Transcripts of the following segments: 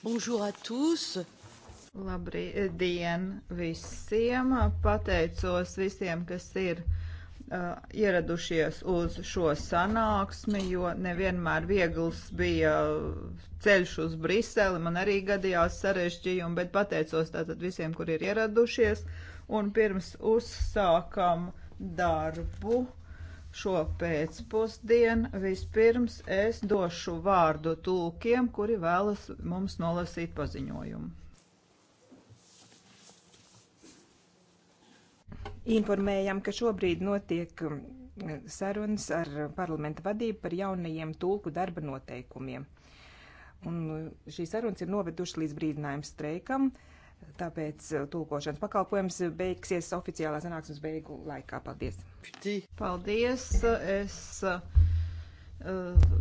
Bonjour à tous! Labdien visiem! Pateicos visiem, kas ir uh, ieradušies uz šo sanāksmi, jo nevienmēr viegls bija ceļš uz Briseli. Man arī gadījās sarežģījumi, bet pateicos tātad visiem, kur ir ieradušies. Un pirms uzsākam darbu. Uh, šo pēcpusdienu. Vispirms es došu vārdu tulkiem, kuri vēlas mums nolasīt paziņojumu. Informējam, ka šobrīd notiek um, sarunas ar parlamenta vadību par jaunajiem tulku darba noteikumiem. Un uh, šīs sarunas ir novedušas līdz brīdinājuma streikam. Uh, Tāpēc eh, tulkošanas pakalpojums beigsies oficiālā sanāksmes beigu laikā. Paldies! Paldies! Es, uh,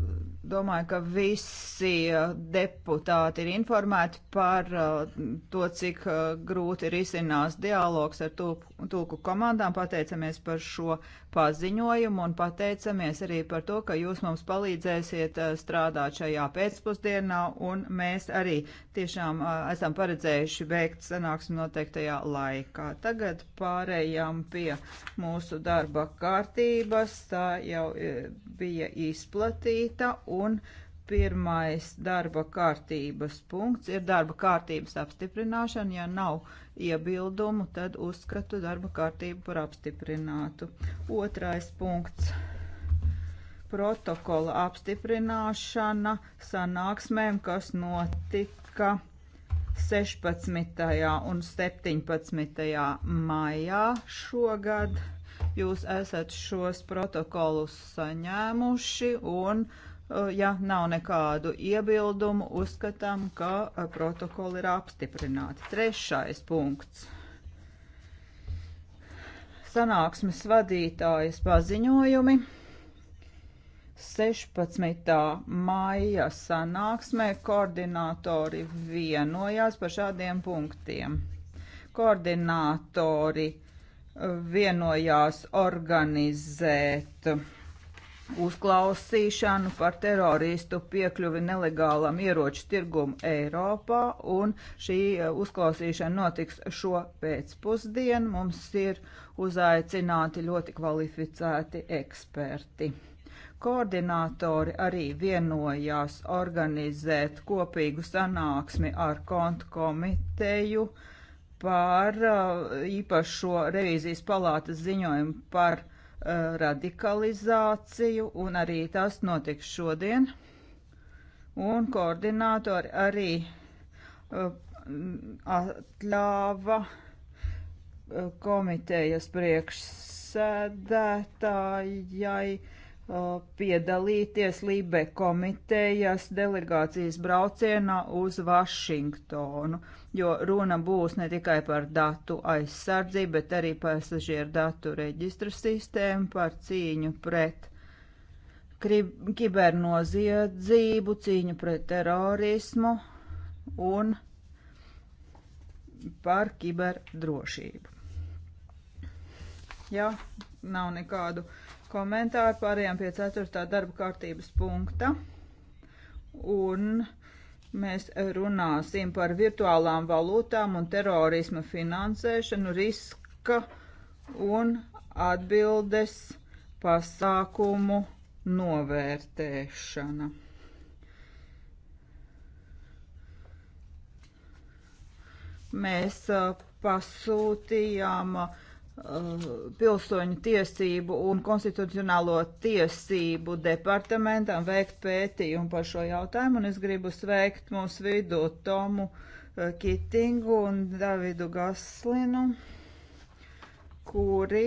domāju, ka visi uh, deputāti ir informēti par uh, to, cik uh, grūti ir izcinās dialogs ar tulku komandām. Pateicamies par šo paziņojumu un pateicamies arī par to, ka jūs mums palīdzēsiet strādāt šajā pēcpusdienā un mēs arī tiešām esam paredzējuši beigt sanāksmi noteiktajā laikā. Tagad pārējām pie mūsu darba kārtības. Tā jau bija izplatīta. Un un pirmais darba kārtības punkts ir darba kārtības apstiprināšana. Ja nav iebildumu, tad uzskatu darba kārtību par apstiprinātu. Otrais punkts - protokola apstiprināšana sanāksmēm, kas notika 16. un 17. maijā šogad. Jūs esat šos protokolus saņēmuši un uh, Uh, ja nav nekādu iebildumu, uzskatām, ka uh, protokoli ir apstiprināti. Trešais punkts. Sanāksmes vadītājas paziņojumi. 16. maija sanāksmē koordinatori vienojās par šādiem punktiem. Koordinatori vienojās organizēt uzklausīšanu par teroristu piekļuvi nelegālam ieroču tirgumu Eiropā, un šī eh, uzklausīšana notiks šo pēcpusdienu. Mums ir uzaicināti ļoti kvalificēti eksperti. Koordinātori arī vienojās organizēt kopīgu sanāksmi ar kontu komiteju par eh, īpašo revīzijas palātas ziņojumu par Eh, radikalizāciju, un arī tas notiks šodien. Un koordinātori arī eh, atļāva eh, komitejas priekšsēdētājai piedalīties Lībe komitejas delegācijas braucienā uz Vašingtonu, jo runa būs ne tikai par datu aizsardzību, bet arī pasažieru datu reģistra sistēmu, par cīņu pret kibernoziedzību, cīņu pret terorismu un par kiberdrošību. Ja nav nekādu uh, komentāru, pārējām pie 4. darba kārtības punkta. Un mēs runāsim par virtuālām valūtām un terorisma finansēšanu, riska un atbildes pasākumu novērtēšana. Mēs uh, pasūtījām uh, Uh, pilsoņu tiesību un konstitucionālo tiesību departamentam veikt pētījumu par šo jautājumu, un es gribu sveikt mūsu vidū Tomu uh, Kitingu un Davidu Gaslinu, kuri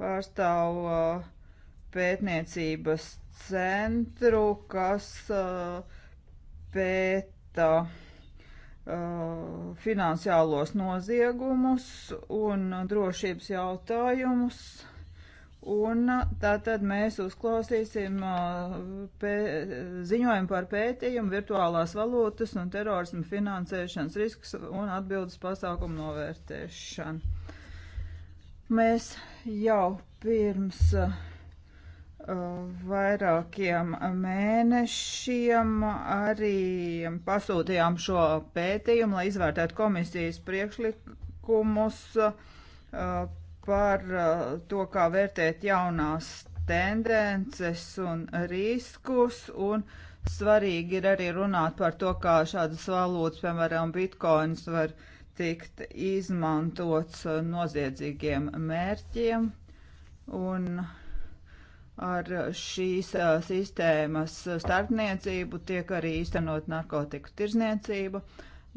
pārstāv uh, pētniecības centru, kas pēta Uh, finansiālos noziegumus un drošības jautājumus. Un uh, tātad mēs uzklausīsim uh, pē, ziņojumu par pētījumu virtuālās valūtas un terorismu finansēšanas risks un atbildes pasākumu novērtēšanu. Mēs jau pirms uh, vairākiem mēnešiem arī pasūtījām šo pētījumu, lai izvērtētu komisijas priekšlikumus uh, par uh, to, kā vērtēt jaunās tendences un riskus, un svarīgi ir arī runāt par to, kā šādas valūtas, piemēram, bitkoins, var tikt izmantots noziedzīgiem mērķiem. Un Ar eh, šīs eh, sistēmas starpniecību tiek arī īstenot narkotiku tirzniecība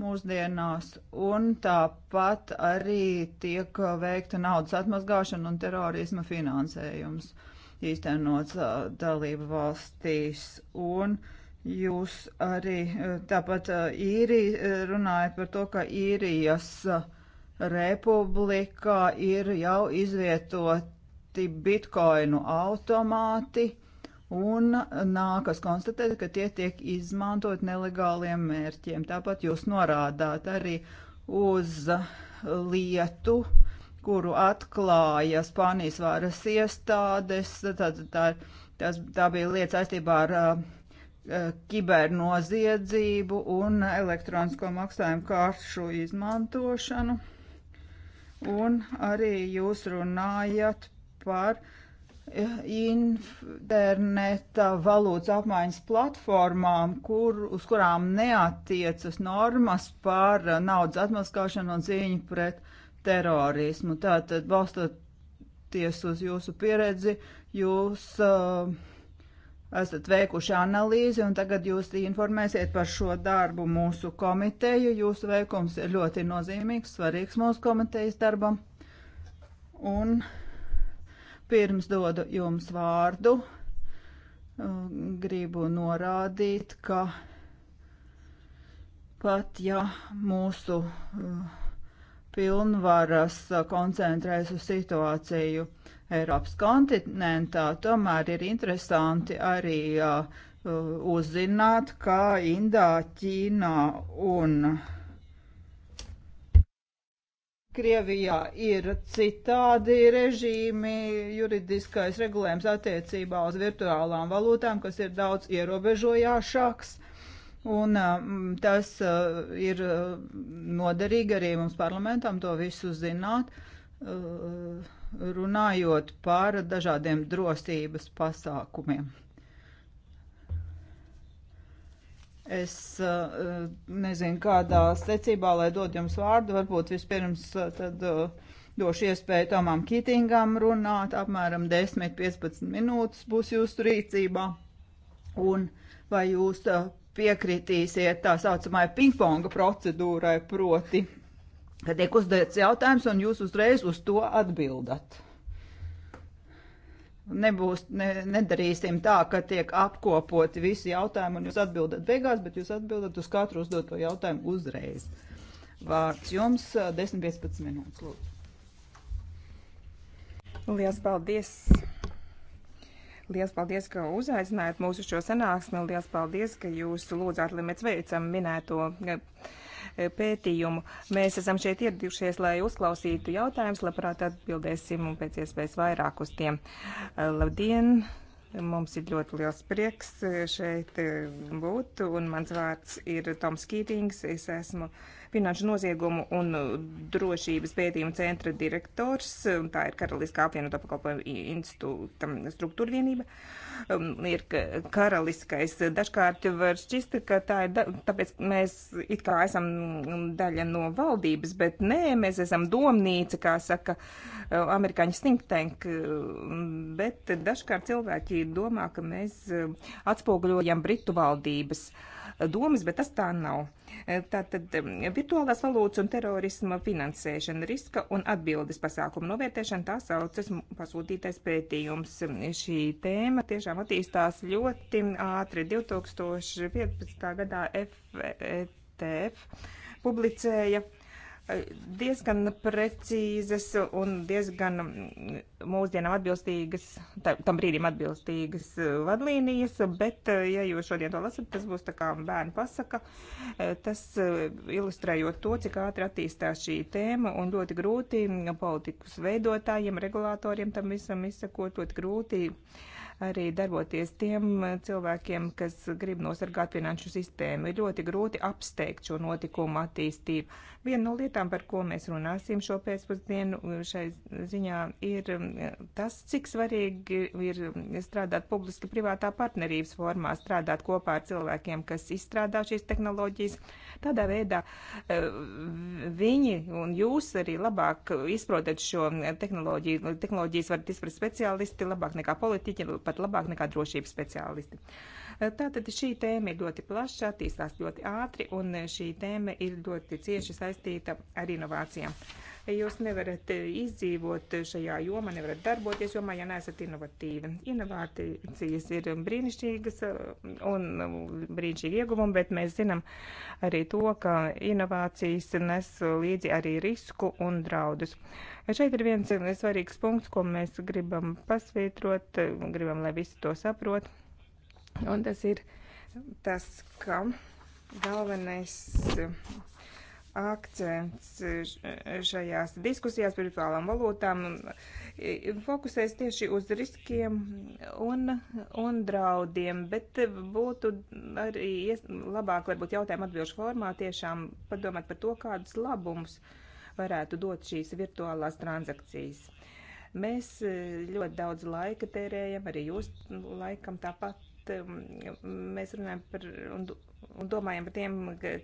mūsdienās, un tāpat arī tiek eh, veikta naudas atmazgāšana un terorisma finansējums īstenots dalību valstīs. Un jūs arī tāpat īrija runājat par to, ka īrijas republikā ir jau izvietot iegūti bitkoinu automāti un nākas konstatēt, ka tie tiek izmantot nelegāliem mērķiem. Tāpat jūs norādāt arī uz lietu, kuru atklāja Spānijas varas iestādes. Tā, tā, tā, tā bija lieta saistībā ar uh, uh, kibernoziedzību un elektronisko maksājumu karšu izmantošanu. Un arī jūs runājat par eh, interneta valūtas apmaiņas platformām, kur, uz kurām neatiecas normas par eh, naudas atmaskāšanu un cīņu pret terorismu. Tātad, balstoties uz jūsu pieredzi, jūs uh, esat veikuši analīzi un tagad jūs informēsiet par šo darbu mūsu komiteju. Jūsu veikums ir ļoti nozīmīgs, svarīgs mūsu komitejas darbam. Un Pirms dodu jums vārdu, uh, gribu norādīt, ka pat ja mūsu uh, pilnvaras uh, koncentrēs uz situāciju Eiropas kontinentā, tomēr ir interesanti arī uzzināt, kā Indā, Ķīnā un Krievijā ir citādi režīmi, juridiskais regulējums attiecībā uz virtuālām valūtām, kas ir daudz ierobežojošāks. Un um, tas uh, ir uh, noderīgi arī mums parlamentam to visu zināt, uh, runājot par dažādiem drosības pasākumiem. Es uh, uh, nezinu, kādā secībā, lai dod jums vārdu. Varbūt vispirms uh, tad uh, došu iespēju Tomam Kitingam runāt. Apmēram 10-15 minūtes būs jūsu rīcībā. Un vai jūs uh, piekritīsiet tā saucamai pingponga procedūrai proti, kad tiek uzdots jautājums un jūs uzreiz uz to atbildat? nebūs, ne, nedarīsim tā, ka tiek apkopoti visi jautājumi un jūs atbildat beigās, bet jūs atbildat uz katru uzdoto jautājumu uzreiz. Vārds jums 10-15 minūtes, lūdzu. Lielas paldies! Lielas paldies, ka uzaicinājāt mūsu šo sanāksmi. Lielas paldies, ka jūs lūdzāt, lai mēs veicam minēto. Ja, pētījumu. Mēs esam šeit ieradušies, lai uzklausītu jautājumus, labprāt atbildēsim un pēc iespējas vairāk uz tiem. Eh, labdien! Mums ir ļoti liels prieks eh, šeit eh, būt, un mans vārds ir Toms Kītings. Es esmu uh, finanšu noziegumu un uh, drošības pētījumu centra direktors, un tā ir Karaliskā apvienotā pakalpojumu institūta struktūra vienība, um, ir karaliskais. Dažkārt var šķist, ka tā ir, da, tāpēc mēs it kā esam mm, daļa no valdības, bet nē, mēs esam domnīca, kā saka uh, amerikāņu think tank, um, bet dažkārt cilvēki domā, ka mēs uh, atspoguļojam Britu valdības. Uh, domas, bet tas tā nav. E, tātad virtuālās valūtas un terorisma finansēšana, riska un atbildes pasākuma novērtēšana, tā saucas pasūtītais pētījums. Šī tēma tiešām attīstās ļoti ātri. 2015. gadā FETF e publicēja diezgan precīzas un diezgan mm, mūsdienām atbilstīgas, tā, tam brīdim atbilstīgas eh, vadlīnijas, bet, eh, ja jūs šodien to lasat, tas būs tā kā bērnu pasaka. Eh, tas ilustrējot to, cik ātri attīstās šī tēma un ļoti grūti politikas veidotājiem, regulātoriem tam visam izsakot, ļoti grūti. Uh, arī darboties tiem eh, cilvēkiem, kas grib nosargāt finanšu sistēmu. Ir ļoti grūti apsteigt šo notikumu attīstību. Viena no lietām, par ko mēs runāsim šo pēcpusdienu, eh, šai ziņā ir eh, tas, cik svarīgi ir strādāt publiski privātā partnerības formā, strādāt kopā ar cilvēkiem, kas izstrādā šīs tehnoloģijas Tādā veidā eh, viņi un jūs arī labāk izprotat šo tehnoloģiju. Tehnoloģijas varat izprast speciālisti labāk nekā politiķi, pat labāk nekā drošības speciālisti. Eh, tātad šī tēma ir ļoti plaša, attīstās ļoti ātri, un eh, šī tēma ir ļoti cieši saistīta ar inovācijām. Jūs nevarat eh, izdzīvot šajā jomā, nevarat darboties jomā, ja neesat inovatīvi. Inovācijas ir brīnišķīgas eh, un eh, brīnišķīgi ieguvumi, bet mēs zinām arī to, ka inovācijas nes līdzi arī risku un draudus. Šeit ir viens svarīgs punkts, ko mēs gribam pasvītrot, gribam, lai visi to saprot. Un tas ir tas, ka galvenais akcents šajās diskusijās par virtuālām valūtām fokusēs tieši uz riskiem un, un draudiem, bet būtu arī labāk, varbūt jautājumu atbilžu formā tiešām padomāt par to, kādus labumus varētu dot šīs virtuālās transakcijas. Mēs ļoti daudz laika tērējam, arī jūs laikam tāpat Um, mēs runājam par un, un domājam par tiem,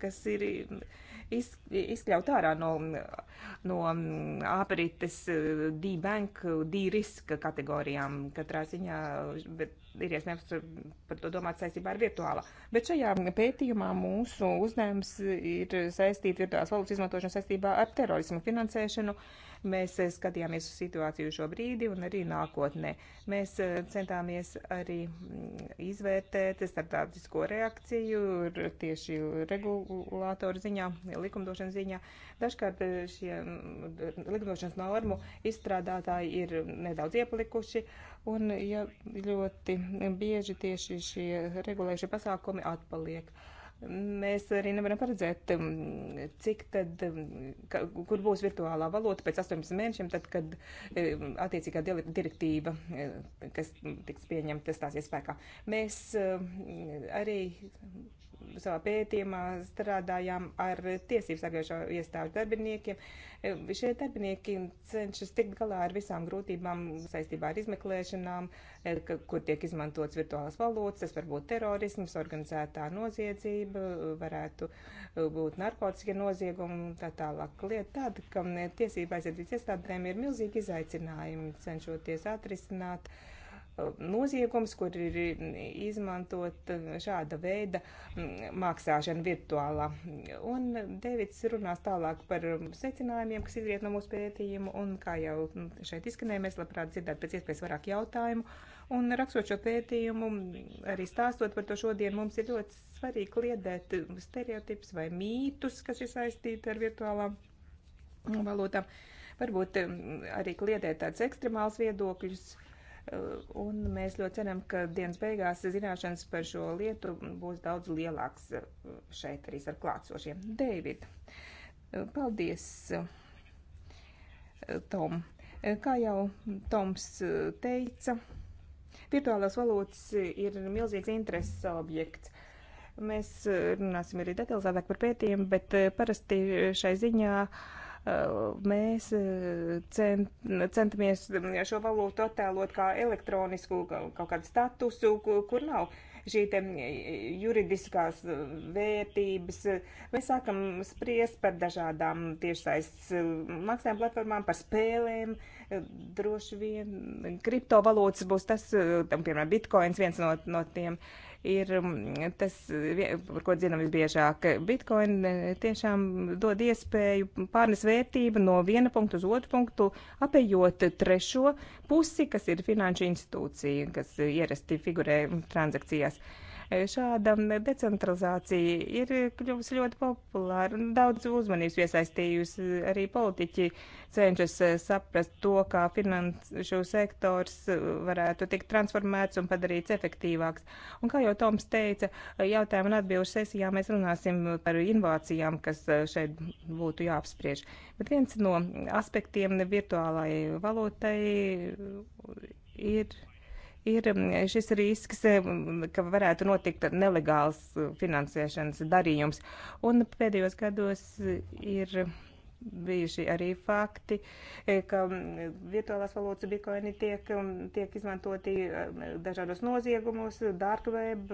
kas ir iz, izkļaut ārā no, no aperites um, D-bank, D-riska kategorijām katrā ziņā, bet ir iespējams par to domāt saistībā ar virtuālā. Bet šajā pētījumā mūsu uzdevums ir saistīt virtuālās valūtas izmantošanu saistībā ar terorismu finansēšanu. Uh, Mēs eh, skatījāmies uz situāciju šobrīd un arī nākotnē. Mēs eh, centāmies arī mm, izvērtēt starptautisko reakciju tieši regulātoru ziņā, likumdošanas ziņā. Dažkārt eh, šie mm, likumdošanas normu izstrādātāji ir nedaudz iepalikuši un ja ļoti bieži tieši šie regulējušie pasākumi atpaliek. Uh, mēs arī nevaram paredzēt, um, cik tad, um, ka, kur būs virtuālā valota pēc 18 mēnešiem, tad, kad um, attiecīgā direktīva, uh, kas tiks pieņemta, stāsies spēkā. Mēs arī savā pētījumā strādājām ar tiesības sargājušo iestāžu darbiniekiem, Ehm, šie darbinieki cenšas tikt galā ar visām grūtībām saistībā ar izmeklēšanām, eh, kur tiek izmantots virtuālās valodas, tas var būt terorisms, organizētā noziedzība, varētu eh, būt narkotiski noziegumi un tā tālāk. Lieta tāda, ka mm, tiesībā aizsardzības iestādēm ir milzīgi izaicinājumi cenšoties atrisināt uh, noziegums, kur ir izmantot eh, šāda veida maksāšana mm, virtuālā. Un Deivids runās tālāk par mm, secinājumiem, kas izriet no mūsu pētījumu, un kā jau mm, šeit izskanēja, mēs labprāt dzirdētu pēc iespējas vairāk jautājumu. Un rakstot šo pētījumu, arī stāstot par to šodien, mums ir ļoti svarīgi kliedēt stereotipus vai mītus, kas ir saistīti ar virtuālām valūtām. Varbūt arī kliedēt tādus ekstremāls viedokļus, uh, Un mēs ļoti ceram, ka dienas beigās zināšanas par šo lietu būs daudz lielāks eh, šeit arī ar klātsošiem. Deivid, eh, paldies, eh, Tom. Kā jau Toms teica, virtuālās valūtas ir milzīgs intereses objekts. Mēs runāsim arī detalizētāk par pētījumu, bet parasti šai ziņā uh, Eh, mēs eh, cent, centamies mm, šo valūtu attēlot kā elektronisku kaut kādu statusu, kur nav šī te mm, juridiskās eh, vērtības. Mēs sākam spriest par dažādām tiešsaistes maksājuma platformām, par spēlēm. Droši vien kriptovalūtas būs tas, tam, piemēram, bitkoins viens no, no tiem. Uh, ir mm, tas, par ko dzirdam visbiežāk. Bitcoin eh, tiešām dod iespēju pārnes vērtību no viena punktu uz otru punktu, apējot trešo pusi, kas ir finanšu institūcija, kas ierasti figurē transakcijās. Uh, Šāda decentralizācija ir kļuvusi ļoti populāra un daudz uzmanības piesaistījusi. Arī politiķi cenšas eh, saprast to, kā finanšu sektors eh, varētu tikt transformēts un padarīts efektīvāks. Un kā jau Toms teica, eh, jautājumu un atbilžu sesijā mēs runāsim par inovācijām, kas šeit būtu jāapspriež. Bet viens no aspektiem virtuālai valotai ir ir mm, šis risks, mm, ka varētu notikt nelegāls mm, finansēšanas darījums. Un pēdējos gados ir bijuši arī fakti, e, ka virtuālās valūtas bitkoini tiek, tiek izmantoti dažādos noziegumos, dark web,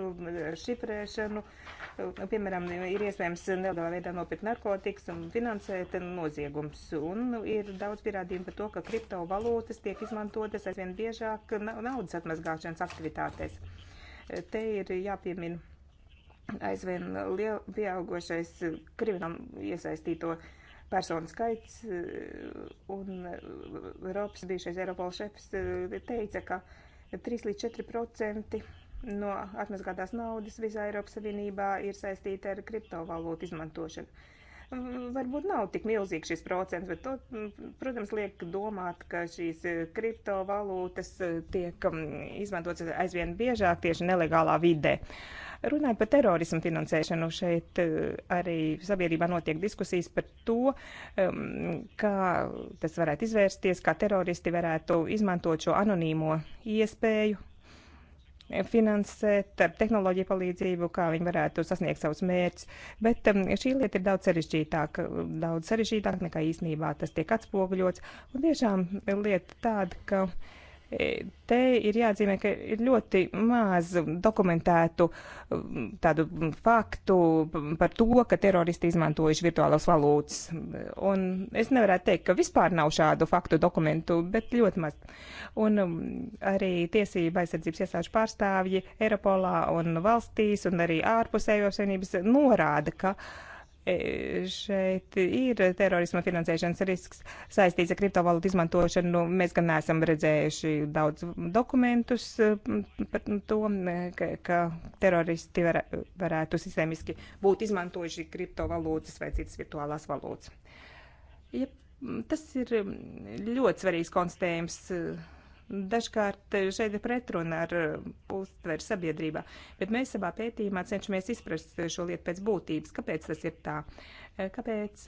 šifrēšanu. E, piemēram, ir iespējams nelielā veidā nopirkt narkotikas un finansēt noziegums. Un ir daudz pierādījumu par to, ka kriptovalūtas tiek izmantotas aizvien biežāk naudas atmazgāšanas aktivitātēs. E, te ir jāpiemina aizvien liel, pieaugošais kriminālu iesaistīto uh, personu skaits, eh, un eh, Eiropas bijušais Eiropola šefs eh, teica, ka 3 līdz 4 procenti no atmazgātās naudas visā Eiropas Savienībā ir saistīta ar kriptovalūtu izmantošanu. Mm, varbūt nav tik milzīgs šis procents, bet to, mm, protams, liek domāt, ka šīs eh, kriptovalūtas eh, tiek mm, izmantotas aizvien biežāk tieši nelegālā vidē. Runājot par terorismu finansēšanu, šeit eh, arī sabiedrībā notiek diskusijas par to, kā tas varētu izvērsties, kā teroristi varētu izmantot šo anonīmo iespēju finansēt ar tehnoloģiju palīdzību, kā viņi varētu sasniegt savus mērķus. Bet um, šī lieta ir daudz sarežģītāka, daudz sarežģītāka nekā īstenībā tas tiek atspoguļots. Un tiešām lieta tāda, ka E, te ir jāatzīmē, ka ir ļoti maz dokumentētu tādu faktu par to, ka teroristi izmantojuši virtuālās valūtas. Un es nevarētu teikt, ka vispār nav šādu faktu dokumentu, bet ļoti maz. Un arī tiesība aizsardzības iestāžu pārstāvji Eiropolā un valstīs un arī ārpus Eiropas Savienības norāda, ka uh, E, šeit ir terorisma finansēšanas risks saistīts ar kriptovalūtu izmantošanu. Nu, mēs gan neesam redzējuši daudz dokumentus e, par to, e, ka, ka teroristi var, varētu sistēmiski būt izmantojuši kriptovalūtas vai citas virtuālās valūtas. Ja, tas ir ļoti svarīgs konstatējums Dažkārt eh, šeit ir pretruna ar eh, uztveri sabiedrībā, bet mēs savā pētījumā cenšamies izprast eh, šo lietu pēc būtības, kāpēc tas ir tā, kāpēc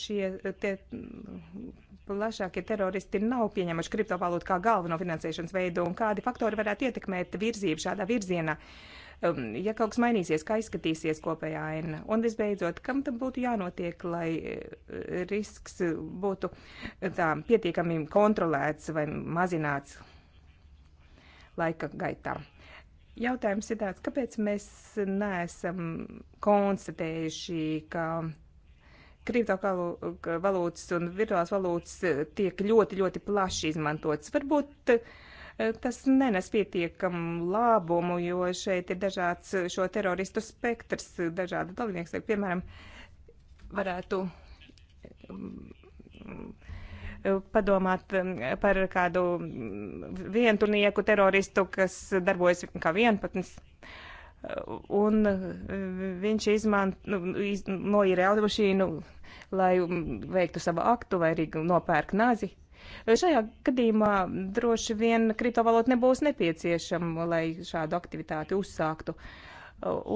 šie te mm, plašākie teroristi nav pieņemuši kriptovalūtu kā galveno finansēšanas veidu un kādi faktori varētu ietekmēt virzību šādā virzienā. Uh, Um, ja kaut kas mainīsies, kā izskatīsies kopējā aina. Un visbeidzot, kam tam būtu jānotiek, lai uh, risks būtu uh, tā, pietiekami kontrolēts vai mazināts laika gaitā. Jautājums ir tāds, kāpēc mēs neesam konstatējuši, ka kriptovalūtas un virtuālās valūtas tiek ļoti, ļoti plaši izmantotas. Varbūt uh, tas nenes pietiekamu labumu, jo šeit ir dažāds šo teroristu spektrs, dažādi dalībnieki, lai, piemēram, varētu mm, padomāt mm, par kādu vientunieku teroristu, kas darbojas kā vienpatnis. Un viņš izmanto, nu, noīrē automašīnu, lai mm, veiktu savu aktu vai arī nopērk nazi. Šajā gadījumā droši vien kriptovalūta nebūs nepieciešama, lai šādu aktivitāti uzsāktu.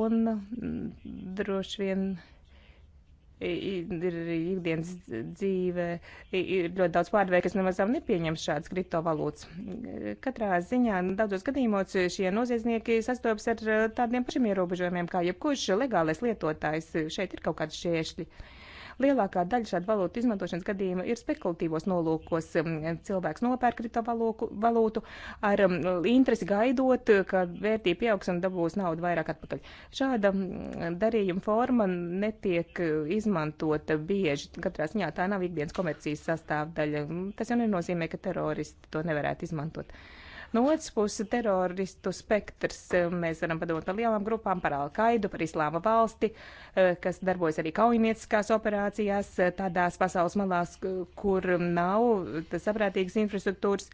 Un mm, droši vien ir ikdienas dzīve, ir ļoti daudz pārdevēju, kas nemaz nepieņem šādas kriptovalūtas. Katrā ziņā nu, daudzos gadījumos šie noziedznieki sastopas ar eh, tādiem pašiem ierobežojumiem, kā jebkurš legālais lietotājs. Šeit ir kaut kādi šķēršļi. Uh, Lielākā daļa šādu valūtu izmantošanas gadījuma ir spekulatīvos nolūkos. Um, cilvēks nopērk kriptovalūtu ar um, interesi gaidot, ka vērtība pieaugs un dabūs naudu vairāk atpakaļ. Šāda um, darījuma forma netiek izmantota bieži. Katrā ziņā tā nav ikdienas komercijas sastāvdaļa. Tas jau nenozīmē, ka teroristi to nevarētu izmantot. No otras puses, teroristu spektrs eh, mēs varam padomāt par lielām grupām, par Alkaidu, par Islāma valsti, eh, kas darbojas arī kaujinieciskās operācijās, eh, tādās pasaules malās, kur nav saprātīgas infrastruktūras.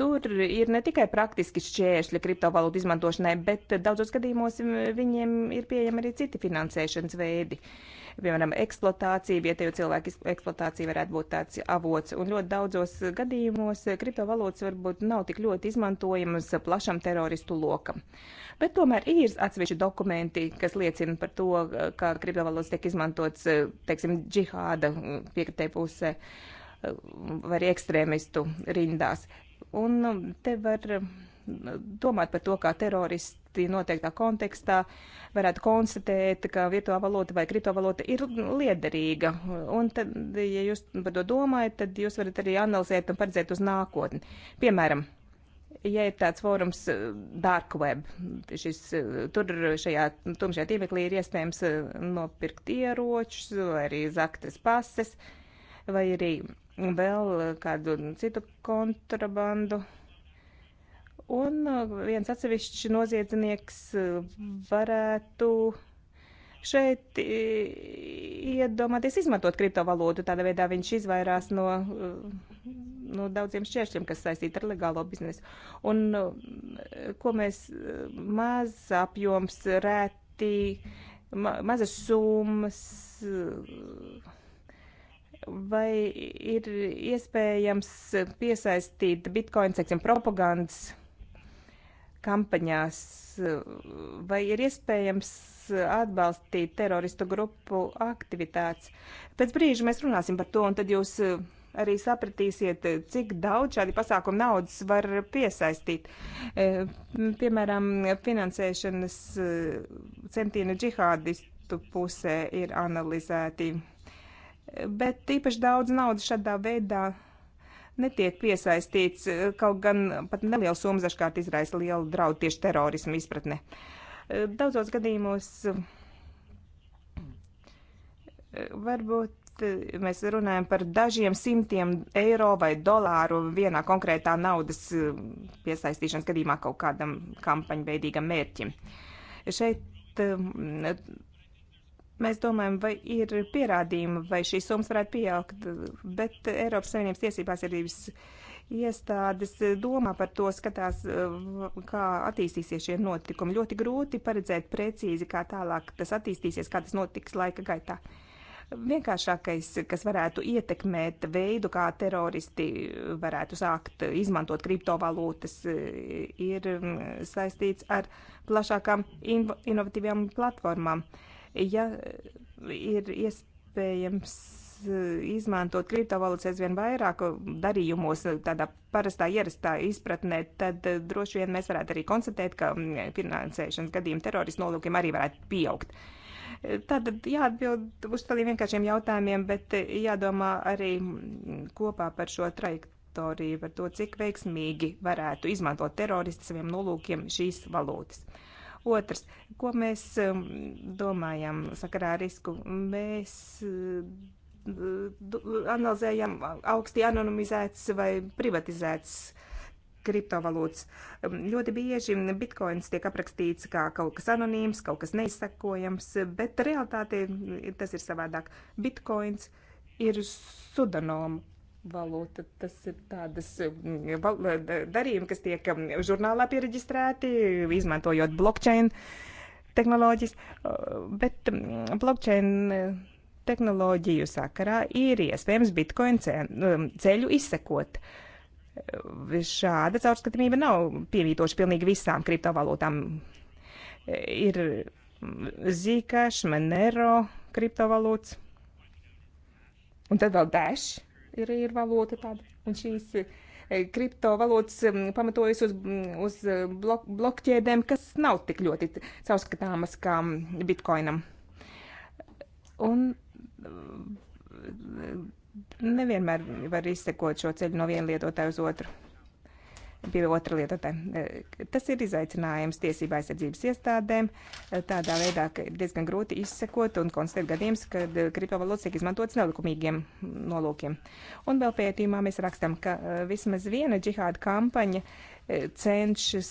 Tur ir ne tikai praktiski šķēršļi kriptovalūtu izmantošanai, bet daudzos gadījumos mm, viņiem ir pieejami arī citi finansēšanas veidi. Uh, piemēram, eksploatācija, vietējo cilvēku eksploatācija varētu būt tāds avots. Un ļoti daudzos gadījumos kriptovalūtas varbūt nav tik ļoti izmantojamas plašam teroristu lokam. Bet tomēr ir atsevišķi dokumenti, kas liecina par to, ka kriptovalūtas tiek izmantots, teiksim, džihāda piekritē pusē vai ekstrēmistu rindās. Un te var domāt par to, kā teroristi noteiktā kontekstā varētu konstatēt, ka virtuāla valota vai kriptovalota ir liederīga. Un tad, ja jūs par to domājat, tad jūs varat arī analizēt un paredzēt uz nākotni. Piemēram, ja ir tāds fórums eh, Dark Web, šis, eh, tur šajā tumšajā tīmeklī ir iespējams eh, nopirkt ieročus vai arī zaktas pases vai arī vēl kādu citu kontrabandu Un uh, viens atsevišķs noziedznieks uh, varētu šeit iedomāties izmantot kriptovalūtu. Tādā veidā viņš izvairās no, uh, no daudziem šķēršļiem, kas saistīti ar legālo biznesu. Un ko mēs maz apjoms rētī, ma, mazas summas. Vai ir iespējams piesaistīt bitkoinu, seksim, propagandas kampaņās, vai ir iespējams atbalstīt teroristu grupu aktivitātes. Pēc brīža mēs runāsim par to, un tad jūs eh, arī sapratīsiet, cik daudz šādi pasākumi naudas var piesaistīt. Eh, piemēram, finansēšanas eh, centieni džihādistu pusē ir analizēti, bet īpaši daudz naudas šādā veidā netiek piesaistīts, eh, kaut gan pat neliela summa dažkārt izraisa lielu draudu tieši terorismu izpratne. Eh, daudzos gadījumos eh, varbūt mēs runājam par dažiem simtiem eiro vai dolāru vienā konkrētā naudas piesaistīšanas gadījumā kaut kādam kampaņveidīgam mērķim. Šeit mēs domājam, vai ir pierādījumi, vai šīs summas varētu pieaugt, bet Eiropas Savienības tiesībās ir divas iestādes domā par to, skatās, kā attīstīsies šie notikumi. Ļoti grūti paredzēt precīzi, kā tālāk tas attīstīsies, kā tas notiks laika gaitā. Vienkāršākais, kas varētu ietekmēt veidu, kā teroristi varētu sākt izmantot kriptovalūtas, ir saistīts ar plašākām inovatīvām platformām. Uh, Ja e, ir iespējams e, izmantot kriptovalūtas aizvien vairāk darījumos, e, tādā parastā, ierastā izpratnē, tad droši vien mēs varētu arī konstatēt, ka mm, finansēšanas gadījumi teroristu nolūkiem arī varētu pieaugt. Tātad jāatbild uz tādiem vienkāršiem jautājumiem, bet jādomā arī mm, kopā par šo trajektoriju, par to, cik veiksmīgi varētu izmantot teroristi saviem nolūkiem šīs valūtas. Otrs, ko mēs um, domājam sakarā ar risku, mēs uh, analizējam augsti anonimizēts vai privatizēts kriptovalūtas. Um, ļoti bieži bitkoins tiek aprakstīts kā kaut kas anonīms, kaut kas neizsakojams, bet realitāte tas ir savādāk. Bitkoins ir sudanoma valūta. Tas ir tādas mm, darījumi, kas tiek mm, žurnālā pieregistrēti, izmantojot blockchain tehnoloģijas, bet mm, blockchain e, tehnoloģiju sakarā ir iespējams bitcoin e, ceļu izsekot. E, šāda caurskatāmība nav piemītoša pilnīgi visām kriptovalūtām. Ir Zcash, Monero kriptovalūts, un tad vēl Dash ir, ir valūta tāda. Un šīs eh, kriptovalūtas eh, pamatojas uz, uz eh, blok, blokķēdēm, kas nav tik ļoti caurskatāmas kā bitkoinam. Un nevienmēr var izsekot šo ceļu no viena lietotāja uz otru pie otra lietotē. E, tas ir izaicinājums tiesībā aizsardzības iestādēm e, tādā veidā, ka ir diezgan grūti izsekot un konstatēt gadījums, kad e, kriptovalūtas tiek izmantotas nelikumīgiem nolūkiem. Un vēl pētījumā mēs rakstam, ka vismaz viena džihāda kampaņa cenšas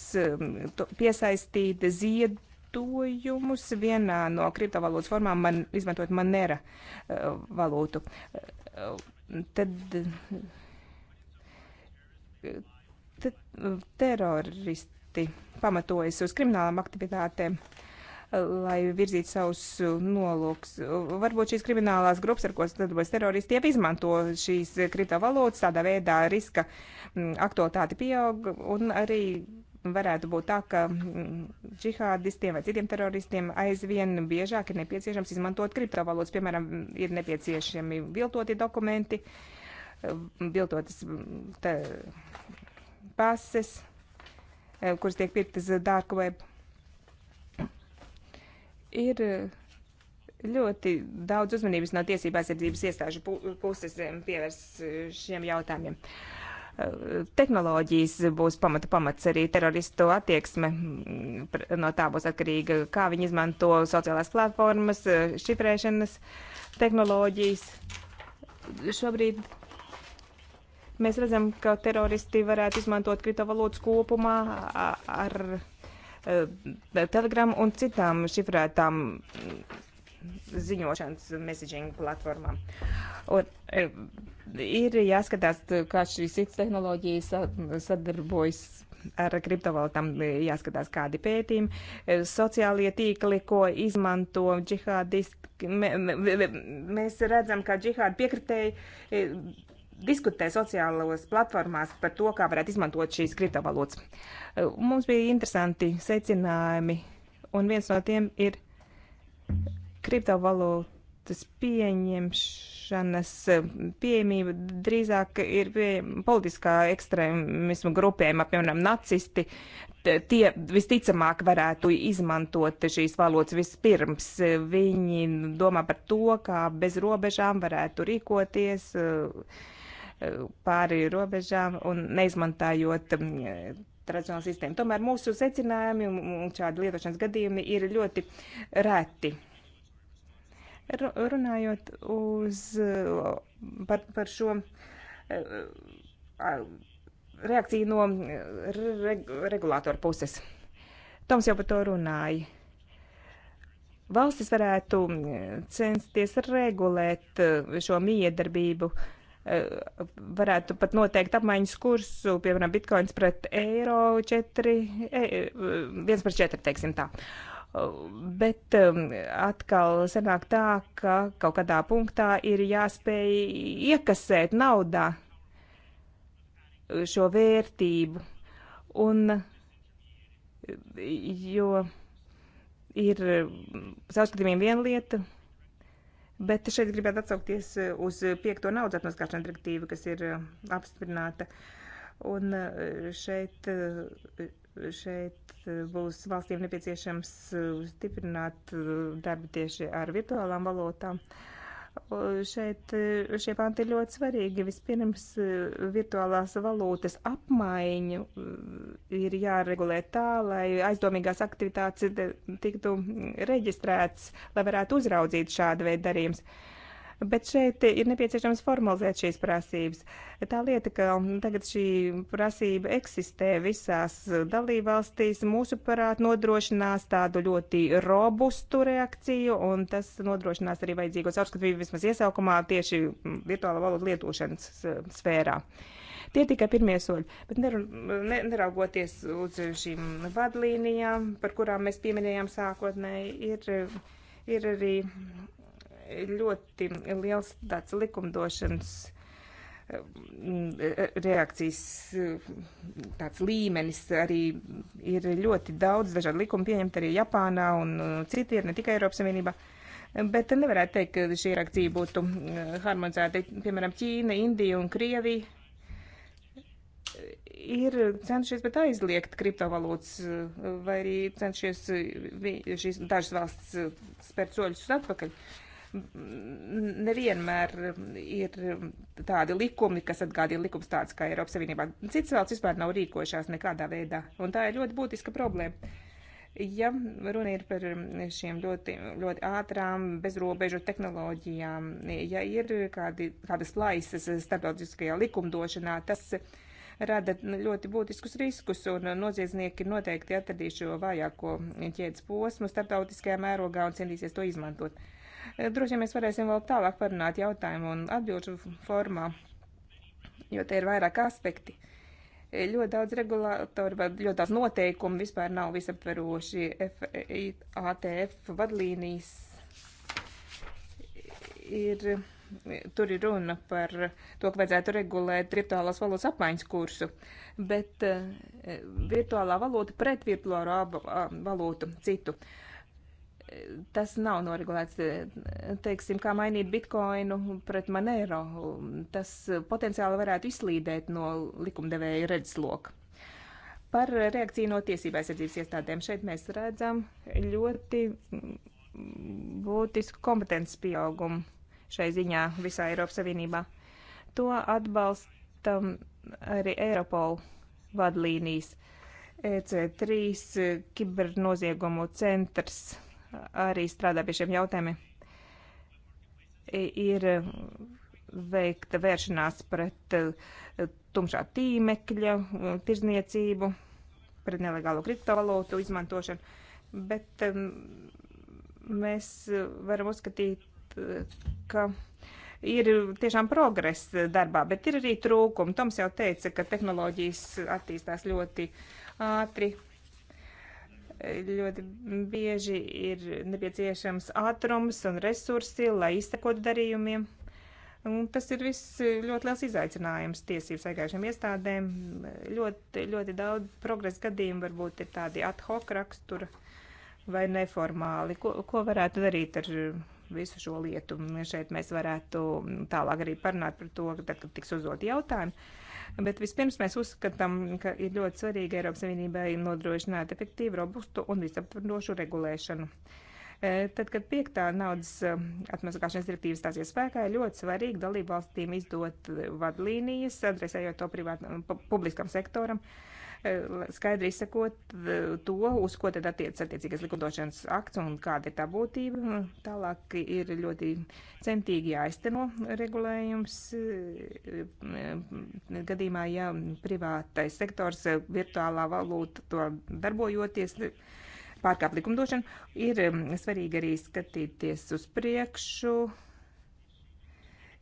piesaistīt ziedu lietojumus vienā no kriptovalūtas formām, man, izmantojot manera uh, valūtu. Uh, tad uh, teroristi pamatojas uz kriminālām aktivitātēm, lai virzītu savus nolūks. Varbūt šīs kriminālās grupas, ar ko sadarbojas teroristi, jau izmanto šīs kriptovalūtas, tādā veidā riska mm, aktualitāte pieaug un arī varētu būt tā, ka mm, džihādistiem vai citiem teroristiem aizvien biežāk ir nepieciešams izmantot kriptovalūtas. Piemēram, ir nepieciešami viltoti dokumenti, viltotas mm, pases, eh, kuras tiek pirktas eh, dark web. Ir eh, ļoti daudz uzmanības no tiesībā aizsardzības iestāžu puses pievērs šiem jautājumiem. Tehnoloģijas būs pamata pamats arī teroristu attieksme. Mm, no tā būs atkarīga, kā viņi izmanto sociālās platformas, šifrēšanas tehnoloģijas. Šobrīd Mēs redzam, ka teroristi varētu izmantot kriptovalūtas kopumā ar e, Telegram un citām šifrētām ziņošanas messaging platformām. Un e, ir jāskatās, kā šīs citas tehnoloģijas sadarbojas ar kriptovalūtām, jāskatās kādi pētījumi, e, sociālie tīkli, ko izmanto džihādisti. Mēs redzam, ka džihādi piekritēji diskutē sociālos platformās par to, kā varētu izmantot šīs kriptovalūtas. Mums bija interesanti secinājumi, un viens no tiem ir kriptovalūtas pieņemšanas pieejamība drīzāk ir pie politiskā ekstrēmismu grupēm, apmēram nacisti. Tie visticamāk varētu izmantot šīs valodas vispirms. Viņi domā par to, kā bez robežām varētu rīkoties. Uh, pāri robežām un neizmantājot mm, tradicionālu sistēmu. Tomēr mūsu secinājumi un šādi lietošanas gadījumi ir ļoti reti. Runājot uz, par, par šo eh, reakciju no reg, regulātora puses. Toms jau par to runāja. Valstis varētu mm, censties regulēt eh, šo miedarbību uh, Eh, varētu pat noteikt apmaiņas kursu, piemēram, bitkoins pret eiro 4, 1 e, e, pret 4, teiksim tā. Bet um, atkal sanāk tā, ka kaut kādā punktā ir jāspēj iekasēt naudā šo vērtību. Un, jo ir savskatījumiem viena lieta, Bet šeit gribētu atsaukties eh, uz piekto naudas atmaskāšanas direktīvu, kas ir eh, apstiprināta. Un eh, šeit, šeit būs valstīm nepieciešams stiprināt darbu tieši ar virtuālām valūtām. Uh, Šeit šie panti ir ļoti svarīgi. Vispirms eh, virtuālās valūtas apmaiņu eh, ir jāregulē tā, lai aizdomīgās aktivitātes eh, tiktu reģistrēts, lai varētu uzraudzīt šādu veidu darījums bet šeit ir nepieciešams formalizēt šīs prasības. Tā lieta, ka tagad šī prasība eksistē visās dalībvalstīs, mūsuprāt, nodrošinās tādu ļoti robustu reakciju, un tas nodrošinās arī vajadzīgo caurskatību vismaz iesaukumā tieši virtuāla valoda lietošanas eh, sfērā. Tie tikai pirmie soļi, bet neraugoties uz šīm vadlīnijām, par kurām mēs pieminējām sākotnēji, ir, ir arī ļoti liels tāds likumdošanas eh, reakcijas eh, tāds līmenis arī ir ļoti daudz dažādu likumu pieņemt arī Japānā un eh, citur, ne tikai Eiropas Savienībā. Bet nevarētu teikt, ka šī reakcija būtu harmonizēta. Piemēram, Ķīna, Indija un Krievija ir cenšies pat aizliegt kriptovalūtas, vai arī cenšies šīs dažas valsts spērt soļus atpakaļ. Uh, nevienmēr ir tādi likumi, kas atgādina likums tāds kā Eiropas Savienībā. Cits valsts vispār nav rīkojušās nekādā veidā, un tā ir ļoti būtiska problēma. Ja runa ir par šiem ļoti, ļoti ātrām, bezrobežu tehnoloģijām, ja ir kādi, kādas laisas starptautiskajā likumdošanā, tas rada ļoti būtiskus riskus, un noziedznieki noteikti atradīs šo vājāko ķēdes posmu starptautiskajā mērogā un centīsies to izmantot. Droši vien mēs varēsim vēl tālāk parunāt jautājumu un atbilžu formā, jo te ir vairāk aspekti. Ļoti daudz regulātori vai ļoti daudz noteikumu vispār nav visaptveroši. ATF vadlīnijas ir tur ir runa par to, ka vajadzētu regulēt virtuālās valodas apmaiņas kursu, bet eh, virtuālā valūta pret virtuālo valūtu citu tas nav noregulēts. Eh, teiksim, kā mainīt bitkoinu pret manēro, tas potenciāli varētu izslīdēt no likumdevēja redzesloka. Par reakciju no tiesībā aizsardzības iestādēm šeit mēs redzam ļoti būtisku kompetences pieaugumu šai ziņā visā Eiropas Savienībā. To atbalsta arī Eiropola vadlīnijas EC3 kibernoziegumu centrs arī strādā pie šiem jautājumiem. Ir veikta vēršanās pret eh, tumšā tīmekļa eh, tirzniecību, pret nelegālo kriptovalūtu izmantošanu, bet mēs eh, varam uzskatīt, ka ir tiešām progress darbā, bet ir arī trūkumi. Toms jau teica, ka tehnoloģijas attīstās ļoti ātri ļoti bieži ir nepieciešams ātrums un resursi, lai izsekotu darījumiem. Un tas ir viss ļoti liels izaicinājums tiesību sargājušiem iestādēm. Ļoti, ļoti daudz progresa gadījumu varbūt ir tādi ad hoc rakstura vai neformāli. Ko, ko varētu darīt ar visu šo lietu? Šeit mēs varētu tālāk arī parunāt par to, kad tiks uzdot jautājumu. Bet vispirms mēs uzskatām, ka ir ļoti svarīgi Eiropas Savienībai nodrošināt efektīvu, robustu un visaptvarošu regulēšanu. E, tad, kad piektā naudas e, atmazgāšanas direktīva stāsies spēkā, ir ļoti svarīgi dalību valstīm izdot e, vadlīnijas, adresējot to privāt, publiskam sektoram. Uh, skaidri izsakot eh, to, uz ko tad attiec attiecīgais likumdošanas akts un kāda ir tā būtība. Tālāk ir ļoti centīgi jāizteno regulējums eh, gadījumā, ja privātais sektors eh, virtuālā valūta to darbojoties pārkāp likumdošanu, ir svarīgi arī skatīties uz priekšu,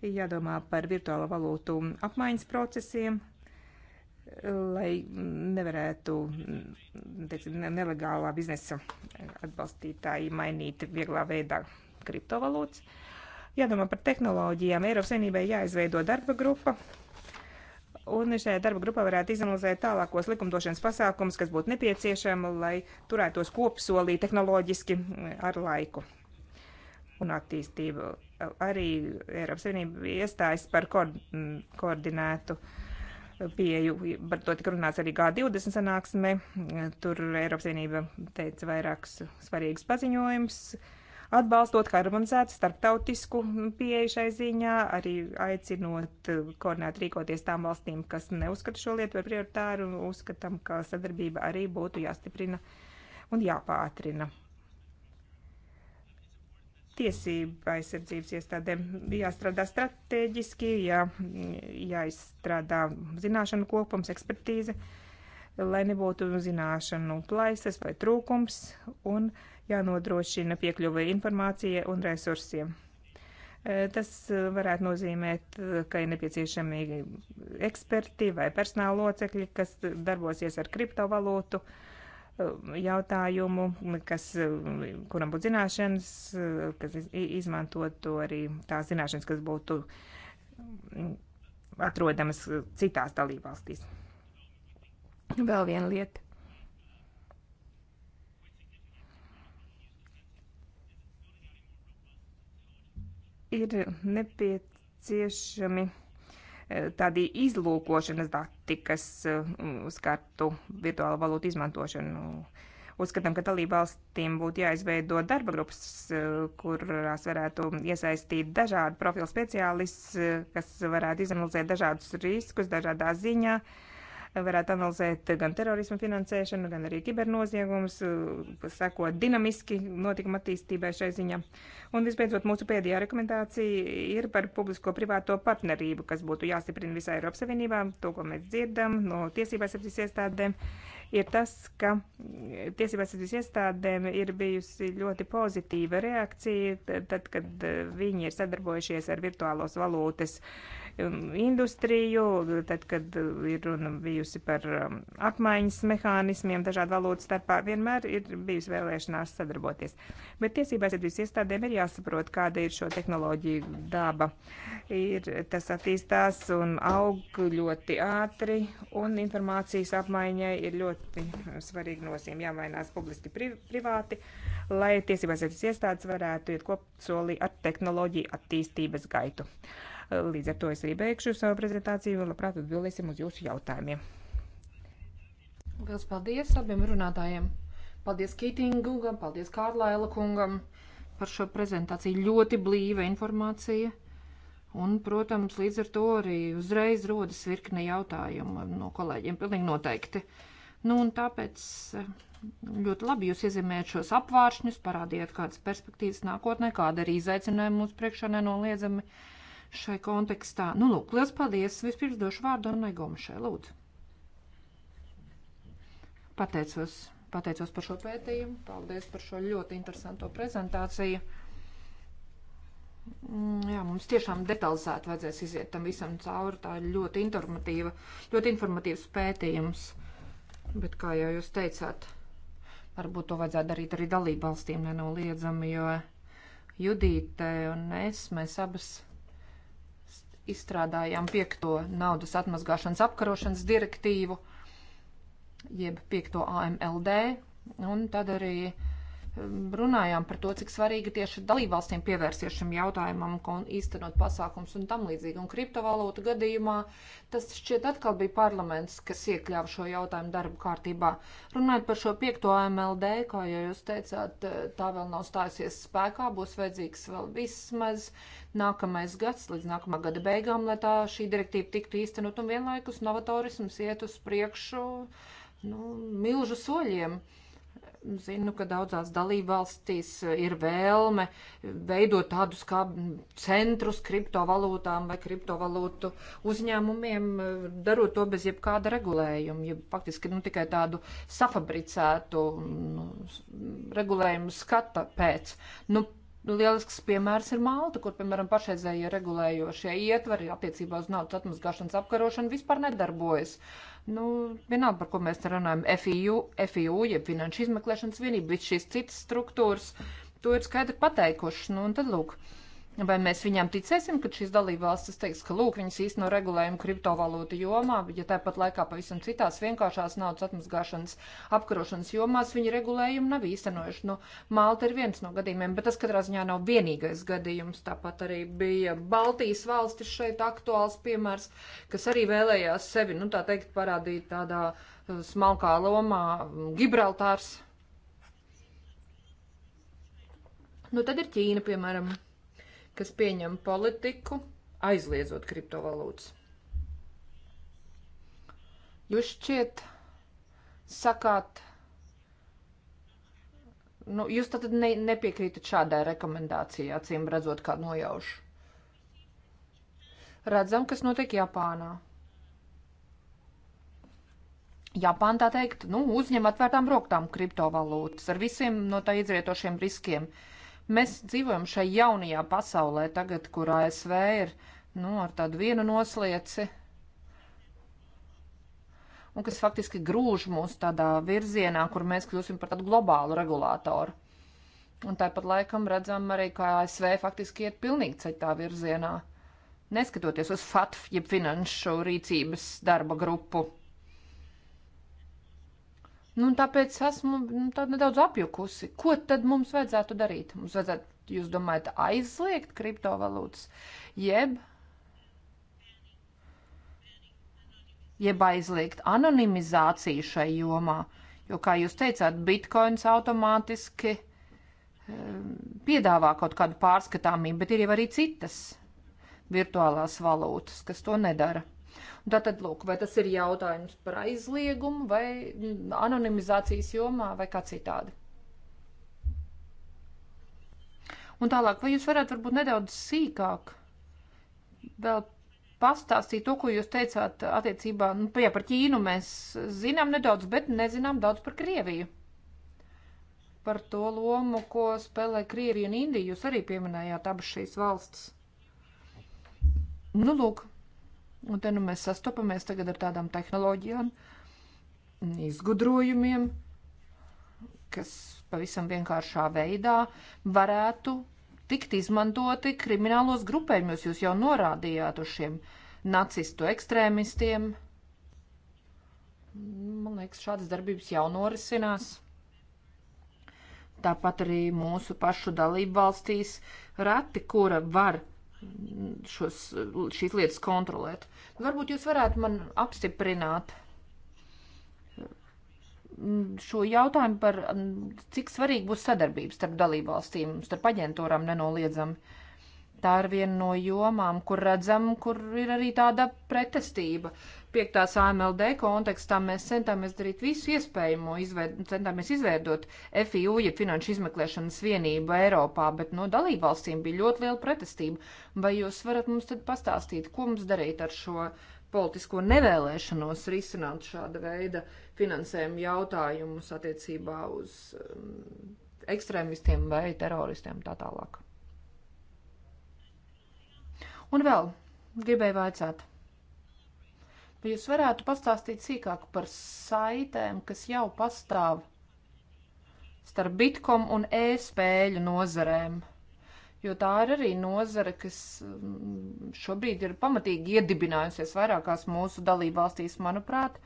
jādomā par virtuālo valūtu apmaiņas procesiem lai nevarētu teiksim, nelegālā biznesa atbalstītāji mainīt vieglā veidā kriptovalūtas. Jādomā par tehnoloģijām. Eiropas Savienībai jāizveido darba grupa, Un šajā darba grupā varētu izanalizēt tālākos likumdošanas pasākumus, kas būtu nepieciešama, lai turētos kopsolī tehnoloģiski ar laiku un attīstību. Arī Eiropas Savienība iestājas par ko koordinētu uh, pieju. Par to tika runāts arī G20 sanāksme. Tur Eiropas Savienība teica vairākus svarīgus paziņojumus, atbalstot harmonizētu starptautisku pieeju šai ziņā, arī aicinot koordinēt rīkoties tām valstīm, kas neuzskata šo lietu par prioritāru, uzskatām, ka sadarbība arī būtu jāstiprina un jāpātrina tiesība aizsardzības iestādēm. Jāstrādā strateģiski, jā, jāizstrādā zināšanu kopums, ekspertīze, lai nebūtu zināšanu plaisas vai trūkums, un jānodrošina piekļuve informācijai un resursiem. E, tas varētu nozīmēt, ka ir nepieciešami eksperti vai personāla locekļi, kas darbosies ar kriptovalūtu. Uh, Um, jautājumu, kas, um, kuram būtu zināšanas, uh, kas izmantotu arī tās zināšanas, kas būtu um, atrodamas uh, citās dalībvalstīs. Vēl viena lieta. Ir nepieciešami Eh, tādi izlūkošanas dati, kas eh, mm, uzskatu virtuālu valūtu izmantošanu. Uzskatām, ka dalībvalstīm būtu jāizveido darba grupas, eh, kurās varētu iesaistīt dažādu profilu speciālistus, kas varētu izanalizēt dažādus riskus dažādā ziņā. Uh, varētu analizēt gan terorismu finansēšanu, gan arī kibernoziegumus, eh, sekot dinamiski notikuma attīstībai šai ziņā. Un visbeidzot, mūsu pēdējā rekomendācija ir par publisko-privāto partnerību, kas būtu jāstiprina visā Eiropas Savienībā. To, ko mēs dzirdam no tiesībās apsīs iestādēm, ir tas, ka tiesībās apsīs iestādēm ir bijusi ļoti pozitīva reakcija, tad, kad eh, viņi ir sadarbojušies ar virtuālos valūtas. Uh, Um, industriju, tad, kad ir runa bijusi par um, apmaiņas mehānismiem dažādu valūtu starpā, vienmēr ir bijusi vēlēšanās sadarboties. Bet tiesībās ir bijusi iestādēm ir jāsaprot, kāda ir šo tehnoloģiju daba. Ir, tas attīstās un aug ļoti ātri, un informācijas apmaiņai ir ļoti svarīgi nosim jāmainās publiski pri privāti, lai tiesībās ir iestādes varētu iet kopsolī ar tehnoloģiju attīstības gaitu. Līdz ar to es arī beigšu savu prezentāciju, labprāt atbildēsim uz jūsu jautājumiem. Liels paldies abiem runātājiem! Paldies Kītinga kungam, paldies Kārlaila kungam par šo prezentāciju. Ļoti blīva informācija. Un, protams, līdz ar to arī uzreiz rodas virkne jautājumu no kolēģiem, pilnīgi noteikti. Nu, un tāpēc eh, ļoti labi jūs iezīmējat šos apvāršņus, parādījāt kādas perspektīvas nākotnē, kāda arī izaicinājuma mums priekšā nenoliedzami. Uh, šai kontekstā. Nu, lūk, liels paldies! Vispirms došu vārdu Annai Gomšai, lūdzu. Pateicos, pateicos par šo pētījumu, paldies par šo ļoti interesanto prezentāciju. Mm, jā, mums tiešām detalizēti vajadzēs iziet tam visam cauri. Tā ir ļoti informatīva, ļoti informatīvs pētījums. Bet, kā jau jūs teicāt, varbūt to vajadzētu darīt arī dalību valstīm nenoliedzami, jo Judīte un es, mēs abas izstrādājām piekto naudas atmazgāšanas apkarošanas direktīvu, jeb piekto AMLD, un tad arī uh, runājām par to, cik svarīgi tieši dalībvalstīm pievērsties šim jautājumam, un īstenot pasākums un tam līdzīgi. Un kriptovalūtu gadījumā tas šķiet atkal bija parlaments, kas iekļāva šo jautājumu darba kārtībā. Runājot par šo piekto AMLD, kā jau jūs teicāt, eh, tā vēl nav stājusies spēkā, būs vajadzīgs vēl vismaz nākamais gads, līdz nākamā gada beigām, lai tā šī direktīva tiktu īstenot, un vienlaikus novatorisms iet uz priekšu nu, milžu soļiem. Uh, Zinu, ka daudzās dalībvalstīs ir vēlme veidot tādus kā centrus kriptovalūtām vai kriptovalūtu uzņēmumiem, darot to bez jebkāda regulējuma, jeb faktiski nu, tikai tādu safabricētu nu, regulējumu skata pēc. Nu, Nu, lielisks piemērs ir Malta, kur, piemēram, pašreizējie regulējošie ietvari attiecībā uz naudas atmazgāšanas apkarošanu vispār nedarbojas. Nu, vienalga, par ko mēs te runājam, FIU, FIU, jeb Finanšu izmeklēšanas vienība, visas šīs citas struktūras, to ir skaidri pateikuši. Nu, un tad, lūk, uh, Vai mēs viņām ticēsim, ka šīs dalībvalstis teiks, ka lūk, viņas īsteno regulējumu kriptovalūtu jomā, ja tāpat laikā pavisam citās vienkāršās naudas atmazgāšanas apkarošanas jomās viņa regulējumu nav īstenojuši. Nu, Malta ir viens no gadījumiem, bet tas katrā ziņā nav vienīgais gadījums. Tāpat arī bija Baltijas valstis šeit aktuāls piemērs, kas arī vēlējās sevi, nu tā teikt, parādīt tādā uh, smalkā lomā mm, Gibraltārs. Nu, tad ir Ķīna, piemēram kas pieņem politiku, aizliedzot kriptovalūtas. Jūs šķiet sakāt, nu, jūs tad ne, nepiekrītat šādai rekomendācijai, acīm redzot, kā nojaušu. Redzam, kas notiek Japānā. Japāna tā teikt, nu, uzņem atvērtām roktām kriptovalūtas ar visiem no tā izrietošiem riskiem. Uh, Mēs dzīvojam šai jaunajā pasaulē tagad, kur ASV ir, nu, ar tādu vienu noslieci, un kas faktiski grūž mūs tādā virzienā, kur mēs kļūsim par tādu globālu regulātoru. Un tāpat laikam redzam arī, ka ASV faktiski iet pilnīgi citā virzienā, neskatoties uz FATF, jeb finanšu rīcības darba grupu Nu, tāpēc esmu nu, nedaudz apjukusi. Ko tad mums vajadzētu darīt? Mums vajadzētu, jūs domājat, aizliegt kriptovalūtas, jeb, jeb aizliegt anonimizāciju šai jomā. Jo, kā jūs teicāt, bitkoins automātiski ehm, piedāvā kaut kādu pārskatāmību, bet ir jau arī citas virtuālās valūtas, kas to nedara. Tātad, lūk, vai tas ir jautājums par aizliegumu vai mm, anonimizācijas jomā vai kā citādi. Un tālāk, vai jūs varētu varbūt nedaudz sīkāk vēl pastāstīt to, ko jūs teicāt attiecībā, nu, jā, par Ķīnu mēs zinām nedaudz, bet nezinām daudz par Krieviju. Par to lomu, ko spēlē Krievija un Indija, jūs arī pieminējāt abas šīs valstis. Nu, lūk, Un te nu mēs sastopamies tagad ar tādām tehnoloģijām, izgudrojumiem, kas pavisam vienkāršā veidā varētu tikt izmantoti kriminālos grupējumos. Jūs jau norādījāt uz šiem nacistu ekstrēmistiem. Man liekas, šādas darbības jau norisinās. Tāpat arī mūsu pašu dalību valstīs reti, kura var uh, šos, šīs lietas kontrolēt. Varbūt jūs varētu man apstiprināt mm, šo jautājumu par, mm, cik svarīgi būs sadarbības starp dalībvalstīm, starp aģentūrām nenoliedzami. Tā ir viena no jomām, kur redzam, kur ir arī tāda pretestība. Piektās AMLD kontekstā mēs centāmies darīt visu iespējamo, izveid, centāmies izveidot FIU, ja finanšu izmeklēšanas vienību Eiropā, bet no dalībvalstīm bija ļoti liela pretestība. Vai jūs varat mums tad pastāstīt, ko mums darīt ar šo politisko nevēlēšanos risināt šāda veida finansējumu jautājumus attiecībā uz um, ekstrēmistiem vai teroristiem tā tālāk? Un vēl gribēju vaicāt, vai jūs varētu pastāstīt sīkāk par saitēm, kas jau pastāv starp bitkom un e-spēļu nozarēm? Jo tā ir arī nozara, kas mm, šobrīd ir pamatīgi iedibinājusies vairākās mūsu dalībvalstīs, manuprāt,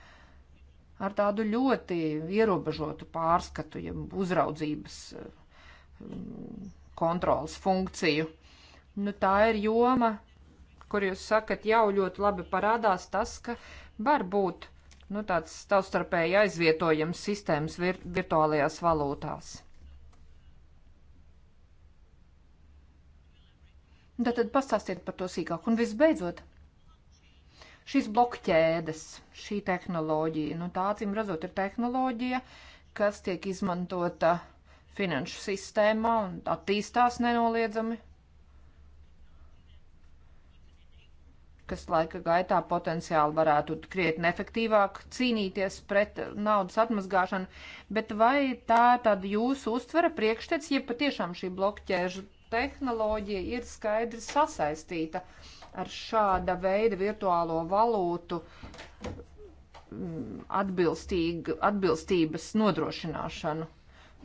ar tādu ļoti ierobežotu pārskatu, ja uzraudzības mm, kontrolas funkciju. Nu, tā ir joma, kur jūs sakat, jau ļoti labi parādās tas, ka var būt nu, tāds savstarpēji aizvietojams sistēmas vir virtuālajās valūtās. Tad, tad pastāstiet par to sīkāk. Un visbeidzot, šīs blokķēdes, šī tehnoloģija, nu tā acīm redzot, ir tehnoloģija, kas tiek izmantota finanšu sistēmā un attīstās nenoliedzami. kas laika gaitā potenciāli varētu krietni efektīvāk cīnīties pret naudas atmazgāšanu, bet vai tā ir tāda jūsu uztvera priekštec, ja patiešām šī blokķēžu tehnoloģija ir skaidri sasaistīta ar šāda veida virtuālo valūtu mm, atbilstības nodrošināšanu?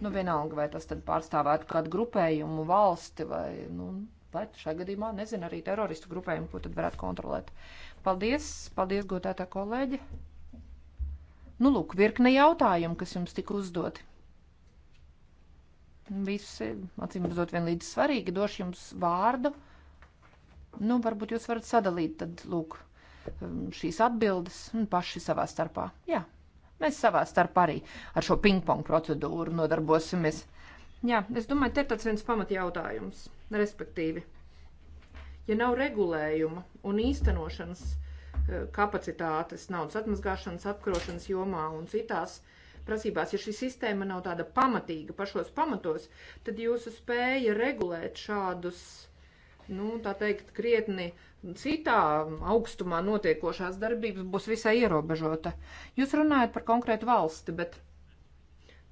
Nu, vienalga, vai tas tad pārstāvētu kādu grupējumu valsti vai, nu, bet šajā gadījumā nezinu arī teroristu grupējumu, ko tad varētu kontrolēt. Paldies, paldies, godētā kolēģi. Nu, lūk, virkne jautājumu, kas jums tika uzdoti. Visi, acīm redzot, vienlīdz svarīgi. Došu jums vārdu. Nu, varbūt jūs varat sadalīt tad, lūk, um, šīs atbildes un nu, paši savā starpā. Jā, mēs savā starpā arī ar šo ping-pong procedūru nodarbosimies. Jā, es domāju, te ir tāds viens pamatjautājums. Respektīvi, ja nav regulējuma un īstenošanas eh, kapacitātes naudas atmazgāšanas, apkarošanas jomā un citās prasībās, ja šī sistēma nav tāda pamatīga pašos pamatos, tad jūsu spēja regulēt šādus, nu, tā teikt, krietni citā augstumā notiekošās darbības būs visai ierobežota. Jūs runājat par konkrētu valsti, bet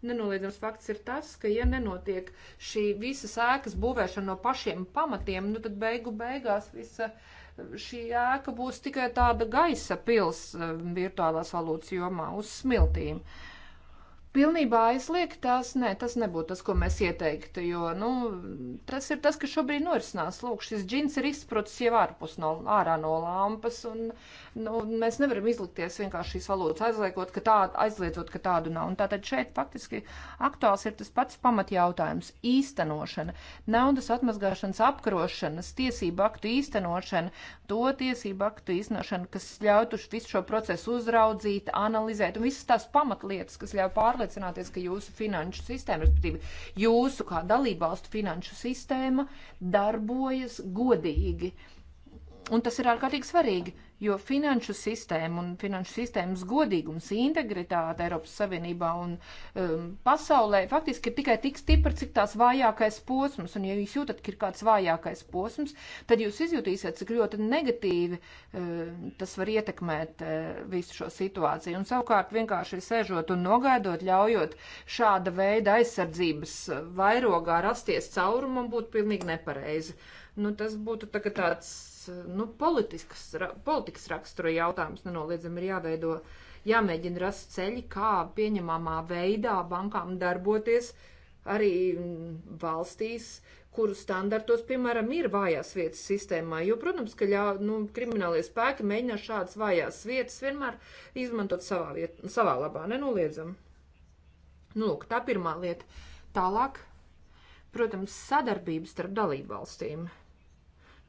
Nenoliedzams fakts ir tas, ka, ja nenotiek šī visa sēkas būvēšana no pašiem pamatiem, nu tad beigu beigās visa eh, šī ēka būs tikai tāda gaisa pils eh, virtuālās valūtas jomā uz smiltīm. Uh, Pilnībā aizliegt tās, nē, tas nebūtu tas, ko mēs ieteiktu, jo, nu, tas ir tas, kas šobrīd norisinās. Lūk, šis džins ir izsprucis jau ārpus no, ārā no lampas, un, nu, mēs nevaram izlikties vienkārši šīs valūtas aizliekot, ka tā, aizliedzot, ka tādu nav. Un tātad šeit faktiski aktuāls ir tas pats pamatjautājums - īstenošana, naudas atmazgāšanas apkrošanas, tiesību aktu īstenošana, to tiesību aktu īstenošana, kas ļautu visu šo procesu uzraudzīt, analizēt, un visas tās pamatlietas, kas ļauj pārliecināties pārliecināties, ka jūsu finanšu sistēma, respektīvi jūsu kā dalībvalstu finanšu sistēma, darbojas godīgi. Uh, Un tas ir ārkārtīgi svarīgi, jo finanšu sistēma un finanšu sistēmas godīgums, integritāte Eiropas Savienībā un um, pasaulē faktiski ir tikai tik stipra, cik tās vājākais posms. Un ja jūs jūtat, ka ir kāds vājākais posms, tad jūs izjutīsiet, cik ļoti negatīvi uh, tas var ietekmēt uh, visu šo situāciju. Un savukārt vienkārši sēžot un nogaidot, ļaujot šāda veida aizsardzības vairogā rasties caurumam, būtu pilnīgi nepareizi. Nu, tas būtu tā, tāds nu, politisks, politikas rakstura jautājums nenoliedzami ir jāveido, jāmēģina rast ceļi, kā pieņemamā veidā bankām darboties arī mm, valstīs, kuru standartos, piemēram, ir vājās vietas sistēmā. Jo, protams, ka ļā, nu, kriminālie spēki mēģina šādas vājās vietas vienmēr izmantot savā, viet, savā labā, nenoliedzam. Nu, lūk, tā pirmā lieta. Tālāk, protams, sadarbības starp dalību valstīm.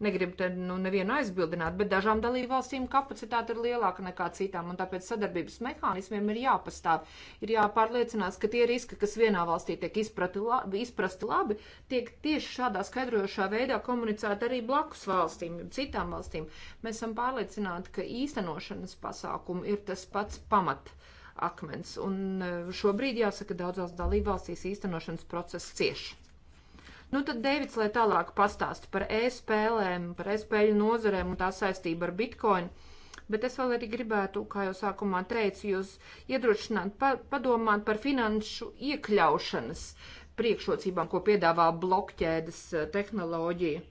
Negribu te nu, nevienu aizbildināt, bet dažām dalībvalstīm kapacitāte ir lielāka nekā citām, un tāpēc sadarbības mehānismiem ir jāpastāv. Ir jāpārliecinās, ka tie riski, kas vienā valstī tiek izprati labi, izprasti labi, tiek tieši šādā skaidrojošā veidā komunicēta arī blakus valstīm, citām valstīm. Mēs esam pārliecināti, ka īstenošanas pasākumi ir tas pats pamat akmens. Un eh, šobrīd, jāsaka, daudzās dalībvalstīs īstenošanas process cieši. Nu tad Deivids, lai tālāk pastāsta par e-spēlēm, par e-spēļu nozarēm un tā saistību ar Bitcoin. Bet es vēl arī gribētu, kā jau sākumā teicu, jūs iedrošināt pa padomāt par finanšu iekļaušanas priekšrocībām, ko piedāvā blokķēdes eh, tehnoloģija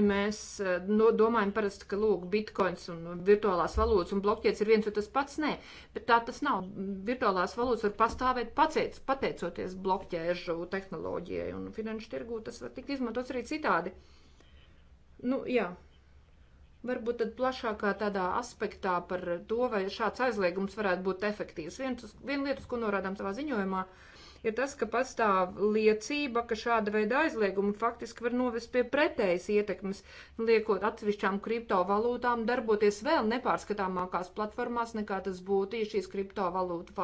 mēs eh, no, domājam parasti, ka lūk, bitkoins un virtuālās valūtas un blokķēdes ir viens un tas pats. Nē, bet tā tas nav. Virtuālās valūtas var pastāvēt pacēc, pateicoties blokķēžu tehnoloģijai un finanšu tirgū tas var tikt izmantots arī citādi. Nu, jā. Varbūt tad plašākā tādā aspektā par to, vai šāds aizliegums varētu būt efektīvs. Viena vien lietas, ko norādām savā ziņojumā, uh, ir tas, ka pastāv liecība, ka šāda veida aizliegumi faktiski var novest pie pretējas ietekmes, liekot atsevišķām kriptovalūtām darboties vēl nepārskatāmākās platformās, nekā tas būtu, ja šīs kriptovalūtu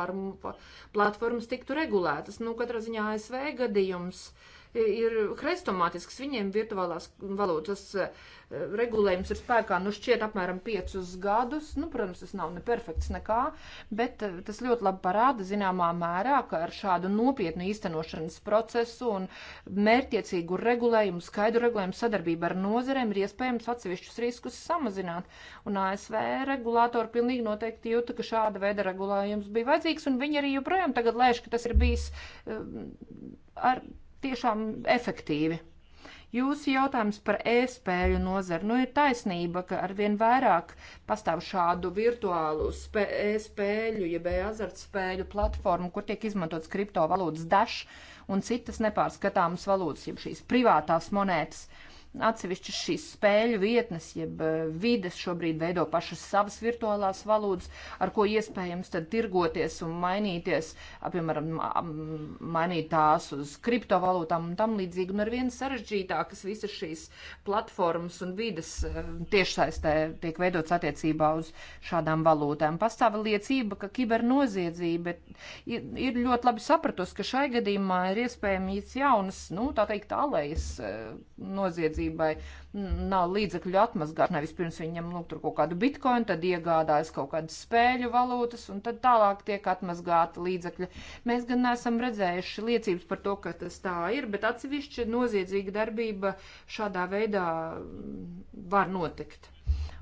platformas tiktu regulētas. Nu, katrā ziņā ASV gadījums. Uh, ir hrestomātisks, viņiem virtuālās valūtas eh, regulējums ir spēkā, nu šķiet apmēram piecus gadus, nu, protams, tas nav ne perfekts nekā, bet eh, tas ļoti labi parāda zināmā mērā, ka ar šādu nopietnu īstenošanas procesu un mērķiecīgu regulējumu, skaidru regulējumu sadarbību ar nozarēm ir iespējams atsevišķus riskus samazināt, un ASV regulātori pilnīgi noteikti jūta, ka šāda veida regulējums bija vajadzīgs, un viņi arī joprojām tagad lēš, ka tas ir bijis eh, ar tiešām efektīvi. Jūsu jautājums par e-spēļu nozaru. Nu, ir taisnība, ka arvien vairāk pastāv šādu virtuālu e-spēļu, e jeb e-azartspēļu platformu, kur tiek izmantots kriptovalūtas dažs un citas nepārskatāmas valūtas, jeb šīs privātās monētas. Uh, Atsevišķas šīs spēļu vietnes, jeb e, vides šobrīd veido pašas savas virtuālās valūtas, ar ko iespējams tad tirgoties un mainīties, piemēram, mainīt tās uz kriptovalūtām un tam līdzīgi. Un ar vien sarežģītākas visas šīs platformas un vides e, tiešsaistē tiek veidots attiecībā uz šādām valūtām. Pastāv liecība, ka kibernoziedzība ir ļoti labi sapratusi, ka šai gadījumā ir iespējams jaunas, nu, tā teikt, alējas e, noziedzības palīdzībai nav līdzekļu atmazgāšanai. Vispirms viņam lūk tur kaut kādu bitkoinu, tad iegādājas kaut kādas spēļu valūtas un tad tālāk tiek atmazgāta līdzekļa. Mēs gan neesam redzējuši liecības par to, ka tas tā ir, bet atsevišķi noziedzīga darbība šādā veidā mm, var notikt.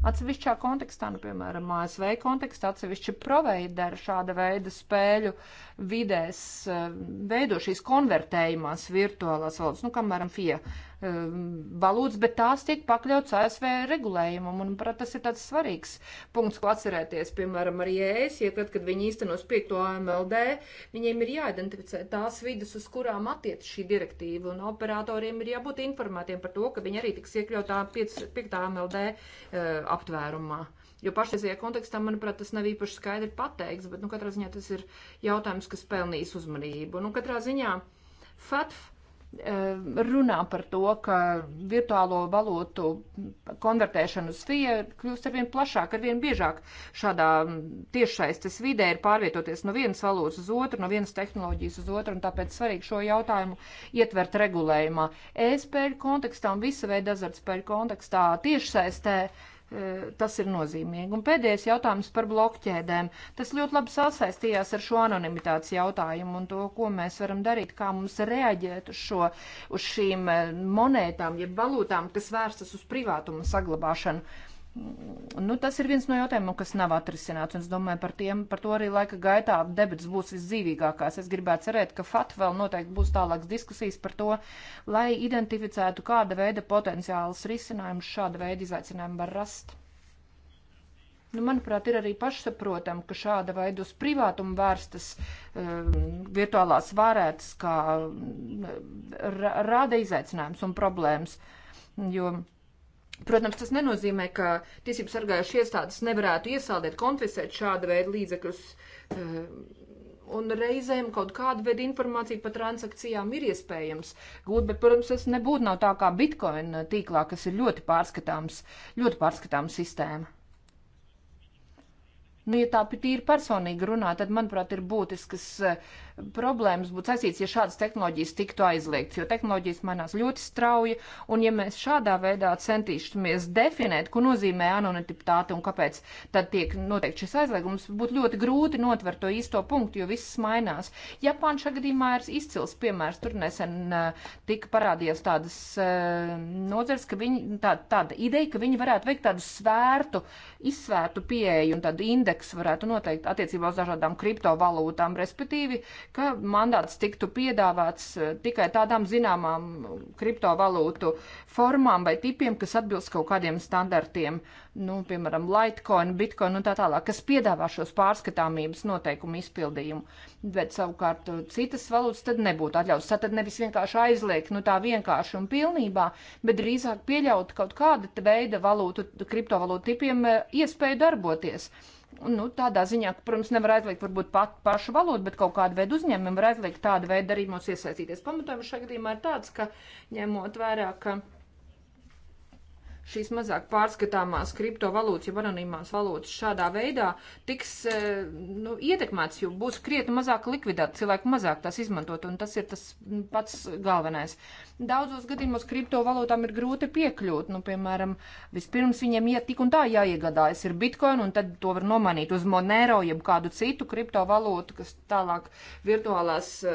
Atsevišķā kontekstā, nu, piemēram, ASV kontekstā, atsevišķi proveideri šāda veida spēļu vidēs eh, veido šīs konvertējumās virtuālās valodas, nu, kamēram, FIA eh, valūtas, bet tās tiek pakļauts ASV regulējumam, un, manuprāt, tas ir tāds svarīgs punkts, ko atcerēties, piemēram, arī ES, ja tad, kad viņi īstenos 5. AMLD, viņiem ir jāidentificē tās vidas, uz kurām attiec šī direktīva, un operatoriem ir jābūt informētiem par to, ka viņi arī tiks iekļautā 5. AMLD eh, aptvērumā. Jo pašreizajā kontekstā, manuprāt, tas nav īpaši skaidri pateikts, bet, nu, katrā ziņā tas ir jautājums, kas pelnīs uzmanību. Nu, katrā ziņā FATF eh, runā par to, ka virtuālo valūtu konvertēšana uz FIA kļūst arvien plašāk, arvien biežāk. Šādā tiešsaistes vidē ir pārvietoties no vienas valūtas uz otru, no vienas tehnoloģijas uz otru, un tāpēc svarīgi šo jautājumu ietvert regulējumā. E-spēļu kontekstā un visa veida azartspēļu kontekstā tiešsaistē. Uh, E, tas ir nozīmīgi. Un pēdējais jautājums par blokķēdēm. Tas ļoti labi sasaistījās ar šo anonimitātes jautājumu un to, ko mēs varam darīt, kā mums reaģēt uz, šo, uz šīm e, monētām, jeb valūtām, kas vērstas uz privātumu saglabāšanu. Nu, tas ir viens no jautājumiem, kas nav atrisināts, un es domāju, par, tiem, par to arī laika gaitā debats būs visdzīvīgākās. Es gribētu cerēt, ka FAT vēl noteikti būs tālākas diskusijas par to, lai identificētu, kāda veida potenciāls risinājums šāda veida izaicinājumu var rast. Nu, manuprāt, ir arī pašsaprotami, ka šāda veida uz privātumu vērstas um, virtuālās varētas kā um, rada izaicinājums un problēmas, jo Protams, tas nenozīmē, ka tiesību sargājuši iestādes nevarētu iesaldēt, konfiscēt šāda veida līdzekļus. Eh, un reizēm kaut kāda veida informācija par transakcijām ir iespējams gūt, bet, protams, tas nebūtu nav tā kā Bitcoin tīklā, kas ir ļoti pārskatāms, ļoti pārskatāms sistēma. Nu, ja tā tīri personīgi runā, tad, manuprāt, ir būtisks uh, eh, problēmas būtu saistīts, ja šādas tehnoloģijas tiktu aizliegts, jo tehnoloģijas mainās ļoti strauji, un ja mēs šādā veidā centīšamies definēt, ko nozīmē anonimitāte un kāpēc tad tiek noteikti šis aizliegums, būtu ļoti grūti notvert to īsto punktu, jo viss mainās. Japāna šajā gadījumā ir izcils piemērs, tur nesen uh, tika parādījās tādas uh, nodzeres, ka viņi, tā, tāda ideja, ka viņi varētu veikt tādu svērtu, izsvērtu pieeju un tādu indeksu varētu noteikt attiecībā uz dažādām kriptovalūtām, respektīvi, ka mandāts tiktu piedāvāts eh, tikai tādām zināmām mm, kriptovalūtu formām vai tipiem, kas atbilst kaut kādiem standartiem, nu, piemēram, Litecoin, Bitcoin un tā tālāk, kas piedāvā šos pārskatāmības noteikumu izpildījumu. Bet savukārt eh, citas valūtas tad nebūtu atļauts. Tad nevis vienkārši aizliegt, nu tā vienkārši un pilnībā, bet drīzāk pieļaut kaut kāda veida valūtu, kriptovalūtu tipiem eh, iespēju darboties nu, tādā ziņā, ka, protams, nevar aizliegt varbūt pat pašu valodu, bet kaut kādu veidu uzņēmumu var aizliegt tādu veidu arī mums iesaistīties. Pamatojums šajā gadījumā ir tāds, ka ņemot vērā, ka šīs mazāk pārskatāmās kriptovalūtas, jau anonīmās valūtas šādā veidā tiks e, nu, ietekmēts, jo būs krietni mazāk likvidēt, cilvēku mazāk tās izmantot, un tas ir tas pats galvenais. Daudzos gadījumos kriptovalūtām ir grūti piekļūt, nu, piemēram, vispirms viņiem iet tik un tā jāiegādājas ir bitcoin, un tad to var nomainīt uz Monero, jeb kādu citu kriptovalūtu, kas tālāk virtuālās e,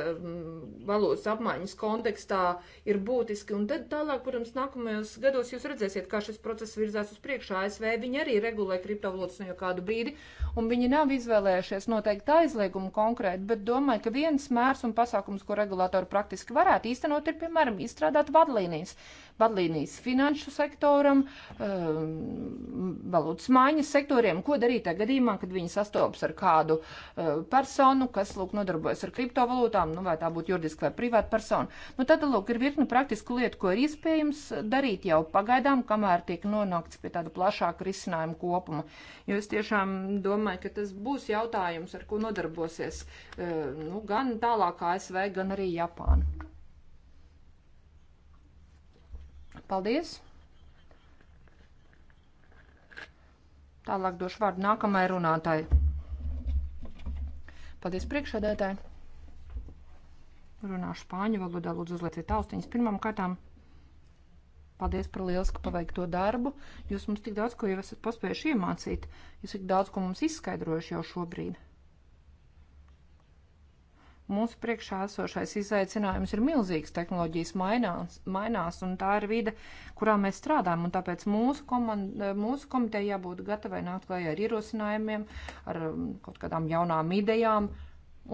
valūtas apmaiņas kontekstā ir būtiski, un tad tālāk, protams, nākamajos gados jūs redzēsiet, kā kā šis process virzās uz priekšu. ASV viņi arī regulē kriptovalūtas no jau kādu brīdi, un viņi nav izvēlējušies noteikti aizliegumu konkrēti, bet domāju, ka viens mērs un pasākums, ko regulātori praktiski varētu īstenot, ir, piemēram, izstrādāt vadlīnijas vadlīnijas finanšu sektoram, um, valūtas mājas sektoriem, ko darīt tajā gadījumā, kad viņi sastopas ar kādu uh, personu, kas, lūk, nodarbojas ar kriptovalūtām, nu, vai tā būtu juridiska vai privāta persona. Nu, tad, lūk, ir virkni praktisku lietu, ko ir iespējams darīt jau pagaidām, kamēr tiek nonākts pie tāda plašāka risinājuma kopuma. Jo es tiešām domāju, ka tas būs jautājums, ar ko nodarbosies uh, nu, gan tālāk ASV, gan arī Japāna. Paldies! Tālāk došu vārdu nākamajai runātāji. Paldies priekšsēdētāji. Runāšu spāņu valodā, lūdzu uzlieciet austiņas pirmām kārtām. Paldies par lielisku paveikto darbu. Jūs mums tik daudz ko jau esat paspējuši iemācīt. Jūs tik daudz ko mums izskaidrojuši jau šobrīd. Mūsu priekšā esošais izaicinājums ir milzīgs, tehnoloģijas mainās, mainās un tā ir vide, kurā mēs strādājam, un tāpēc mūsu, komand, mūsu komiteja jābūt gatavai nākt klājā ar ierosinājumiem, ar um, kaut kādām jaunām idejām,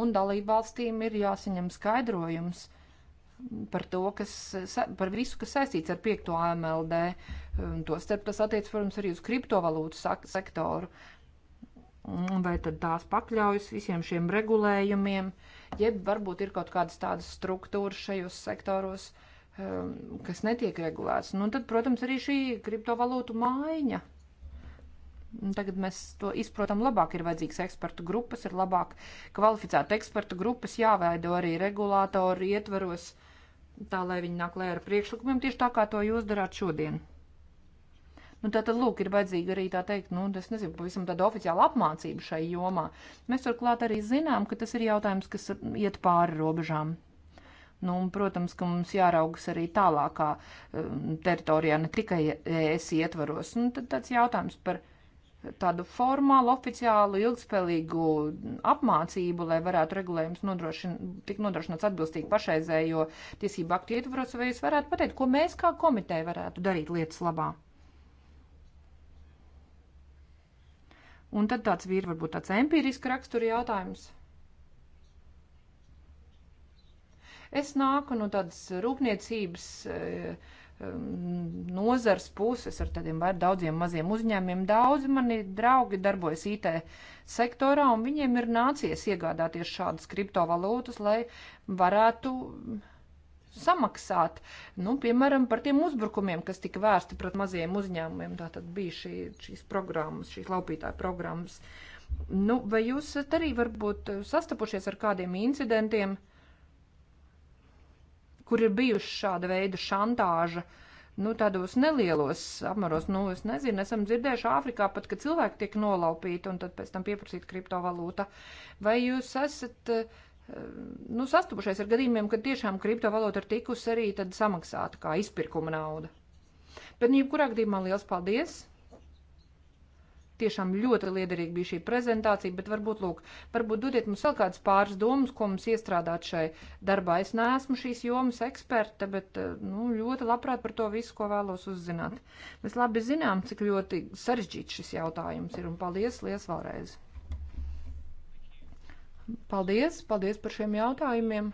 un dalību valstīm ir jāsaņem skaidrojums par to, kas, par visu, kas saistīts ar 5. AMLD. Um, Tostarp tas attiec, protams, arī uz kriptovalūtu sektoru. Vai tad tās pakļaujas visiem šiem regulējumiem? Uh, jeb varbūt ir kaut kādas tādas struktūras šajos sektoros, um, kas netiek regulēts. Nu, tad, protams, arī šī kriptovalūtu maiņa. Tagad mēs to izprotam labāk, ir vajadzīgs ekspertu grupas, ir labāk kvalificēta ekspertu grupas, jāveido arī regulātori ietveros, tā lai viņi nāk lē ar priekšlikumiem, tieši tā kā to jūs darāt šodien. Nu, tā tad, lūk, ir vajadzīga arī tā teikt, nu, es nezinu, pavisam tāda oficiāla apmācība šai jomā. Mēs turklāt arī zinām, ka tas ir jautājums, kas iet pāri robežām. Nu, un, protams, ka mums jāraugas arī tālākā um, teritorijā, ne tikai es ietvaros. Nu, tad tāds jautājums par tādu formālu, oficiālu, ilgspēlīgu apmācību, lai varētu regulējums nodrošin, tik nodrošināts atbilstīgi pašreizējo tiesību aktu ietvaros, vai jūs varētu pateikt, ko mēs kā komiteja varētu darīt lietas labā? Un tad tāds ir varbūt tāds empiriska rakstura jautājums. Es nāku no tādas rūpniecības eh, nozars puses ar tādiem daudziem maziem uzņēmiem. Daudzi mani draugi darbojas IT sektorā, un viņiem ir nācies iegādāties šādas kriptovalūtas, lai varētu samaksāt, nu, piemēram, par tiem uzbrukumiem, kas tika vērsti pret maziem uzņēmumiem. Tā tad bija šī, šīs programmas, šīs laupītāja programmas. Nu, vai jūs arī varbūt sastapušies ar kādiem incidentiem, kur ir bijuši šāda veida šantāža? nu, tādos nelielos apmaros, nu, es nezinu, esam dzirdējuši Āfrikā pat, ka cilvēki tiek nolaupīti un tad pēc tam pieprasīta kriptovalūta. Vai jūs esat uh, Ehm, nu, sastopušies ar gadījumiem, kad tiešām kriptovalūta ir tikusi arī samaksāta kā izpirkuma nauda. Bet, nu, jebkurā gadījumā liels paldies! Tiešām ļoti liederīga bija šī prezentācija, bet varbūt, lūk, varbūt dodiet mums vēl kādas pāris domas, ko mums iestrādāt šai darbā. Es neesmu šīs jomas eksperta, bet, eh, nu, ļoti labprāt par to visu, ko vēlos uzzināt. Mēs labi zinām, cik ļoti sarežģīts šis jautājums ir, un paldies liels vēlreiz! Paldies, paldies par šiem jautājumiem.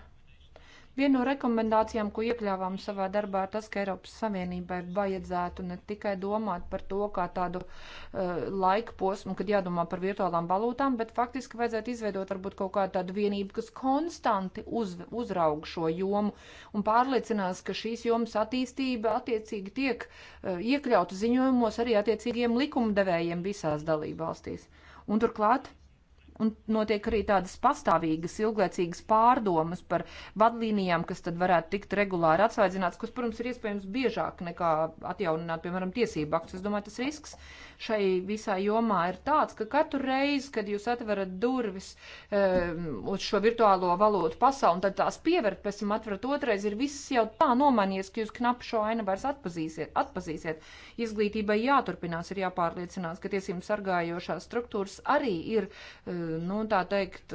Viena no rekomendācijām, ko iekļāvām savā darbā, ir tas, ka Eiropas Savienībai vajadzētu ne tikai domāt par to, kā tādu uh, laika posmu, kad jādomā par virtuālām valūtām, bet faktiski vajadzētu izveidot varbūt kaut kādu tādu vienību, kas konstanti uz, uzraug šo jomu un pārliecinās, ka šīs jomas attīstība attiecīgi tiek uh, iekļauta ziņojumos arī attiecīgiem likumdevējiem visās dalībvalstīs. Un turklāt Un notiek arī tādas pastāvīgas, ilglaicīgas pārdomas par vadlīnijām, kas tad varētu tikt regulāri atsvaidzināts, kas, protams, ir iespējams biežāk nekā atjaunināt, piemēram, tiesību aktus. Es domāju, tas risks šai visā jomā ir tāds, ka katru reizi, kad jūs atverat durvis e, uz šo virtuālo valotu pasauli, un tad tās pievērt, pēc tam atverat otrais, ir viss jau tā nomainījies, ka jūs knap šo ainu vairs atpazīsiet. atpazīsiet. Izglītībai jāturpinās, ir jāpārliecinās, ka tiesību sargājošās struktūras arī ir. E, nu, tā teikt,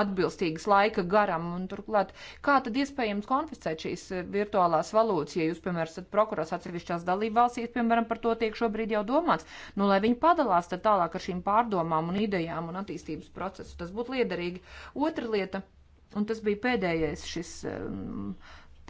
atbilstīgas laika garam. Un turklāt, kā tad iespējams konfiscēt šīs virtuālās valūtas, ja jūs, piemēram, esat prokurors atsevišķās dalībvalstīs, piemēram, par to tiek šobrīd jau domāts, nu, lai viņi padalās tad tālāk ar šīm pārdomām un idejām un attīstības procesu. Tas būtu liederīgi. Otra lieta, un tas bija pēdējais šis. Um,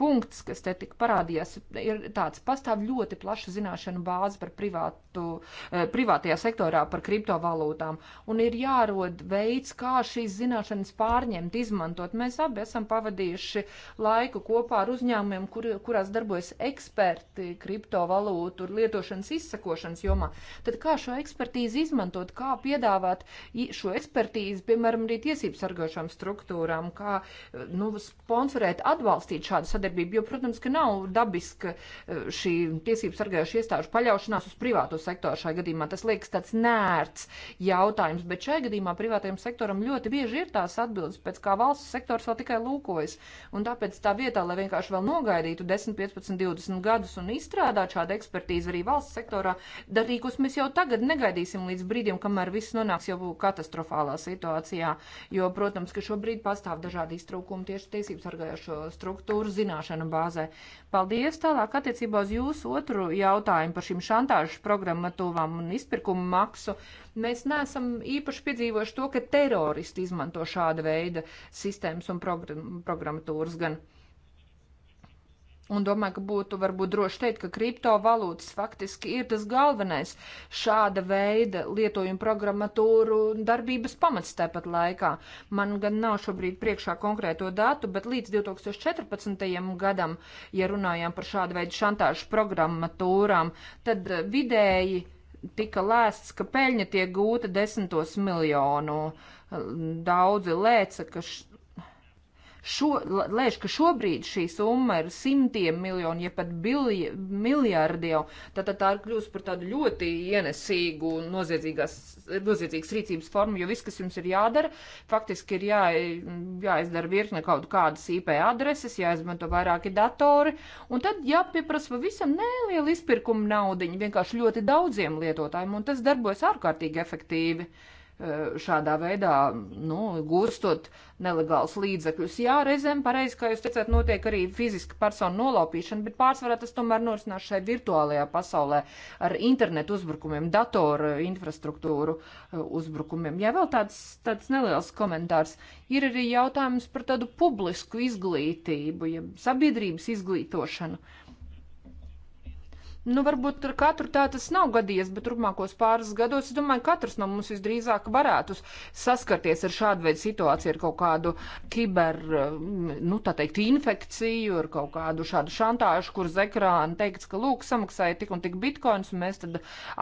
punkts, kas te tik parādījās, ir tāds pastāv ļoti plaša zināšanu bāze par privātu, eh, privātajā sektorā, par kriptovalūtām, un ir jārod veids, kā šīs zināšanas pārņemt, izmantot. Mēs abi esam pavadījuši laiku kopā ar uzņēmumiem, kur, kurās darbojas eksperti kriptovalūtu lietošanas izsakošanas jomā. Tad kā šo ekspertīzi izmantot, kā piedāvāt šo ekspertīzi, piemēram, arī tiesības sargošām struktūrām, kā eh, nu, sponsorēt, atbalstīt šādu sadarbību sadarbību, jo, protams, ka nav dabiska eh, šī tiesību sargājušu iestāžu paļaušanās uz privāto sektoru šajā gadījumā. Tas liekas tāds nērts jautājums, bet šajā gadījumā privātajam sektoram ļoti bieži ir tās atbildes, pēc kā valsts sektors vēl tikai lūkojas. Un tāpēc tā vietā, lai vienkārši vēl nogaidītu 10, 15, 20 gadus un izstrādāt šādu ekspertīzi arī valsts sektorā, darīkus mēs jau tagad negaidīsim līdz brīdim, kamēr viss nonāks jau katastrofālā situācijā. Jo, protams, ka šobrīd pastāv dažādi iztrūkumi tieši tiesības sargājošo struktūru zināšanu zināšanu bāzē. Paldies! Tālāk attiecībā uz jūsu otru jautājumu par šīm šantāžas programmatūvām un izpirkumu maksu. Mēs neesam īpaši piedzīvojuši to, ka teroristi izmanto šāda veida sistēmas un program programmatūras gan. Uh, Un domāju, ka būtu varbūt droši teikt, ka kriptovalūtas faktiski ir tas galvenais šāda veida lietojuma programmatūru darbības pamats tāpat laikā. Man gan nav šobrīd priekšā konkrēto datu, bet līdz 2014. gadam, ja runājām par šādu veidu šantāžu programmatūrām, tad eh, vidēji tika lēsts, ka peļņa tiek gūta desmitos miljonu. Daudzi lēca, ka š šo, lēš, ka šobrīd šī summa ir simtiem miljonu, ja pat bilj, miljārdiem, tad tā, tā ir kļūst par tādu ļoti ienesīgu noziedzīgas rīcības formu, jo viss, kas jums ir jādara, faktiski ir jā, jāizdara virkne kaut kādas IP adreses, jāizmanto vairāki datori, un tad jāpieprasa pavisam neliela izpirkuma naudiņa vienkārši ļoti daudziem lietotājiem, un tas darbojas ārkārtīgi efektīvi. Eh, šādā veidā, nu, gūstot nelegāls līdzekļus. Jā, reizēm pareizi, kā jūs teicāt, notiek arī fiziska persona nolaupīšana, bet pārsvarā tas tomēr norisinās šai virtuālajā pasaulē ar internetu uzbrukumiem, datoru infrastruktūru eh, uzbrukumiem. Jā, vēl tāds, tāds neliels komentārs. Ir arī jautājums par tādu publisku izglītību, ja sabiedrības izglītošanu. Uh, Nu, varbūt ar katru tā tas nav gadījies, bet turpmākos pāris gados, es domāju, katrs no mums visdrīzāk varētu saskarties ar šādu veidu situāciju, ar kaut kādu kiber, mm, nu, tā teikt, infekciju, ar kaut kādu šādu šantāžu, kuras ekrāna teikts, ka, lūk, samaksāja tik un tik bitkoins, un mēs tad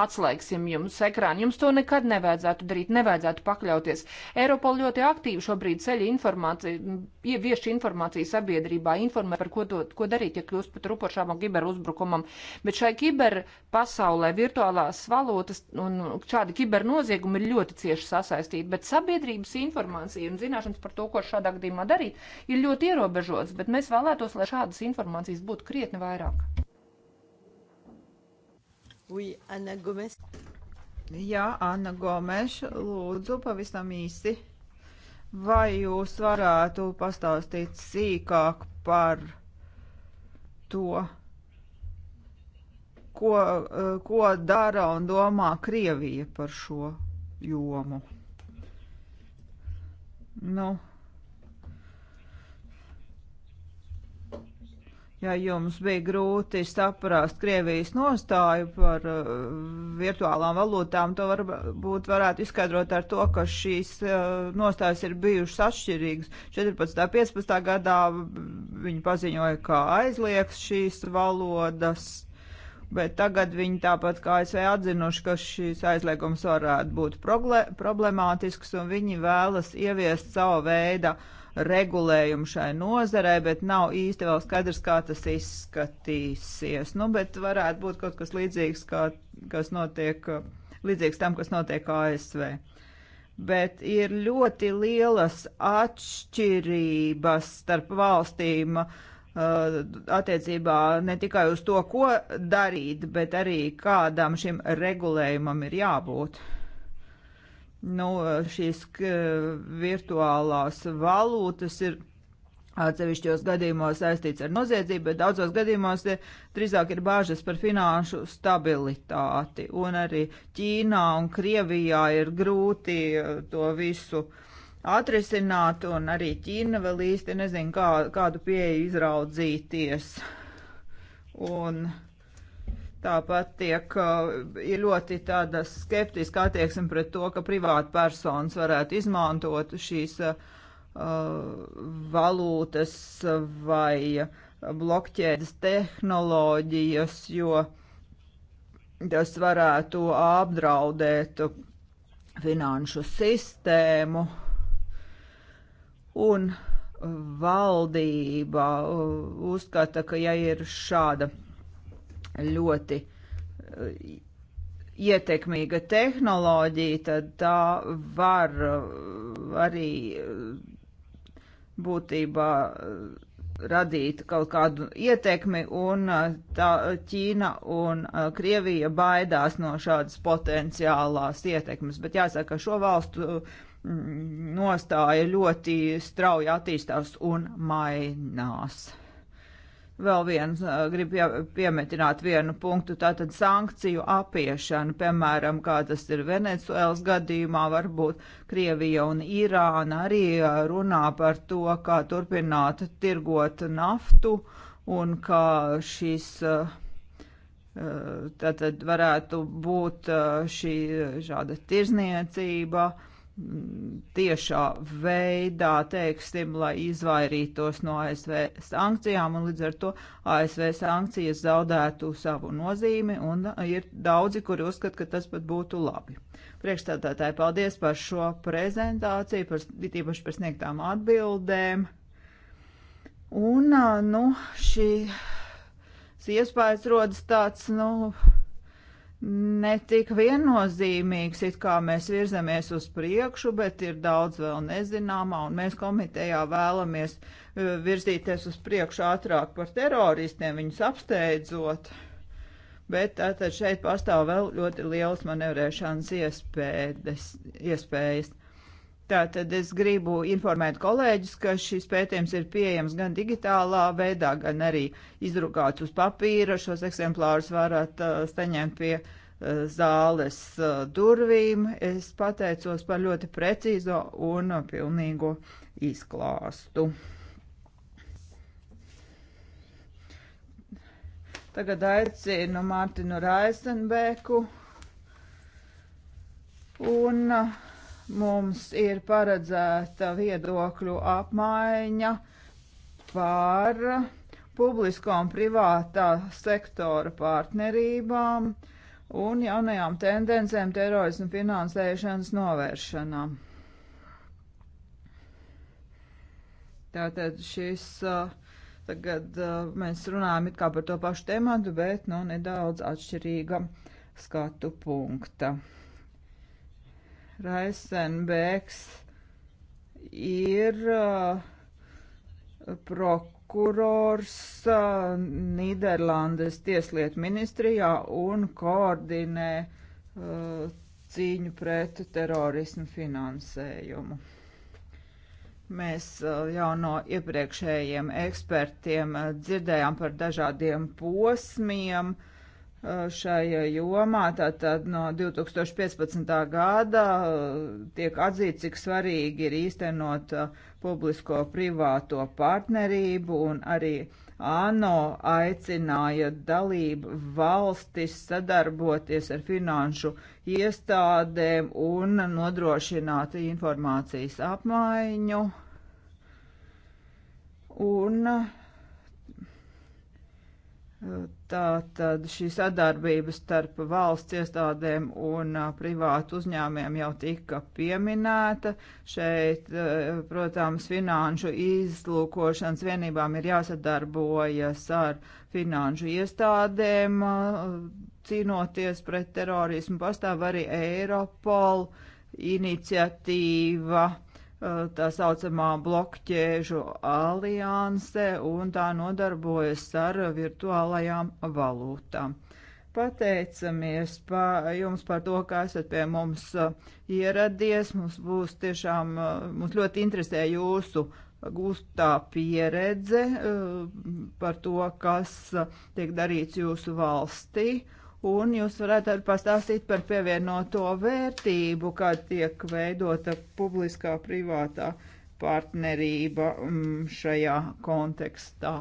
atslēgsim jums ekrānu. Jums to nekad nevajadzētu darīt, nevajadzētu pakļauties. Eiropol ļoti aktīvi šobrīd ceļa informāciju, ievieš informāciju sabiedrībā, informē par ko, to, ko darīt, ja kļūst par trupošām un kiberuzbrukumam. Bet šai kiber pasaulē virtuālās valūtas un šādi kibernoziegumi ir ļoti cieši sasaistīti, bet sabiedrības informācija un zināšanas par to, ko šādā gadījumā darīt, ir ļoti ierobežotas, bet mēs vēlētos, lai šādas informācijas būtu krietni vairāk. Oui, Anna Gomes. Jā, Anna Gomes, lūdzu, pavisam īsi. Vai jūs varētu pastāstīt sīkāk par to? ko, eh, ko dara un domā Krievija par šo jomu. Nu, Ja jums bija grūti saprast Krievijas nostāju par uh, virtuālām valūtām, to varbūt varētu izskaidrot ar to, ka šīs uh, nostājas ir bijušas atšķirīgas. 14. un 15. gadā viņi paziņoja, ka aizliegs šīs valodas bet tagad viņi tāpat kā ASV atzinuši, ka šīs aizliegums varētu būt problemātisks, un viņi vēlas ieviest savu veidu regulējumu šai nozarē, bet nav īsti vēl skaidrs, kā tas izskatīsies. Nu, bet varētu būt kaut kas līdzīgs, kā, kas notiek, līdzīgs tam, kas notiek ASV. Bet ir ļoti lielas atšķirības starp valstīm uh, Uh, attiecībā ne tikai uz to, ko darīt, bet arī kādam šim regulējumam ir jābūt. Nu, uh, šīs uh, virtuālās valūtas ir atsevišķos gadījumos saistīts ar noziedzību, bet daudzos gadījumos drīzāk ir bāžas par finanšu stabilitāti. Un arī Ķīnā un Krievijā ir grūti to visu uh, atrisināt, un arī Ķīna vēl īsti nezin, kā, kādu pieeju izraudzīties. Un tāpat tiek, uh, ir ļoti tāda skeptiska attieksme pret to, ka privāta personas varētu izmantot šīs uh, valūtas vai blokķēdes tehnoloģijas, jo tas varētu apdraudēt finanšu sistēmu un valdība uh, uzskata, ka ja ir šāda ļoti uh, ietekmīga tehnoloģija, tad tā var uh, arī būtībā radīt kaut kādu ietekmi, un tā Ķīna un Krievija baidās no šādas potenciālās ietekmes. Bet jāsaka, šo valstu uh, nostāja ļoti strauji attīstās un mainās. Vēl viens grib piemetināt vienu punktu, tātad sankciju apiešana, piemēram, kā tas ir Venecuēlas gadījumā, varbūt Krievija un Irāna arī runā par to, kā turpināt tirgot naftu un kā šis uh, tātad varētu būt šī šāda tirzniecība. Uh, tiešā veidā, teiksim, lai izvairītos no ASV sankcijām, un līdz ar to ASV sankcijas zaudētu savu nozīmi, un ir daudzi, kuri uzskata, ka tas pat būtu labi. Priekšstādātāji, paldies par šo prezentāciju, par, tīpaši par sniegtām atbildēm. Un, nu, šī iespējas rodas tāds, nu, netik viennozīmīgs, it kā mēs virzamies uz priekšu, bet ir daudz vēl nezināmā, un mēs komitejā vēlamies e, virzīties uz priekšu ātrāk par teroristiem, viņus apsteidzot. Bet tātad šeit pastāv vēl ļoti liels manevrēšanas iespējas. iespējas. Tātad es gribu informēt kolēģus, ka šis pētījums ir pieejams gan digitālā veidā, gan arī izdrukāts uz papīra. Šos eksemplārus varat uh, saņemt pie uh, zāles uh, durvīm. Es pateicos par ļoti precīzo un uh, pilnīgo izklāstu. Tagad aicinu Mārtiņu Raisenbeku un uh, mums ir paredzēta viedokļu apmaiņa par publisko un privātā sektora partnerībām un jaunajām tendencēm terorismu finansēšanas novēršanā. Tātad šis, uh, tagad uh, mēs runājam it kā par to pašu tematu, bet nu nedaudz atšķirīga skatu punkta. Raisenbēks ir uh, prokurors uh, Nīderlandes tieslietu ministrijā un koordinē uh, cīņu pret terorismu finansējumu. Mēs uh, jau no iepriekšējiem ekspertiem uh, dzirdējām par dažādiem posmiem, uh, Uh, šajā uh, jomā. Tātad no 2015. gada uh, tiek atzīts, cik svarīgi ir īstenot publisko-privāto partnerību un arī ANO aicināja dalību valstis sadarboties ar finanšu iestādēm un nodrošināt informācijas apmaiņu. Un uh, Tā tad šī sadarbība starp valsts iestādēm un privātu uzņēmiem jau tika pieminēta. Šeit, protams, finanšu izlūkošanas vienībām ir jāsadarbojas ar finanšu iestādēm, cīnoties pret terorismu. Pastāv arī Eiropol iniciatīva tā saucamā blokķēžu alianse un tā nodarbojas ar virtuālajām valūtām. Pateicamies pa jums par to, ka esat pie mums ieradies. Mums būs tiešām, mums ļoti interesē jūsu gūstā pieredze par to, kas tiek darīts jūsu valstī Un jūs varētu arī pastāstīt par pievienoto vērtību, kā tiek veidota publiskā privātā partnerība mm, šajā kontekstā.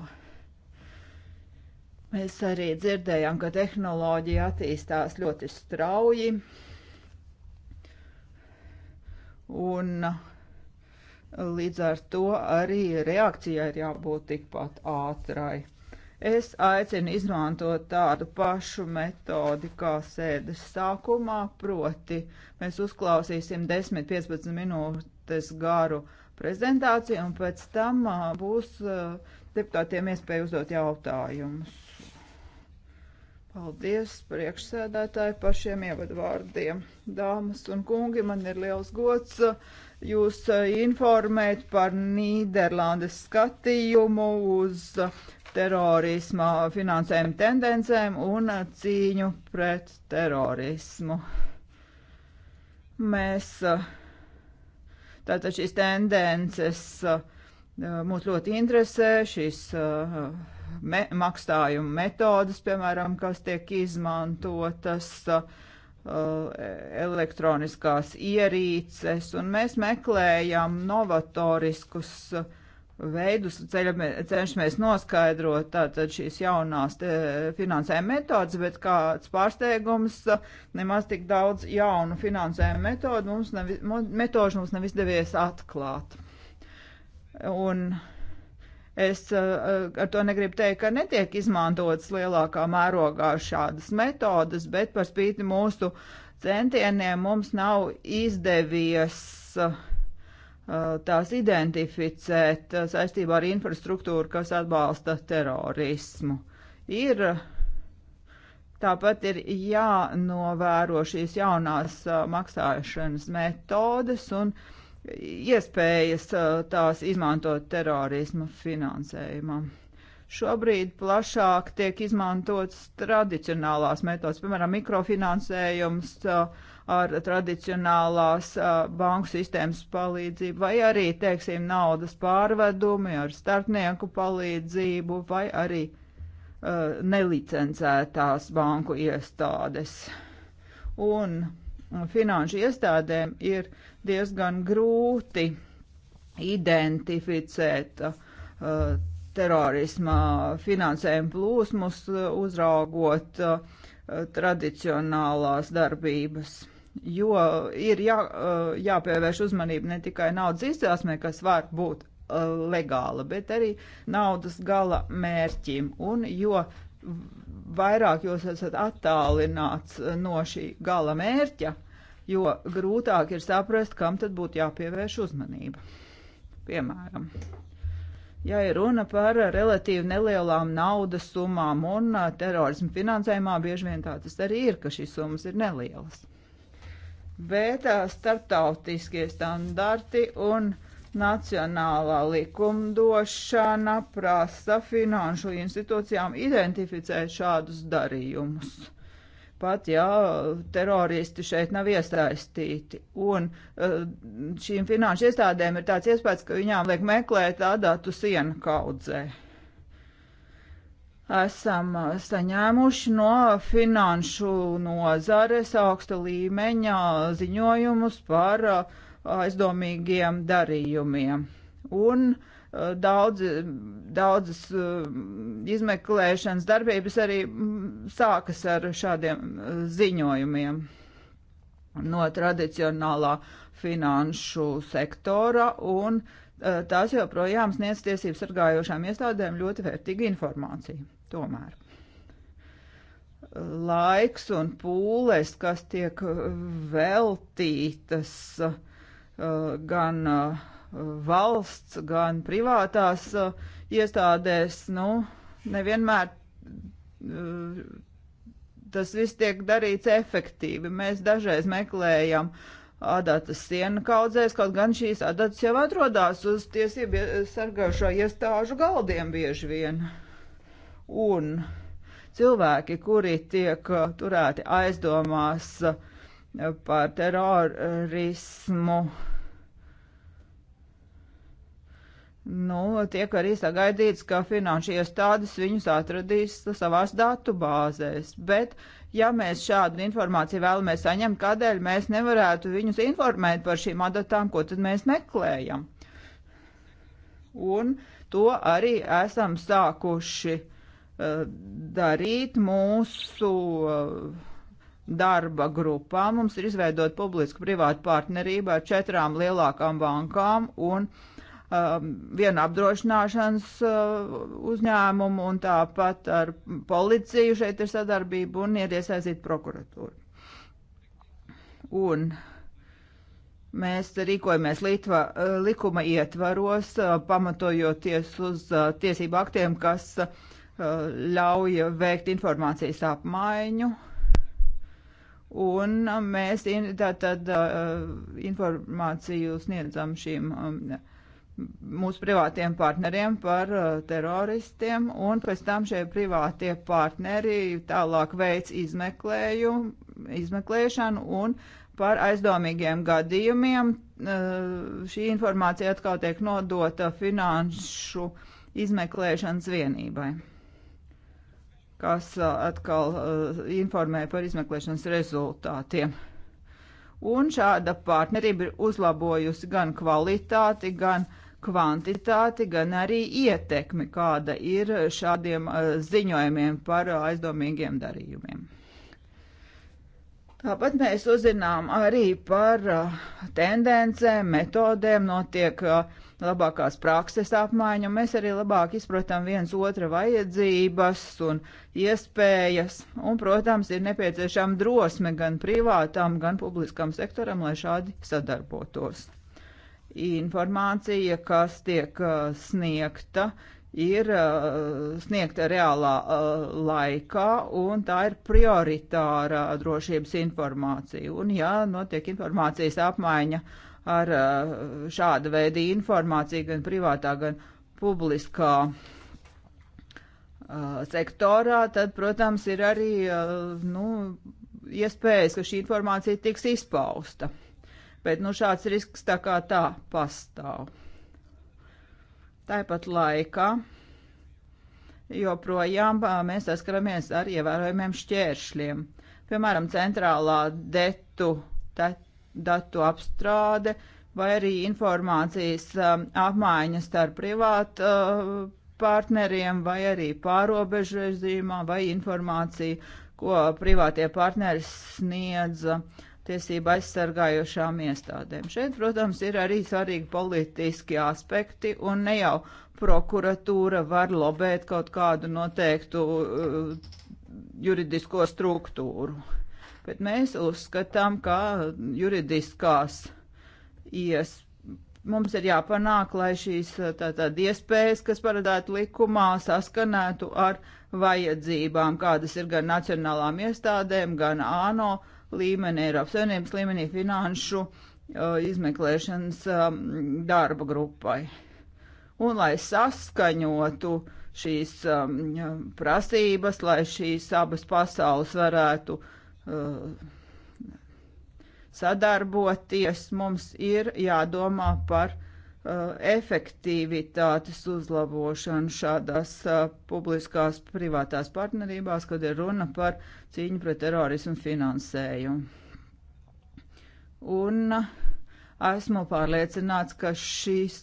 Mēs arī dzirdējām, ka tehnoloģija attīstās ļoti strauji. Un līdz ar to arī reakcijai ir jābūt tikpat ātrai. Es aicinu izmantot tādu pašu metodi kā sēdes sākumā, proti mēs uzklausīsim 10-15 minūtes garu prezentāciju un pēc tam būs deputātiem iespēja uzdot jautājumus. Paldies priekšsēdētāji par šiem ievadvārdiem. Dāmas un kungi, man ir liels gods jūs informēt par Nīderlandes skatījumu uz terorisma finansējuma tendencēm un cīņu pret terorismu. Mēs tātad šīs tendences mūs ļoti interesē, šīs me, maksājuma metodas, piemēram, kas tiek izmantotas elektroniskās ierīces, un mēs meklējam novatoriskus uh, veidus ceļam, cenšamies noskaidrot tātad šīs jaunās te, finansējuma metodas, bet kāds pārsteigums, nemaz tik daudz jaunu finansējuma metodu mums, nevi, metožu mums nevis devies atklāt. Un es ar to negribu teikt, ka netiek izmantotas lielākā mērogā šādas metodas, bet par spīti mūsu centieniem mums nav izdevies uh, Uh, tās identificēt uh, saistībā ar infrastruktūru, kas atbalsta terorismu. Ir tāpat ir jānovēro šīs jaunās uh, maksāšanas metodes un iespējas tās izmantot terorismu finansējumam. Šobrīd plašāk tiek izmantotas tradicionālās metodas, piemēram, mikrofinansējums, uh, ar tradicionālās banku sistēmas palīdzību, vai arī, teiksim, naudas pārvedumi ar starpnieku palīdzību, vai arī uh, nelicencētās banku iestādes. Un finanšu iestādēm ir diezgan grūti identificēt uh, terorisma finansējumu plūsmus, uzraugot uh, tradicionālās darbības jo ir jā, jāpievērš uzmanība ne tikai naudas izcelsmē, kas var būt legāla, bet arī naudas gala mērķim. Un jo vairāk jūs esat attālināts no šī gala mērķa, jo grūtāk ir saprast, kam tad būtu jāpievērš uzmanība. Piemēram, ja ir runa par relatīvi nelielām naudas summām un terorismu finansējumā, bieži vien tā tas arī ir, ka šīs summas ir nelielas bet starptautiskie standarti un nacionālā likumdošana prasa finanšu institūcijām identificēt šādus darījumus. Pat ja teroristi šeit nav iesaistīti. Un eh, šīm finanšu iestādēm ir tāds iespējas, ka viņām liek meklēt adatu sienu kaudzē esam uh, saņēmuši no finanšu nozares augsta līmeņa ziņojumus par uh, aizdomīgiem darījumiem. Un uh, daudz, daudzas izmeklēšanas darbības arī mm, sākas ar šādiem ziņojumiem no tradicionālā finanšu sektora un tās joprojām sniedz tiesību sargājošām iestādēm ļoti vērtīgu informāciju. Tomēr laiks un pūles, kas tiek veltītas uh, gan uh, valsts, gan privātās uh, iestādēs, nu, nevienmēr tas viss tiek darīts efektīvi. Mēs dažreiz meklējam adatas sienu kaudzēs, kaut gan šīs adatas jau atrodās uz tiesību sargājušo iestāžu galdiem bieži vien. Uh, un cilvēki, kuri tiek uh, turēti aizdomās uh, par terorismu, nu, tiek arī sagaidīts, ka finanšu iestādes viņus atradīs savās datubāzēs. Bet, ja mēs šādu informāciju vēlamies saņemt, kādēļ mēs nevarētu viņus informēt par šīm adatām, ko tad mēs meklējam? Un to arī esam sākuši uh, darīt mūsu uh, darba grupā. Mums ir izveidot publisku-privātu partnerību ar četrām lielākām bankām un um, vienu apdrošināšanas uh, uzņēmumu un tāpat ar policiju šeit ir sadarbība un ir iesaistīta prokuratūra. Un Mēs rīkojamies Litva, uh, likuma ietvaros, uh, pamatojoties uz tiesību aktiem, kas uh, ļauj veikt informācijas apmaiņu. Un mēs tātad informāciju sniedzam šīm mūsu privātiem partneriem par teroristiem, un pēc tam šie privātie partneri tālāk veic izmeklēšanu un par aizdomīgiem gadījumiem. Šī informācija atkal tiek nodota finanšu izmeklēšanas vienībai kas uh, atkal uh, informē par izmeklēšanas rezultātiem. Un šāda partnerība ir uzlabojusi gan kvalitāti, gan kvantitāti, gan arī ietekmi, kāda ir šādiem uh, ziņojumiem par uh, aizdomīgiem darījumiem. Tāpat mēs uzzinām arī par uh, tendencēm, metodēm, notiek uh, labākās prakses apmaiņu, un mēs arī labāk izprotam viens otra vajadzības un iespējas, un, protams, ir nepieciešama drosme gan privātām, gan publiskam sektoram, lai šādi sadarbotos. Informācija, kas tiek uh, sniegta, ir uh, sniegta reālā uh, laikā, un tā ir prioritārā drošības informācija. Un, ja notiek informācijas apmaiņa uh, ar eh, šāda veida informāciju gan privātā, gan publiskā eh, sektorā, tad, protams, ir arī eh, nu, iespējas, ka šī informācija tiks izpausta. Bet nu, šāds risks tā kā tā pastāv. Tāpat laikā joprojām mēs saskaramies ar ievērojumiem šķēršļiem. Piemēram, centrālā detu, det, datu apstrāde vai arī informācijas um, apmaiņa starp privātu uh, partneriem vai arī pārobežu režīmā vai informācija, ko privātie partneri sniedza uh, tiesība aizsargājošām iestādēm. Šeit, protams, ir arī svarīgi politiski aspekti, un ne jau prokuratūra var lobēt kaut kādu noteiktu uh, juridisko struktūru bet mēs uzskatām, ka juridiskās ies, mums ir jāpanāk, lai šīs tātad iespējas, kas paredzētu likumā, saskanētu ar vajadzībām, kādas ir gan nacionālām iestādēm, gan ANO līmenī, Eiropas Savienības līmenī finanšu uh, izmeklēšanas um, darba grupai. Un lai saskaņotu šīs um, prasības, lai šīs abas pasaules varētu uh, Uh, sadarboties, mums ir jādomā par uh, efektivitātes uzlabošanu šādās uh, publiskās privātās partnerībās, kad ir runa par cīņu pret terorismu finansējumu. Un esmu pārliecināts, ka šīs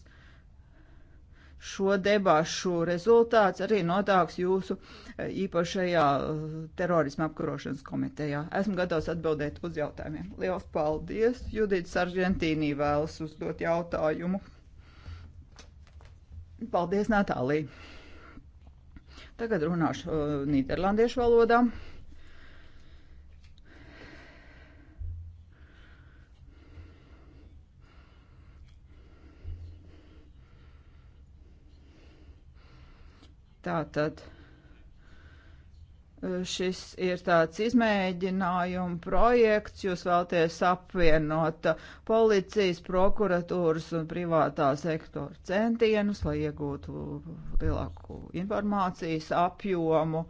šo debašu rezultāts arī notāks jūsu e, īpašajā e, terorisma apkarošanas komitejā. Esmu gatavs atbildēt uz jautājumiem. Lielas paldies! Judita Sargentīnī vēlas uzdot jautājumu. Paldies, Natālija! Tagad runāšu uh, Nīderlandiešu valodā. Tātad eh, šis ir tāds izmēģinājuma projekts, jūs vēlaties apvienot eh, policijas, prokuratūras un privātā sektora centienus, lai iegūtu lielāku informācijas apjomu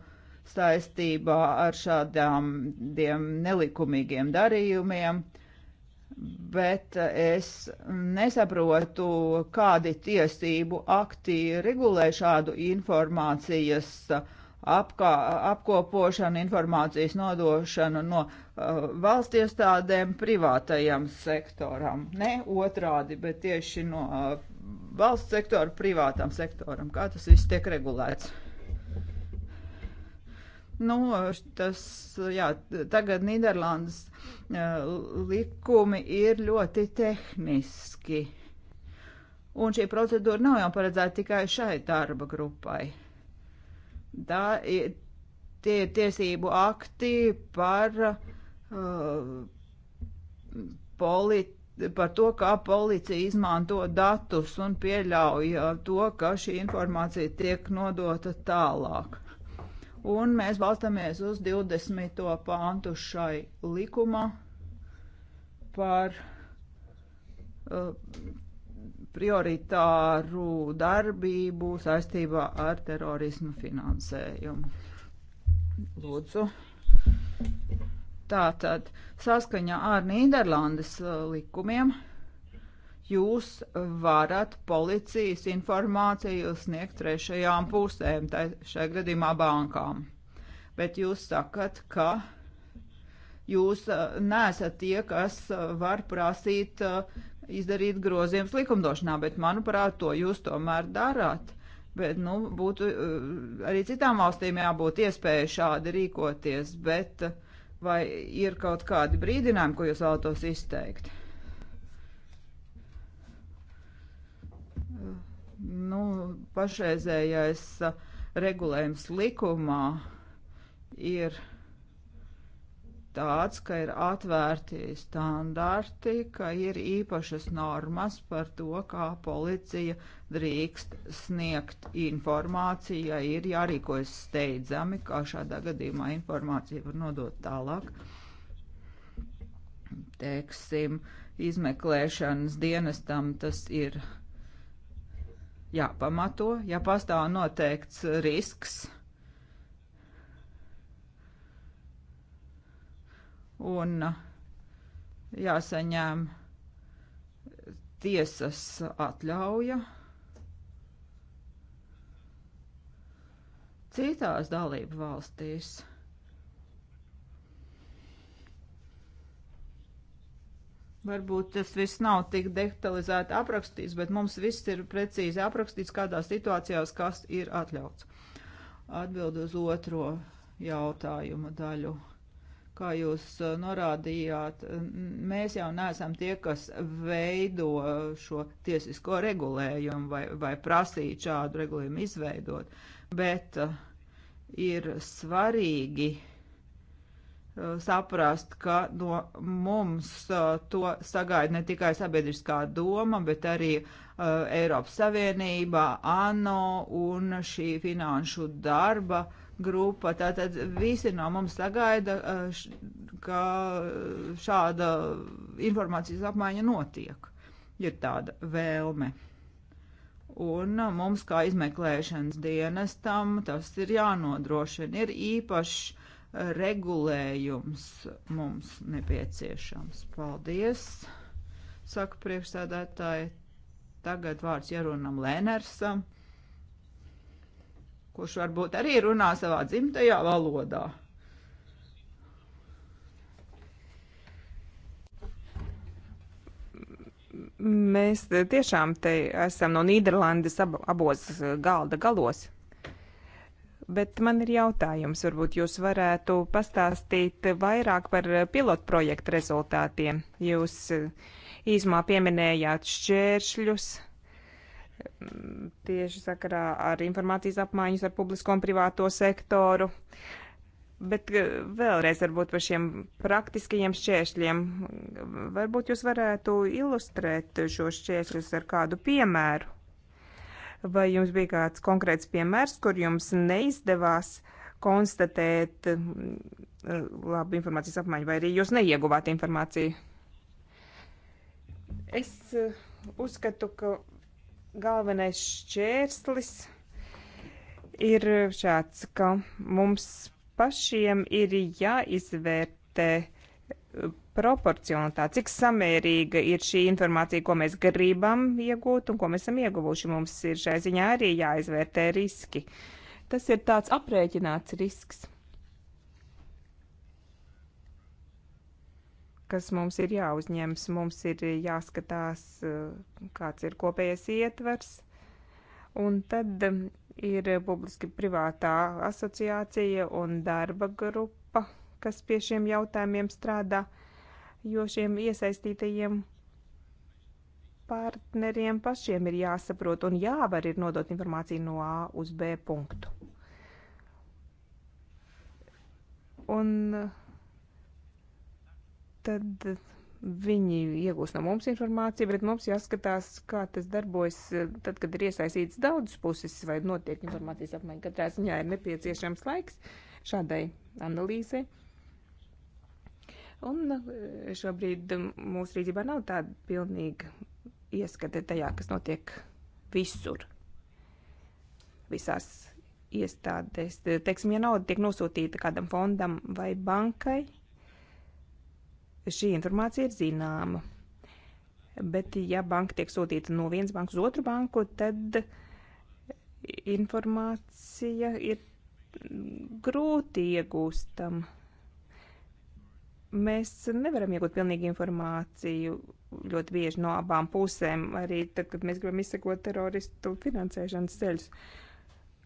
saistībā ar šādām nelikumīgiem darījumiem. Uh, bet eh, es nesaprotu, kādi tiesību akti regulē šādu informācijas eh, apkā, apkopošanu, informācijas nodošanu no uh, valsts iestādēm privātajam sektoram. Ne otrādi, bet tieši no uh, valsts sektora privātam sektoram. Kā tas viss tiek regulēts? Nu, tas, jā, tagad Nīderlandes likumi ir ļoti tehniski. Un šī procedūra nav jau paredzēta tikai šai darba grupai. Tā ir, tie ir tiesību akti par, uh, polit, par to, kā policija izmanto datus un pieļauj to, ka šī informācija tiek nodota tālāk un mēs balstamies uz 20. pāntu šai likumā par uh, prioritāru darbību saistībā ar terorismu finansējumu. Lūdzu. Tātad saskaņā ar Nīderlandes uh, likumiem jūs varat policijas informāciju sniegt trešajām pusēm, tā šajā gadījumā bankām. Bet jūs sakat, ka jūs uh, neesat tie, kas uh, var prasīt uh, izdarīt grozījums likumdošanā, bet manuprāt, to jūs tomēr darāt. Bet, nu, būtu arī citām valstīm jābūt iespēja šādi rīkoties, bet vai ir kaut kādi brīdinājumi, ko jūs vēlatos izteikt? nu, pašreizējais regulējums likumā ir tāds, ka ir atvērti standarti, ka ir īpašas normas par to, kā policija drīkst sniegt informāciju, ja ir jārīkojas steidzami, kā šādā gadījumā informācija var nodot tālāk. Teiksim, izmeklēšanas dienestam tas ir jāpamato, ja pastāv noteikts risks. Un uh, jāsaņem tiesas atļauja. Citās dalību valstīs. Varbūt tas viss nav tik detalizēti aprakstīts, bet mums viss ir precīzi aprakstīts, kādā situācijās kas ir atļauts. Atbild uz otro jautājumu daļu. Kā jūs uh, norādījāt, mēs jau neesam tie, kas veido šo tiesisko regulējumu vai, vai prasīt šādu regulējumu izveidot, bet uh, ir svarīgi, uh, Eh, saprast, ka no mums eh, to sagaida ne tikai sabiedriskā doma, bet arī eh, Eiropas Savienība, ANO un šī finanšu darba grupa. Tātad visi no mums sagaida, ka šāda informācijas apmaiņa notiek. Ir tāda vēlme. Un mums, kā izmeklēšanas dienestam, tas ir jānodrošina. Ir īpašs regulējums mums nepieciešams. Paldies, saka priekšsēdētāji. Tagad vārds Jarunam Lēnersam, kurš varbūt arī runā savā dzimtajā valodā. Mēs tiešām te esam no Nīderlandes abos galda galos. Bet man ir jautājums, varbūt jūs varētu pastāstīt vairāk par pilotu projektu rezultātiem. Jūs eh, īsumā pieminējāt šķēršļus mm, tieši sakarā ar informācijas apmaiņas ar publisko un privāto sektoru. Bet eh, vēlreiz varbūt par šiem praktiskajiem šķēršļiem. Varbūt jūs varētu ilustrēt šo šķēršļus ar kādu piemēru. Vai jums bija kāds konkrēts piemērs, kur jums neizdevās konstatēt mm, eh, labu informācijas apmaiņu, vai arī jūs neieguvāt informāciju? Es eh, uzskatu, ka galvenais šķērslis ir eh, šāds, ka mums pašiem ir jāizvērtē proporcionalitāte, cik samērīga ir šī informācija, ko mēs gribam iegūt un ko mēs esam ieguvuši. Mums ir šai ziņā arī jāizvērtē riski. Tas ir tāds aprēķināts risks, kas mums ir jāuzņems. Mums ir jāskatās, uh, kāds ir kopējais ietvers. Un tad um, ir publiski privātā asociācija un darba grupa kas pie šiem jautājumiem strādā, jo šiem iesaistītajiem partneriem pašiem ir jāsaprot un jāvar ir nodot informāciju no A uz B punktu. Un tad viņi iegūs no mums informāciju, bet mums jāskatās, kā tas darbojas tad, kad ir iesaistīts daudzas puses vai notiek informācijas apmaiņa. Katrā ziņā ir nepieciešams laiks šādai analīzei. Un nu, šobrīd mūsu rīcībā nav tāda pilnīga ieskata tajā, kas notiek visur, visās iestādēs. Teiksim, ja nauda tiek nosūtīta kādam fondam vai bankai, šī informācija ir zināma. Bet, ja banka tiek sūtīta no vienas bankas uz otru banku, tad informācija ir grūti iegūstama mēs nevaram iegūt pilnīgi informāciju ļoti bieži no abām pusēm, arī tad, kad mēs gribam izsekot teroristu finansēšanas ceļus.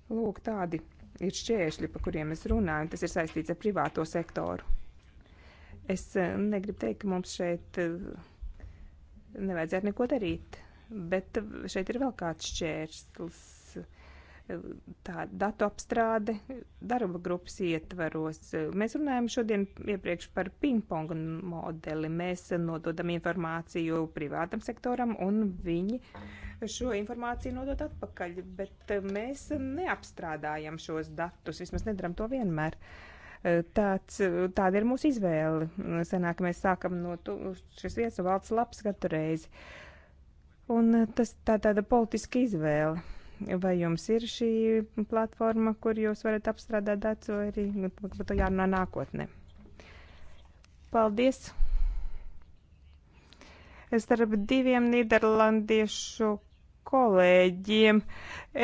Lūk, tādi ir šķēršļi, pa kuriem es runāju, un tas ir saistīts ar privāto sektoru. Es eh, negribu teikt, ka mums šeit eh, nevajadzētu neko darīt, bet eh, šeit ir vēl kāds šķērslis tā datu apstrāde darba grupas ietvaros. Mēs runājam šodien iepriekš par pingpong modeli. Mēs nododam informāciju privātam sektoram un viņi šo informāciju nodod atpakaļ, bet mēs neapstrādājam šos datus, vismaz nedaram to vienmēr. Tāds, tāda ir mūsu izvēle. Senāk mēs sākam no tu, šis vietas valsts labs katru reizi. Un tas tā tāda politiska izvēle vai jums ir šī platforma, kur jūs varat apstrādāt datus, vai arī par nu, to jārunā nākotnē. Paldies! Starp diviem nīderlandiešu kolēģiem.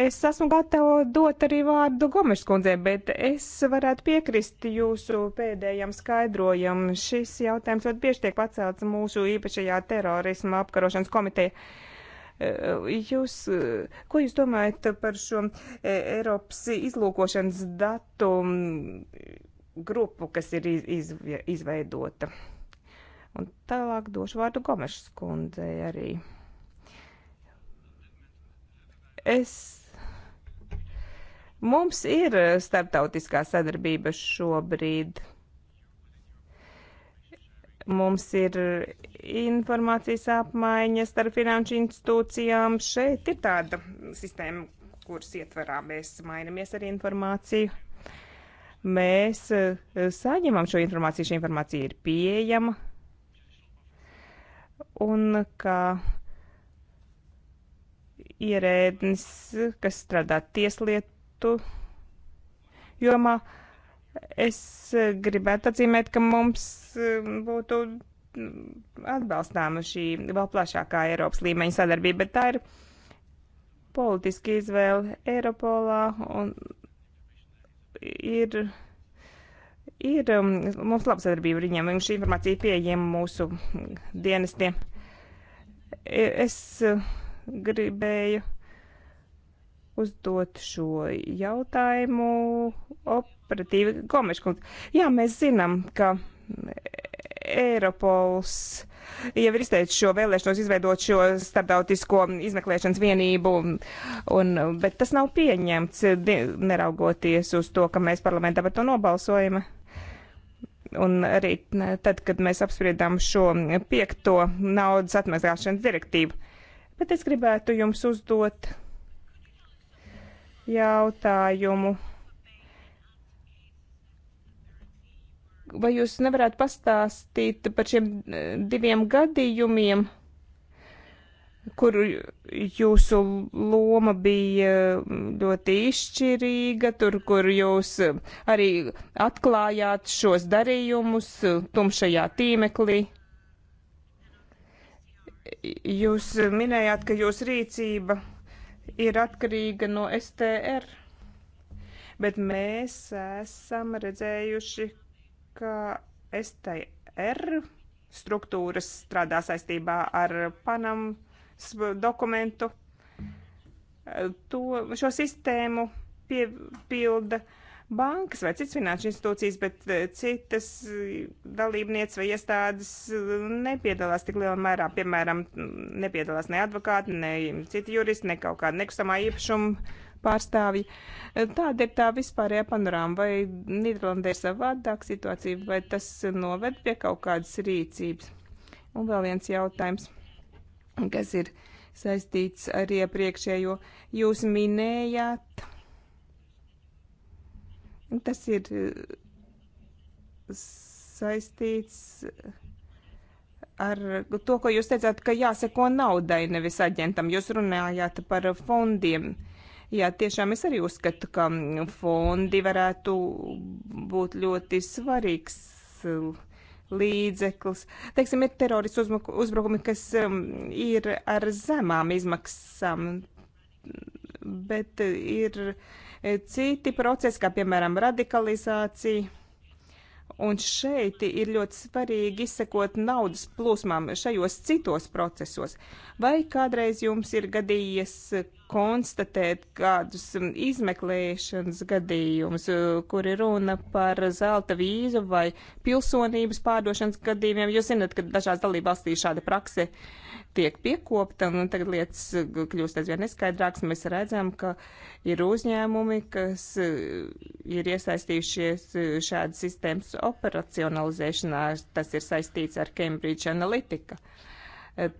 Es esmu gatava dot arī vārdu Gomes kundzē, bet es varētu piekrist jūsu pēdējam skaidrojam. Šis jautājums ļoti bieži tiek pacelts mūsu īpašajā terorisma apkarošanas komiteja. Uh, Jūs, ko jūs domājat par šo e, Eiropas izlūkošanas datu grupu, kas ir iz, izveidota? Un tālāk došu vārdu Gomešas kundzei arī. Es Mums ir starptautiskā sadarbība šobrīd. Mums ir informācijas apmaiņa starp finanšu institūcijām. Šeit ir tāda sistēma, kuras ietverā mēs mainamies ar informāciju. Mēs eh, saņemam šo informāciju, šī informācija ir pieejama. Un kā ierēdnis, kas strādā tieslietu jomā, uh, Es eh, gribētu atzīmēt, ka mums eh, būtu mm, atbalstāma šī vēl plašākā Eiropas līmeņa sadarbība, bet tā ir politiska izvēle Eiropolā un ir, ir mm, mums laba sadarbība ar viņiem, un šī informācija pieejama mūsu dienestiem. E, es eh, gribēju uzdot šo jautājumu op operatīvi Gomeškundze. Jā, mēs zinām, ka Eiropols jau ir izteicis šo vēlēšanos izveidot šo starptautisko izmeklēšanas vienību, un, bet tas nav pieņemts, neraugoties uz to, ka mēs parlamentā par to nobalsojam. Un arī tad, kad mēs apspriedām šo piekto naudas atmazgāšanas direktīvu. Bet es gribētu jums uzdot jautājumu vai jūs nevarētu pastāstīt par šiem eh, diviem gadījumiem, kur jūsu loma bija mm, ļoti izšķirīga, tur, kur jūs eh, arī atklājāt šos darījumus eh, tumšajā tīmeklī? Jūs minējāt, ka jūsu rīcība ir atkarīga no STR, bet mēs esam redzējuši, ka STR struktūras strādā saistībā ar Panam dokumentu. To, šo sistēmu piepilda bankas vai citas finanšu institūcijas, bet eh, citas eh, dalībnieces vai iestādes eh, nepiedalās tik lielā mērā. Piemēram, nepiedalās ne advokāti, ne citi juristi, ne kaut kāda nekustamā īpašuma pārstāvji. Tāda ir tā vispārējā panorāma. Vai Nīderlandē ir savādāk situācija, vai tas noved pie kaut kādas rīcības? Un vēl viens jautājums, kas ir saistīts ar iepriekšējo. Jūs minējāt, tas ir uh, saistīts uh, ar to, ko jūs teicāt, ka jāseko naudai, nevis aģentam. Jūs runājāt par fondiem. Uh, Jā, tiešām es arī uzskatu, ka mm, fondi varētu būt ļoti svarīgs mm, līdzeklis. Teiksim, ir teroristu uzbrukumi, kas mm, ir ar zemām izmaksām, bet ir e, citi procesi, kā piemēram radikalizācija. Un šeit ir ļoti svarīgi izsekot naudas plūsmām šajos citos procesos. Vai kādreiz jums ir gadījies konstatēt kādus um, izmeklēšanas gadījumus, uh, kur ir runa par zelta vīzu vai pilsonības pārdošanas gadījumiem. Jūs zināt, ka dažās dalībvalstīs šāda prakse tiek piekopta, un tagad lietas uh, kļūst aizvien neskaidrākas. Mēs redzam, ka ir uzņēmumi, kas uh, ir iesaistījušies šādas sistēmas operacionalizēšanā. Tas ir saistīts ar Cambridge Analytica. Uh,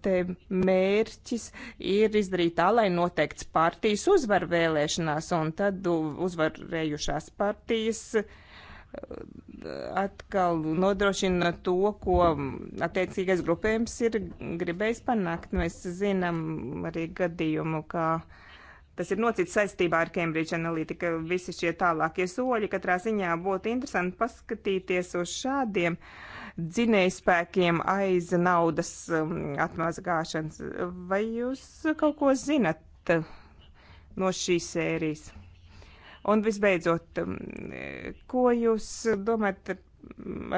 te mērķis ir izdarīt tā, lai noteikts partijas uzvar vēlēšanās, un tad uzvarējušās partijas eh, atkal nodrošina to, ko attiecīgais grupējums ir gribējis panākt. Nu, mēs zinām arī gadījumu, kā tas ir noticis saistībā ar Cambridge Analytica. Visi šie tālākie soļi katrā ziņā būtu interesanti paskatīties uz šādiem uh, dzinējspēkiem aiz naudas um, atmazgāšanas. Vai jūs kaut ko zinat uh, no šīs sērijas? Un visbeidzot, um, ko jūs domājat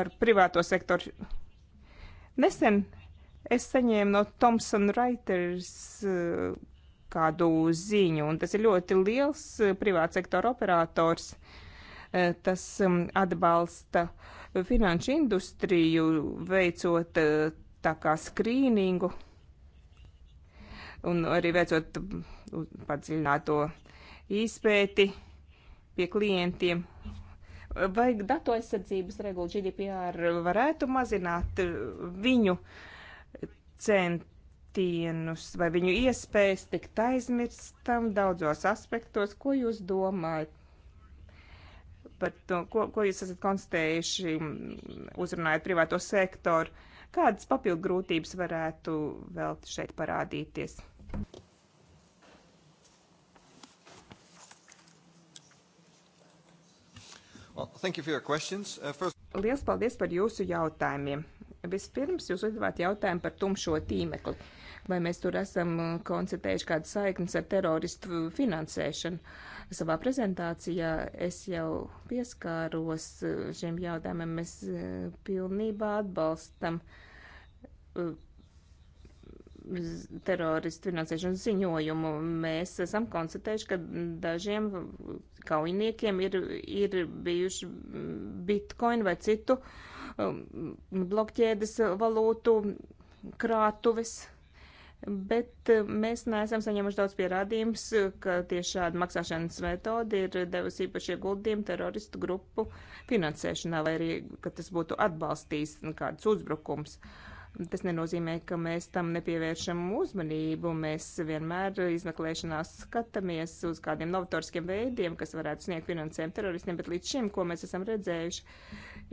ar privāto sektoru? Nesen es saņēmu no Thomson Reuters uh, kādu ziņu, un tas ir ļoti liels uh, privāta sektora operators. Tas um, atbalsta uh, finanšu industriju, veicot eh, tā kā skrīningu un arī veicot mm, padziļināto izpēti pie klientiem. Vai datu aizsardzības regula GDPR varētu mazināt eh, viņu centienus vai viņu iespējas tikt aizmirstam daudzos aspektos? Ko jūs domājat? par to, ko, ko jūs esat konstatējuši, uzrunājot privāto sektoru. Kādas papildu grūtības varētu vēl šeit parādīties? Well, thank you for your questions. Uh, first... Lielas paldies par jūsu jautājumiem. Vispirms jūs uzdevāt jautājumu par tumšo tīmekli. Vai mēs tur esam uh, koncentrējuši kādas saiknes ar teroristu finansēšanu? Uh, Savā prezentācijā es jau pieskāros e, šiem jautājumiem. Mēs e, pilnībā atbalstam e, teroristu finansēšanas ziņojumu, mēs esam konstatējuši, ka dažiem kaujiniekiem ir, ir bijuši bitcoin vai citu um, blokķēdes valūtu krātuves bet eh, mēs neesam saņēmuši daudz pierādījums, ka tieši šāda maksāšanas metode ir devusi īpaši ieguldījumu teroristu grupu finansēšanā, vai arī, ka tas būtu atbalstījis kādus uzbrukums. Tas nenozīmē, ka mēs tam nepievēršam uzmanību. Mēs vienmēr izmeklēšanās skatāmies uz kādiem novatoriskiem veidiem, kas varētu sniegt finansējumu teroristiem, bet līdz šim, ko mēs esam redzējuši,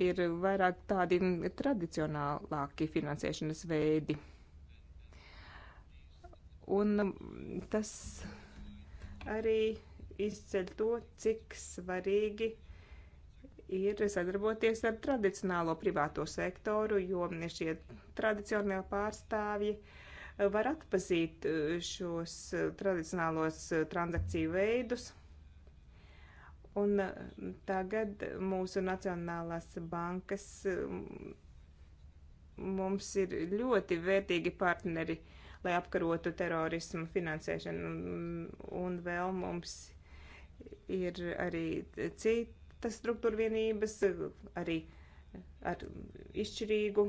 ir vairāk tādi tradicionālāki finansēšanas veidi Un um, tas arī izceļ to, cik svarīgi ir sadarboties ar tradicionālo privāto sektoru, jo šie tradicionālie pārstāvji var atpazīt uh, šos uh, tradicionālos uh, transakciju veidus. Un tagad mūsu Nacionālās bankas um, mums ir ļoti vērtīgi partneri uh, lai apkarotu terorismu finansēšanu. Un vēl mums ir arī citas struktūra vienības, arī ar izšķirīgu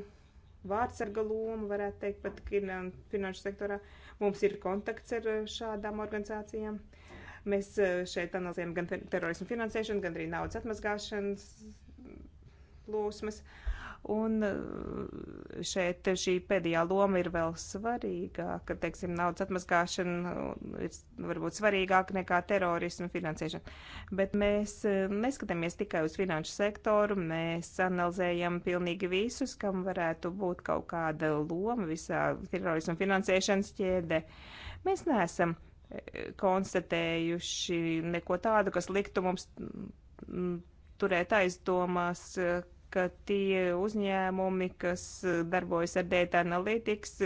vārdsarga lomu, varētu teikt, pat finanšu sektorā. Mums ir kontakts ar šādām organizācijām. Mēs eh, šeit analizējam gan terorismu finansēšanu, gan arī naudas atmazgāšanas plūsmas. Uh, Un eh, šeit šī pēdējā loma ir vēl svarīgāka, teiksim, naudas atmaskāšana uh, ir varbūt svarīgāka nekā terorismu finansēšana. Bet mēs eh, neskatāmies tikai uz finanšu sektoru, mēs analizējam pilnīgi visus, kam varētu būt kaut kāda loma visā terorismu finansēšanas ķēdē. Mēs neesam eh, konstatējuši neko tādu, kas liktu mums mm, turēt aizdomās, ka tie uzņēmumi, kas darbojas ar data analytics,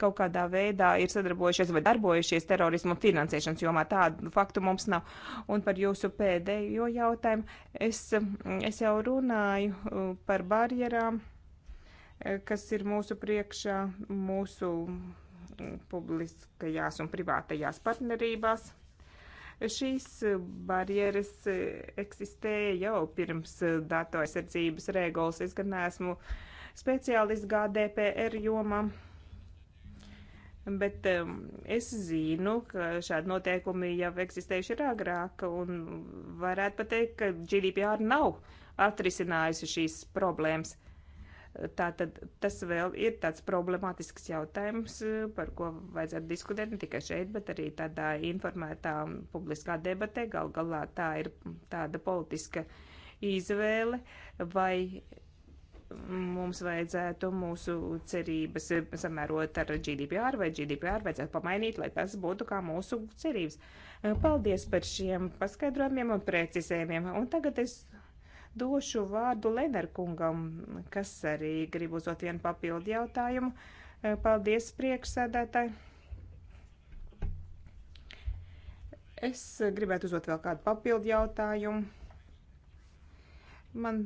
kaut kādā veidā ir sadarbojušies vai darbojušies terorismu finansēšanas jomā. Tādu faktu mums nav. Un par jūsu pēdējo jautājumu es, es jau runāju uh, par barjerām, uh, kas ir mūsu priekšā, mūsu mm, publiskajās un privātajās partnerībās. Šīs eh, barjeras eh, eksistēja jau pirms eh, datu aizsardzības regulas. Es gan neesmu speciālists GDPR jomā, bet um, es zinu, ka šādi noteikumi jau eksistējuši ir agrāk, un varētu pateikt, ka GDPR nav atrisinājusi šīs problēmas. Tātad tas vēl ir tāds problemātisks jautājums, eh, par ko vajadzētu diskutēt ne tikai šeit, bet arī tādā informētā publiskā debatē. Gal galā tā ir tāda politiska izvēle, vai mm, mums vajadzētu mūsu cerības samērot ar GDPR vai GDPR vajadzētu pamainīt, lai tas būtu kā mūsu cerības. Paldies par šiem paskaidrojumiem un precizējumiem. Un tagad es Došu vārdu Leverkungam, kas arī grib uzdot vienu papildu jautājumu. Eh, paldies, priekšsēdētāji! Es gribētu uzdot vēl kādu papildu jautājumu. Man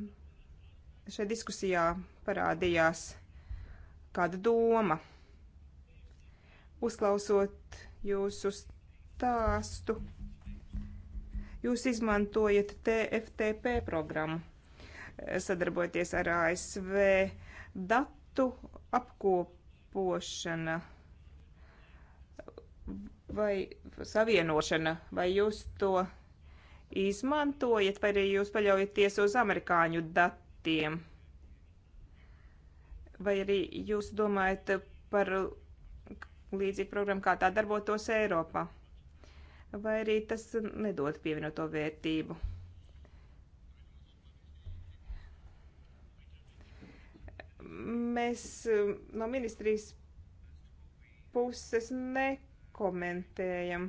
šajā diskusijā parādījās kāda doma. Uzklausot jūsu stāstu, jūs izmantojat TFTP programmu, sadarbojoties ar ASV datu apkopošana vai savienošana, vai jūs to izmantojat, vai arī jūs paļaujaties uz amerikāņu datiem? Vai arī jūs domājat par līdzīgu programmu, kā tā darbotos Eiropā? vai arī tas nedod pievienoto vērtību. Mēs um, no ministrijas puses nekomentējam.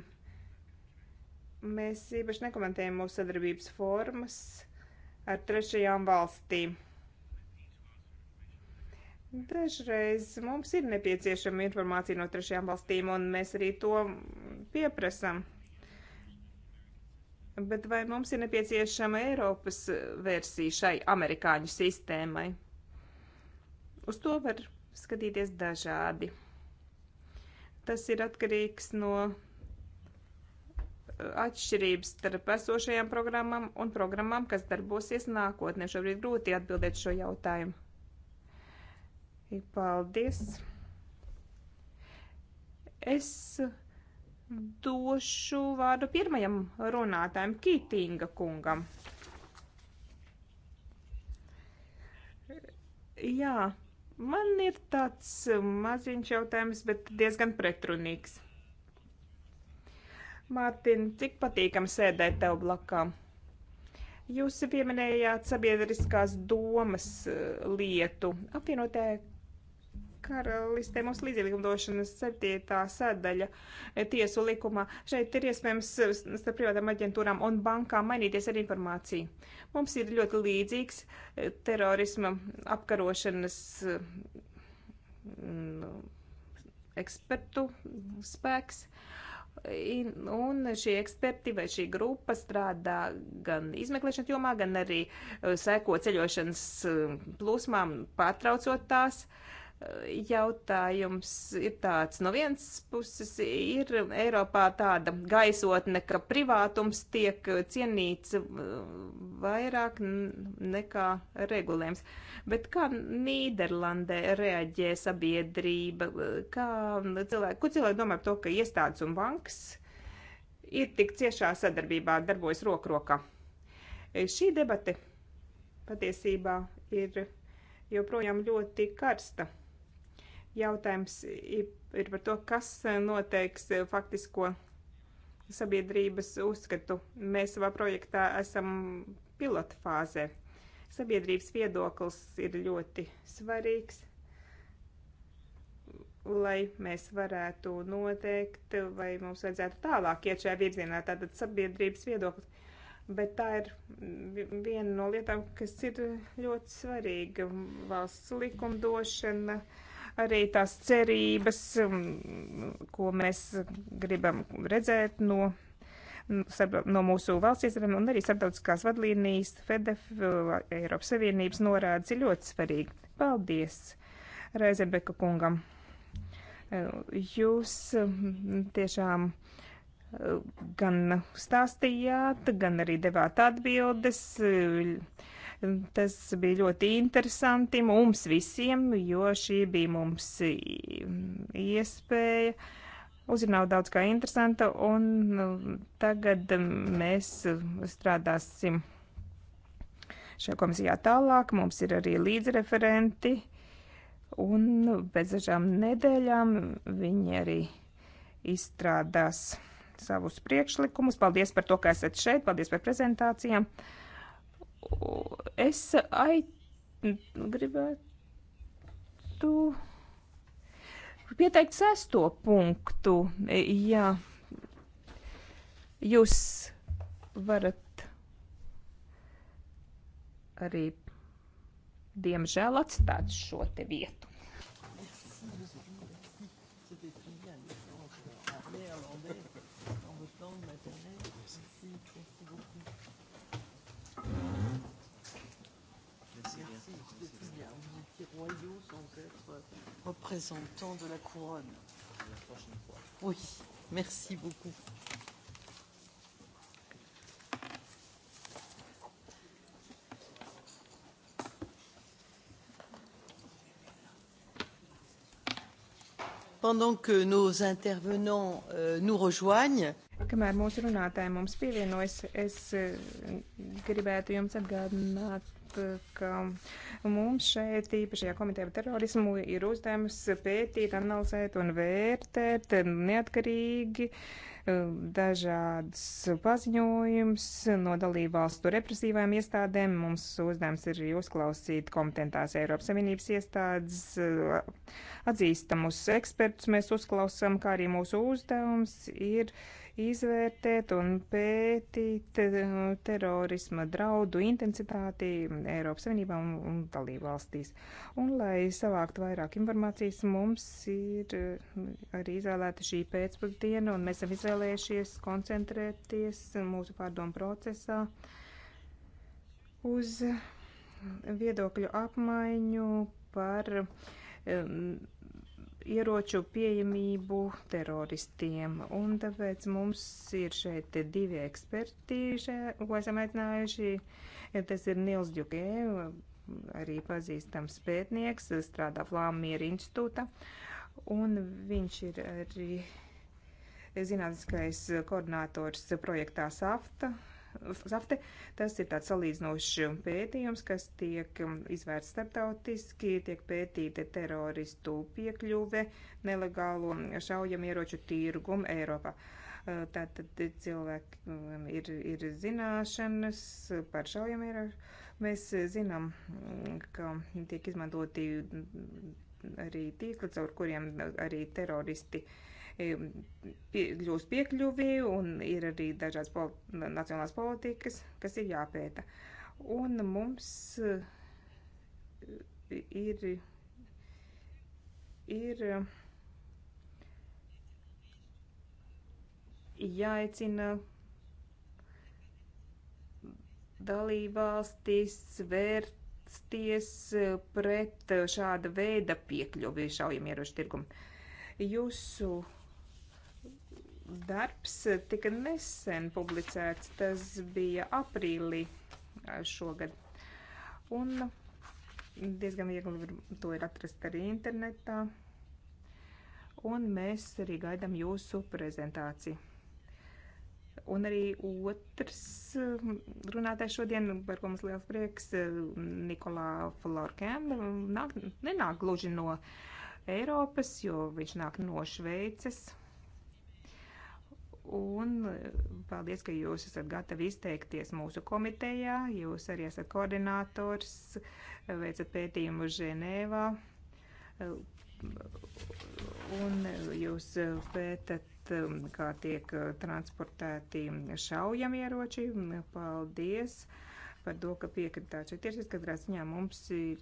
Mēs īpaši nekomentējam mūsu sadarbības formas ar trešajām valstīm. Dažreiz mums ir nepieciešama informācija no trešajām valstīm, un mēs arī to pieprasām. Bet vai mums ir nepieciešama Eiropas eh, versija šai amerikāņu sistēmai? Uz to var skatīties dažādi. Tas ir atkarīgs no eh, atšķirības starp esošajām programmām un programmām, kas darbosies nākotnē. Šobrīd grūti atbildēt šo jautājumu. Paldies! Es došu vārdu pirmajam runātājam, Kītinga kungam. Jā, man ir tāds maziņš jautājums, bet diezgan pretrunīgs. Mārtiņ, cik patīkam sēdēt tev blakām? Jūs pieminējāt sabiedriskās domas eh, lietu. Apvienotāja karalistē mums līdzieligumdošanas septītā sadaļa tiesu likumā. Šeit ir iespējams starp privātām aģentūrām un bankām mainīties ar informāciju. Mums ir ļoti līdzīgs eh, terorisma apkarošanas mm, ekspertu spēks. Un šie eksperti vai šī grupa strādā gan izmeklēšanas jomā, gan arī eh, seko ceļošanas eh, plūsmām, pārtraucot tās. Uh, jautājums ir tāds. No vienas puses ir Eiropā tāda gaisotne, ka privātums tiek cienīts mm, vairāk nekā regulējums. Bet kā Nīderlandē reaģē sabiedrība? Kā cilvēki, ko cilvēki domā par to, ka iestādes un bankas ir tik ciešā sadarbībā, darbojas roku rokā? Šī debate patiesībā ir joprojām ļoti karsta Jautājums ir par to, kas eh, noteiks eh, faktisko sabiedrības uzskatu. Mēs savā projektā esam pilota fāzē. Sabiedrības viedoklis ir ļoti svarīgs, lai mēs varētu noteikt, vai mums vajadzētu tālāk iet šajā virzienā, tātad sabiedrības viedoklis bet tā ir viena no lietām, kas ir ļoti svarīga. Valsts likumdošana, arī tās cerības, um, ko mēs gribam redzēt no, no mūsu valsts iestādēm un arī starptautiskās vadlīnijas FEDEF Eiropas Savienības norādes ir ļoti svarīgi. Paldies Reizebeka kungam. Jūs um, tiešām uh, gan stāstījāt, gan arī devāt atbildes uh, Tas bija ļoti interesanti mums visiem, jo šī bija mums iespēja. Uzrunāt daudz kā interesanta, un nu, tagad mēs strādāsim šajā komisijā tālāk. Mums ir arī līdzreferenti, un pēc dažām nedēļām viņi arī izstrādās savus priekšlikumus. Paldies par to, ka esat šeit, paldies par prezentācijām. Uh, es ai, gribētu pieteikt sesto punktu. Jā, jūs varat arī, diemžēl, atstāt šo te vietu. royaux donc être euh, représentants de la couronne. La prochaine fois. Oui, merci beaucoup. pendant que nos intervenants euh, nous rejoignent. Kamēr mūsu runātāji mums pievienojas, es euh, gribētu jums atgādināt atgādināt, ka mums šeit, īpašajā komitē par terorismu, ir uzdevums pētīt, analizēt un vērtēt neatkarīgi um, dažādas paziņojums no dalībvalstu represīvajām iestādēm. Mums uzdevums ir uzklausīt kompetentās Eiropas Savienības iestādes, uh, atzīstamus ekspertus mēs uzklausām, kā arī mūsu uzdevums ir uh, izvērtēt un pētīt eh, terorisma draudu intensitāti Eiropas Savienībā un, un dalību valstīs. Un, lai savāktu vairāk informācijas, mums ir eh, arī izvēlēta šī pēcpusdiena, un mēs esam izvēlējušies koncentrēties mūsu pārdomu procesā uz viedokļu apmaiņu par um, ieroču pieejamību teroristiem. Un tāpēc mums ir šeit divi eksperti, šeit, ko esam aicinājuši. Tas ir Nils Džukē, arī pazīstams pētnieks, strādā Flāmiera institūta. Un viņš ir arī zinātniskais koordinators projektā SAFTA, safte. Tas ir tāds salīdzinošs pētījums, kas tiek um, izvērts starptautiski, tiek pētīta teroristu piekļuve nelegālo šaujamieroču tirgumu Eiropā. Uh, tātad cilvēkiem ir, ir zināšanas par šaujamieroču. Mēs zinām, mm, ka tiek izmantoti arī tīkli, caur kuriem arī teroristi uh, kļūst piekļuvi, un ir arī dažādas pol nacionālās politikas, kas ir jāpēta. Un mums eh, ir, ir jāicina dalībvalstis vērsties pret šāda veida piekļuvi šaujamierošu tirgumu. Jūsu darbs tika nesen publicēts. Tas bija aprīlī šogad. Un diezgan viegli to ir atrast arī internetā. Un mēs arī gaidām jūsu prezentāciju. Un arī otrs runātājs šodien, par ko mums liels prieks, Nikolā Florkēm, nāk, nenāk gluži no Eiropas, jo viņš nāk no Šveices un eh, paldies, ka jūs esat gatavi izteikties mūsu komitejā. Jūs arī esat koordinators, eh, veicat pētījumu Ženēvā, eh, un jūs pētat, um, kā tiek transportēti šaujamieroči. Paldies! par to, ka piekritāt šeit tiešas, katrā ziņā mums ir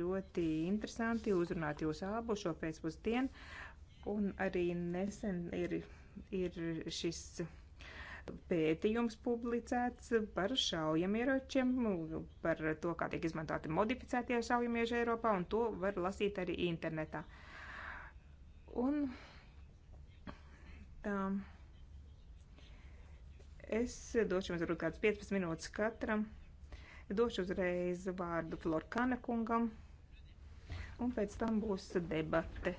ļoti interesanti uzrunāt jūs abu šo pēcpusdienu, un arī nesen ir ir šis pētījums publicēts par šaujamieročiem, par to, kā tiek izmantoti modificētie šaujamieži Eiropā, un to var lasīt arī internetā. Un tā. Es došu jums varbūt kādas 15 minūtes katram. Došu uzreiz vārdu Florkana kungam, un pēc tam būs debate.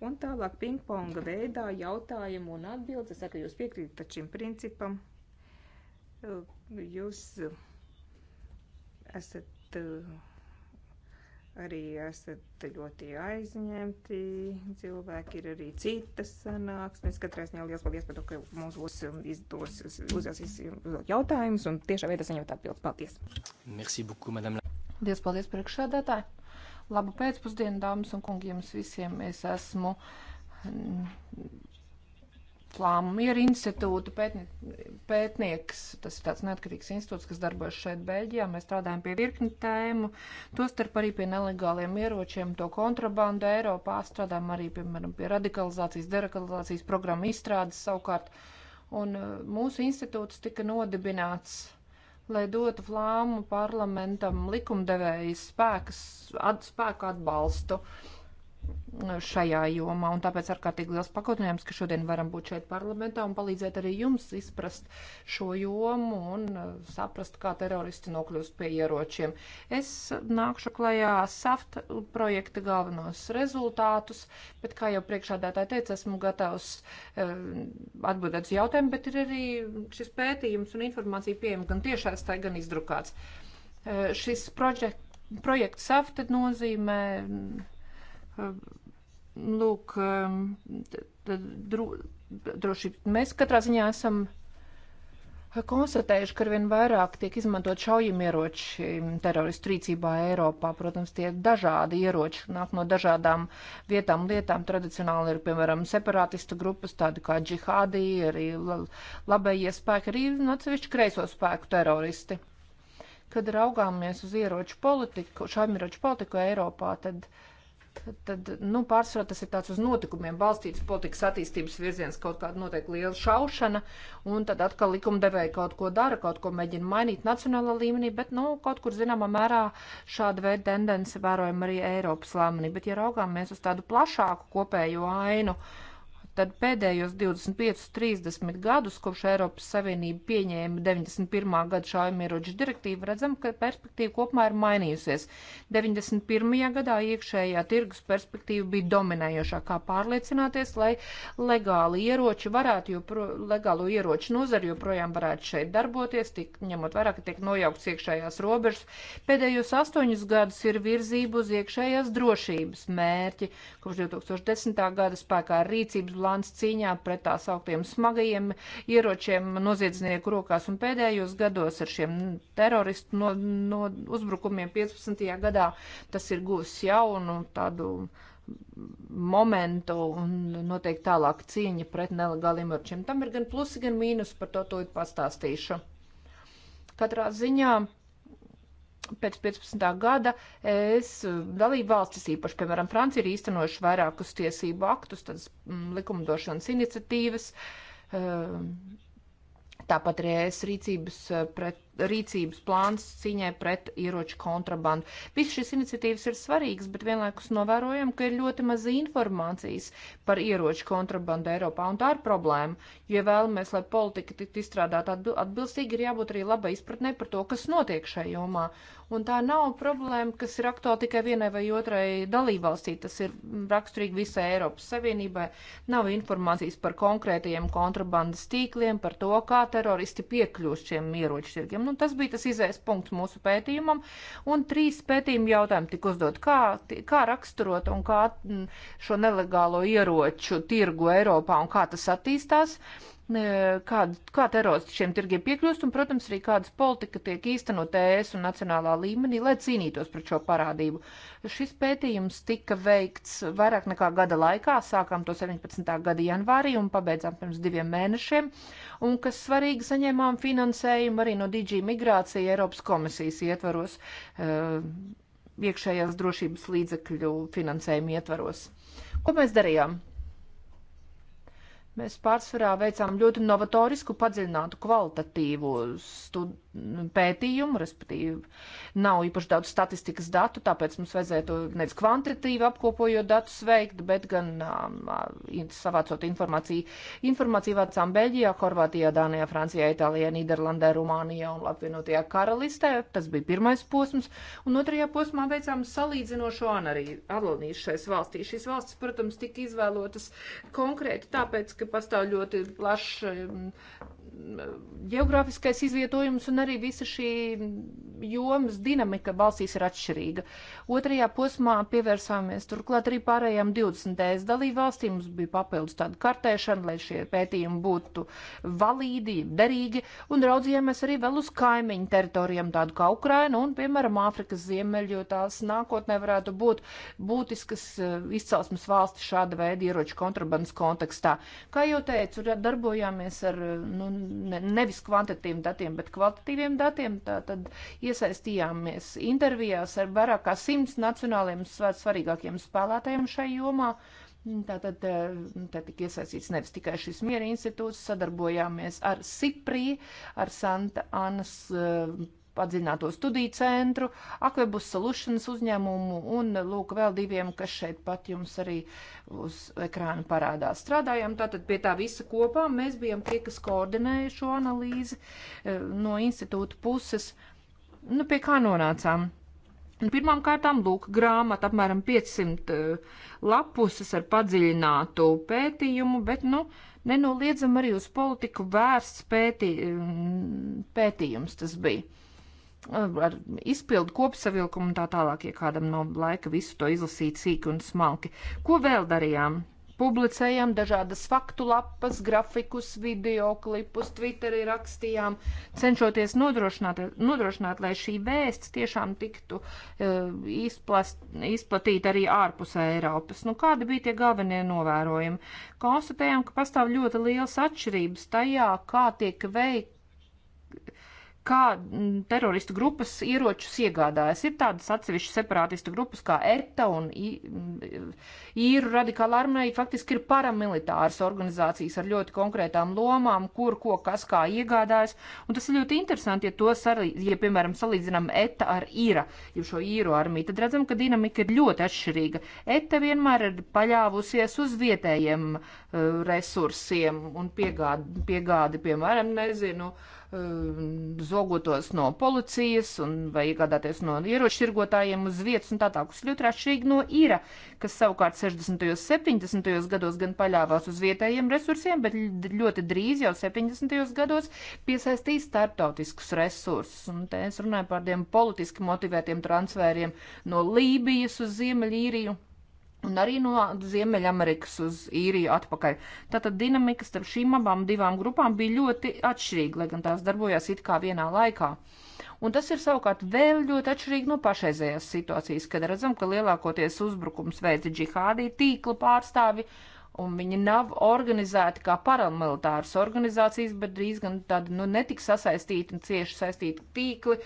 Un tālāk pingponga veidā jautājumu un atbildes. Es saku, jūs piekrītat šim principam. Uh, jūs uh, esat uh, arī esat ļoti aizņemti cilvēki, ir arī citas sanāksmes. Katrā ziņā liels paldies par to, ka mums būs um, izdos, uzdosies um, jautājumus un tiešā veidā saņemt atbildes. Paldies! Merci beaucoup, madame. Liels paldies priekšsēdētāji! Labu pēcpusdienu, dāmas un kungi, jums visiem. Es esmu mm, Flāma Miera institūta pētnieks. Tas ir tāds neatkarīgs institūts, kas darbojas šeit Bēļģijā. Mēs strādājam pie virkni tēmu, tostarp arī pie nelegāliem ieročiem, to kontrabandu Eiropā. Strādājam arī, piemēram, pie radikalizācijas, deradikalizācijas programmu izstrādes savukārt. Un uh, mūsu institūts tika nodibināts lai dotu flāmu parlamentam likumdevējas spēku atbalstu. Uh, šajā jomā, un tāpēc ārkārtīgi liels pakotinājums, ka šodien varam būt šeit parlamentā un palīdzēt arī jums izprast šo jomu un uh, saprast, kā teroristi nokļūst pie ieročiem. Es nākšu klajā SAFT projekta galvenos rezultātus, bet, kā jau priekšādātāji teica, esmu gatavs uh, atbildēt uz jautājumu, bet ir arī šis pētījums un informācija pieejama gan tiešās, tā gan izdrukāts. Uh, šis projekt, projekts SAFT nozīmē Ehm, lūk, ehm, dro, droši mēs katrā ziņā esam konstatējuši, ka arvien vairāk tiek izmantot šaujamieroči teroristu rīcībā Eiropā. Protams, tie ir dažādi ieroči, nāk no dažādām vietām, lietām. Tradicionāli ir, piemēram, separātistu grupas, tādi kā džihādī, arī labējie spēki, arī nu, atsevišķi kreiso spēku teroristi. Kad raugāmies uz ieroču politiku, šaujamieroču politiku Eiropā, tad. Uh, tad, nu, pārsvarā tas ir tāds uz notikumiem balstīts politikas attīstības virziens, kaut kāda noteikti liela šaušana, un tad atkal likumdevēja kaut ko dara, kaut ko mēģina mainīt nacionālā līmenī, bet, nu, kaut kur zināmā mērā šāda veida tendence vērojama arī Eiropas līmenī. Bet, ja raugāmies uz tādu plašāku kopējo ainu, uh, tad pēdējos 25-30 gadus, kopš Eiropas Savienība pieņēma 91. gada šaujamieroģu direktīvu, redzam, ka perspektīva kopumā ir mainījusies. 91. gadā iekšējā tirgus perspektīva bija dominējošā, kā pārliecināties, lai legāli ieroči varētu, jo legālo ieroču nozari joprojām varētu šeit darboties, tik, ņemot vērā, ka tiek nojaukts iekšējās robežas. Pēdējos astoņus gadus ir virzība uz iekšējās drošības mērķi, kopš 2010. gada spēkā rīcības plāns cīņā pret tā sauktiem smagajiem ieročiem noziedznieku rokās. Un pēdējos gados ar šiem teroristu no, no uzbrukumiem 15. gadā tas ir guvis jaunu tādu momentu un noteikti tālāk cīņa pret nelegāliem ieročiem. Tam ir gan plusi, gan mīnus, par to to pastāstīšu. Katrā ziņā pēc 15. gada es eh, dalību valstis, īpaši, piemēram, Francija, ir īstenojuši vairākus tiesību aktus, tādas mm, likumdošanas iniciatīvas, eh, tāpat arī es rīcības eh, pret rīcības plāns cīņai pret ieroču kontrabandu. Viss šis iniciatīvas ir svarīgs, bet vienlaikus novērojam, ka ir ļoti maz informācijas par ieroču kontrabandu Eiropā, un tā ir problēma. Ja vēlamies, lai politika tiktu izstrādāta atbilstīgi, ir jābūt arī labai izpratnē par to, kas notiek šajā jomā. Un tā nav problēma, kas ir aktuāla tikai vienai vai otrai dalībvalstī. Tas ir raksturīgi visai Eiropas Savienībai. Nav informācijas par konkrētajiem kontrabandas tīkliem, par to, kā teroristi piekļūst šiem ieroču tirgiem. Nu, tas bija tas izējas punkts mūsu pētījumam, un trīs pētījumu jautājumi tika uzdot, kā, kā raksturot un kā mm, šo nelegālo ieroču tirgu Eiropā un kā tas attīstās kāda, kā teroristi šiem tirgiem piekļūst, un, protams, arī kādas politika tiek īstenot ES un nacionālā līmenī, lai cīnītos pret šo parādību. Šis pētījums tika veikts vairāk nekā gada laikā, sākām to 17. gada janvārī un pabeidzām pirms diviem mēnešiem, un, kas svarīgi, saņēmām finansējumu arī no DG Migrācija Eiropas komisijas ietvaros, eh, iekšējās drošības līdzekļu finansējumu ietvaros. Ko mēs darījām? Mēs pārsvarā veicām ļoti novatorisku, padziļinātu, kvalitatīvu studiju pētījumu, respektīvi nav īpaši daudz statistikas datu, tāpēc mums vajadzētu nevis kvantitīvi apkopojot datus veikt, bet gan um, uh, savācot informāciju. Informāciju vācām Beļģijā, Horvātijā, Dānijā, Francijā, Itālijā, Nīderlandē, Rumānijā un Latvijā karalistē. Tas bija pirmais posms, un otrajā posmā veicām salīdzinošo analīzi šais valstīs. Šīs valstis, protams, tika izvēlotas konkrēti tāpēc, ka pastāv ļoti plašs um, geogrāfiskais izvietojums un arī visa šī jomas dinamika valstīs ir atšķirīga. Otrajā posmā pievērsāmies turklāt arī pārējām 20 ES dalībvalstīm. Mums bija papildus tāda kartēšana, lai šie pētījumi būtu valīdi, derīgi, un raudzījāmies arī vēl uz kaimiņu teritorijām, tādu kā Ukraina un, piemēram, Āfrikas ziemeļi, jo tās nākotnē varētu būt būtiskas eh, izcelsmes valsti šāda veida ieroču kontrabandas kontekstā. Kā jau teicu, darbojāmies ar nu, ne, nevis kvantitīviem datiem, bet kvalitatīviem datiem. Tātad iesaistījāmies intervijās ar vairāk kā simts nacionāliem svarīgākiem spēlētājiem šai jomā. Tātad tā eh, tika iesaistīts nevis tikai šis miera institūts, sadarbojāmies ar Siprī, ar Santa Anas eh, padzināto studiju centru, Aquebus Solutions uzņēmumu un, lūk, vēl diviem, kas šeit pat jums arī uz ekrāna parādās. Strādājām tātad pie tā visa kopā. Mēs bijām tie, kas koordinēja šo analīzi eh, no institūta puses. Nu, pie kā nonācām? Nu, pirmām kārtām, lūk, grāmata apmēram 500 eh, lapuses ar padziļinātu pētījumu, bet, nu, nenoliedzam arī uz politiku vērsts pētī, mm, pētījums tas bija ar izpildu kopsavilkumu un tā tālāk, ja kādam nav laika visu to izlasīt sīki un smalki. Ko vēl darījām? Publicējām dažādas faktu lapas, grafikus, video klipus, Twitterī rakstījām, cenšoties nodrošināt, nodrošināt lai šī vēsts tiešām tiktu uh, izplast, izplatīta arī ārpus Eiropas. Nu, kādi bija tie galvenie novērojumi? Konstatējām, ka pastāv ļoti liels atšķirības tajā, kā tiek veikta kā teroristu grupas ieročus iegādājas. Ir tādas atsevišķas separātistu grupas kā ETA un mm, īru radikāla armija, faktiski ir paramilitāras organizācijas ar ļoti konkrētām lomām, kur, ko, kas, kā iegādājas. Un tas ir ļoti interesanti, ja to, sarī, ja, piemēram, salīdzinām ETA ar īra, jau šo īru armiju, tad redzam, ka dinamika ir ļoti atšķirīga. ETA vienmēr ir paļāvusies uz vietējiem uh, resursiem un piegādi, piegādi piemēram, nezinu, uh, Um, zogotos no policijas un vai iegādāties no ieročirgotājiem uz vietas un tā tā, kas ļoti rašīgi no īra, kas savukārt 60. un 70. gados gan paļāvās uz vietējiem resursiem, bet ļoti drīz jau 70. gados piesaistīja starptautiskus resursus. Un te es runāju par tiem politiski motivētiem transferiem no Lībijas uz Ziemeļīriju un arī no Ziemeļamerikas uz īriju atpakaļ. Tātad dinamika starp šīm abām divām grupām bija ļoti atšķirīga, lai gan tās darbojās it kā vienā laikā. Un tas ir savukārt vēl ļoti atšķirīgi no pašreizējās situācijas, kad redzam, ka lielākoties uzbrukums veica džihādī tīkla pārstāvi, un viņi nav organizēti kā paramilitāras organizācijas, bet drīz gan tādi, nu, netik sasaistīti un cieši saistīti tīkli,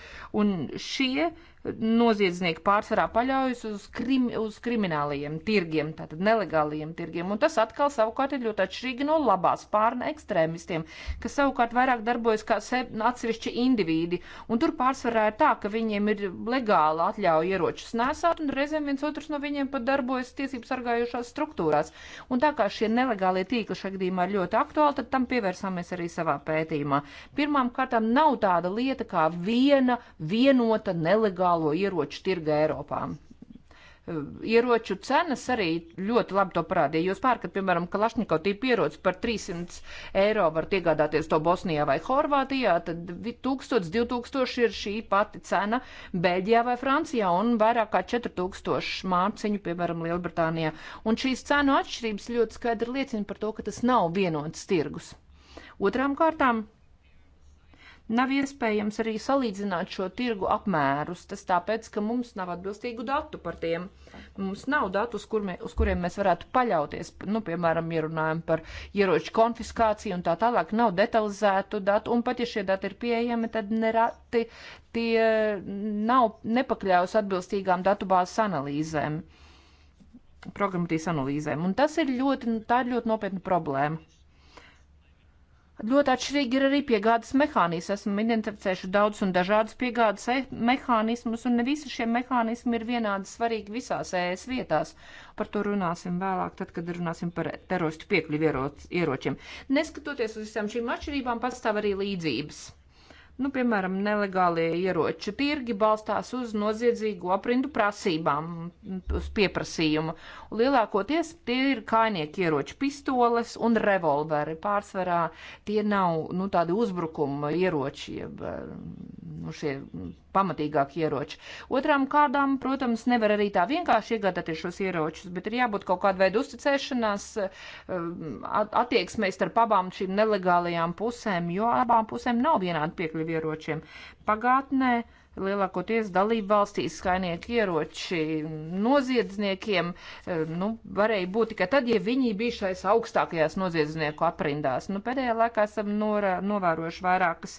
un šie uh, noziedznieki pārsvarā paļaujas uz, krim, uz krimināliem tirgiem, tātad nelegāliem tirgiem. Un tas atkal savukārt ir ļoti atšķirīgi no labās pārna ekstrēmistiem, kas savukārt vairāk darbojas kā se, atsevišķi individi. Un tur pārsvarā ir tā, ka viņiem ir legāla atļauja ieročus nesāt, un reizēm viens otrs no viņiem pat darbojas tiesību sargājušās struktūrās. Un tā kā šie nelegālie tīkli šajā gadījumā ir ļoti aktuāli, tad tam pievērsāmies arī savā pētījumā. Pirmām kārtām nav tāda lieta kā viena vienota nelegāla nelegālo ieroču tirgu Eiropā. E, ieroču cenas arī ļoti labi to parādīja. Jūs pērkat, piemēram, Kalašņiko tīpa ieroci par 300 eiro varat iegādāties to Bosnijā vai Horvātijā, tad 1000, 2000 ir šī pati cena Beļģijā vai Francijā un vairāk kā 4000 mārciņu, piemēram, Lielbritānijā. Un šīs cenu atšķirības ļoti skaidri liecina par to, ka tas nav vienots tirgus. Otrām kārtām Nav iespējams arī salīdzināt šo tirgu apmērus. Tas tāpēc, ka mums nav atbilstīgu datu par tiem. Mums nav datu, uz, kur mē, uz kuriem mēs varētu paļauties. Nu, piemēram, ja runājam par ieroču konfiskāciju un tā tālāk, nav detalizētu datu. Un pat ja šie dati ir pieejami, tad nerati tie nav nepakļaus atbilstīgām datubāzes analīzēm programmatīs analīzēm. Un tas ir ļoti, tā ir ļoti nopietna problēma. Ļoti atšķirīgi ir arī piegādes mehānismi. Esmu identificējuši daudz un dažādas piegādes e- mehānismus, un ne visi šie mehānismi ir vienādi svarīgi visās ES vietās. Par to runāsim vēlāk, tad, kad runāsim par teroristu piekļuvi ieročiem. Neskatoties uz visām šīm atšķirībām, pastāv arī līdzības. Nu, piemēram, nelegālie ieroču tirgi balstās uz noziedzīgu aprindu prasībām, uz pieprasījumu. Lielākoties tie ir kainieki ieroči pistoles un revolveri. Pārsvarā tie nav, nu, tādi uzbrukuma ieroči, jeb, nu, šie pamatīgāk ieroči. Otrām kārdām, protams, nevar arī tā vienkārši iegādāties šos ieročus, bet ir jābūt kaut kāda veida uzticēšanās um, attieksmēs starp abām šīm nelegālajām pusēm, jo abām pusēm nav vienāda piekļuva ieročiem. Pagātnē. Ne lielākoties dalību valstīs skainieki ieroči noziedzniekiem, e, nu, varēja būt tikai tad, ja viņi bija šais augstākajās noziedznieku aprindās. Nu, pēdējā laikā esam norā, novērojuši vairākas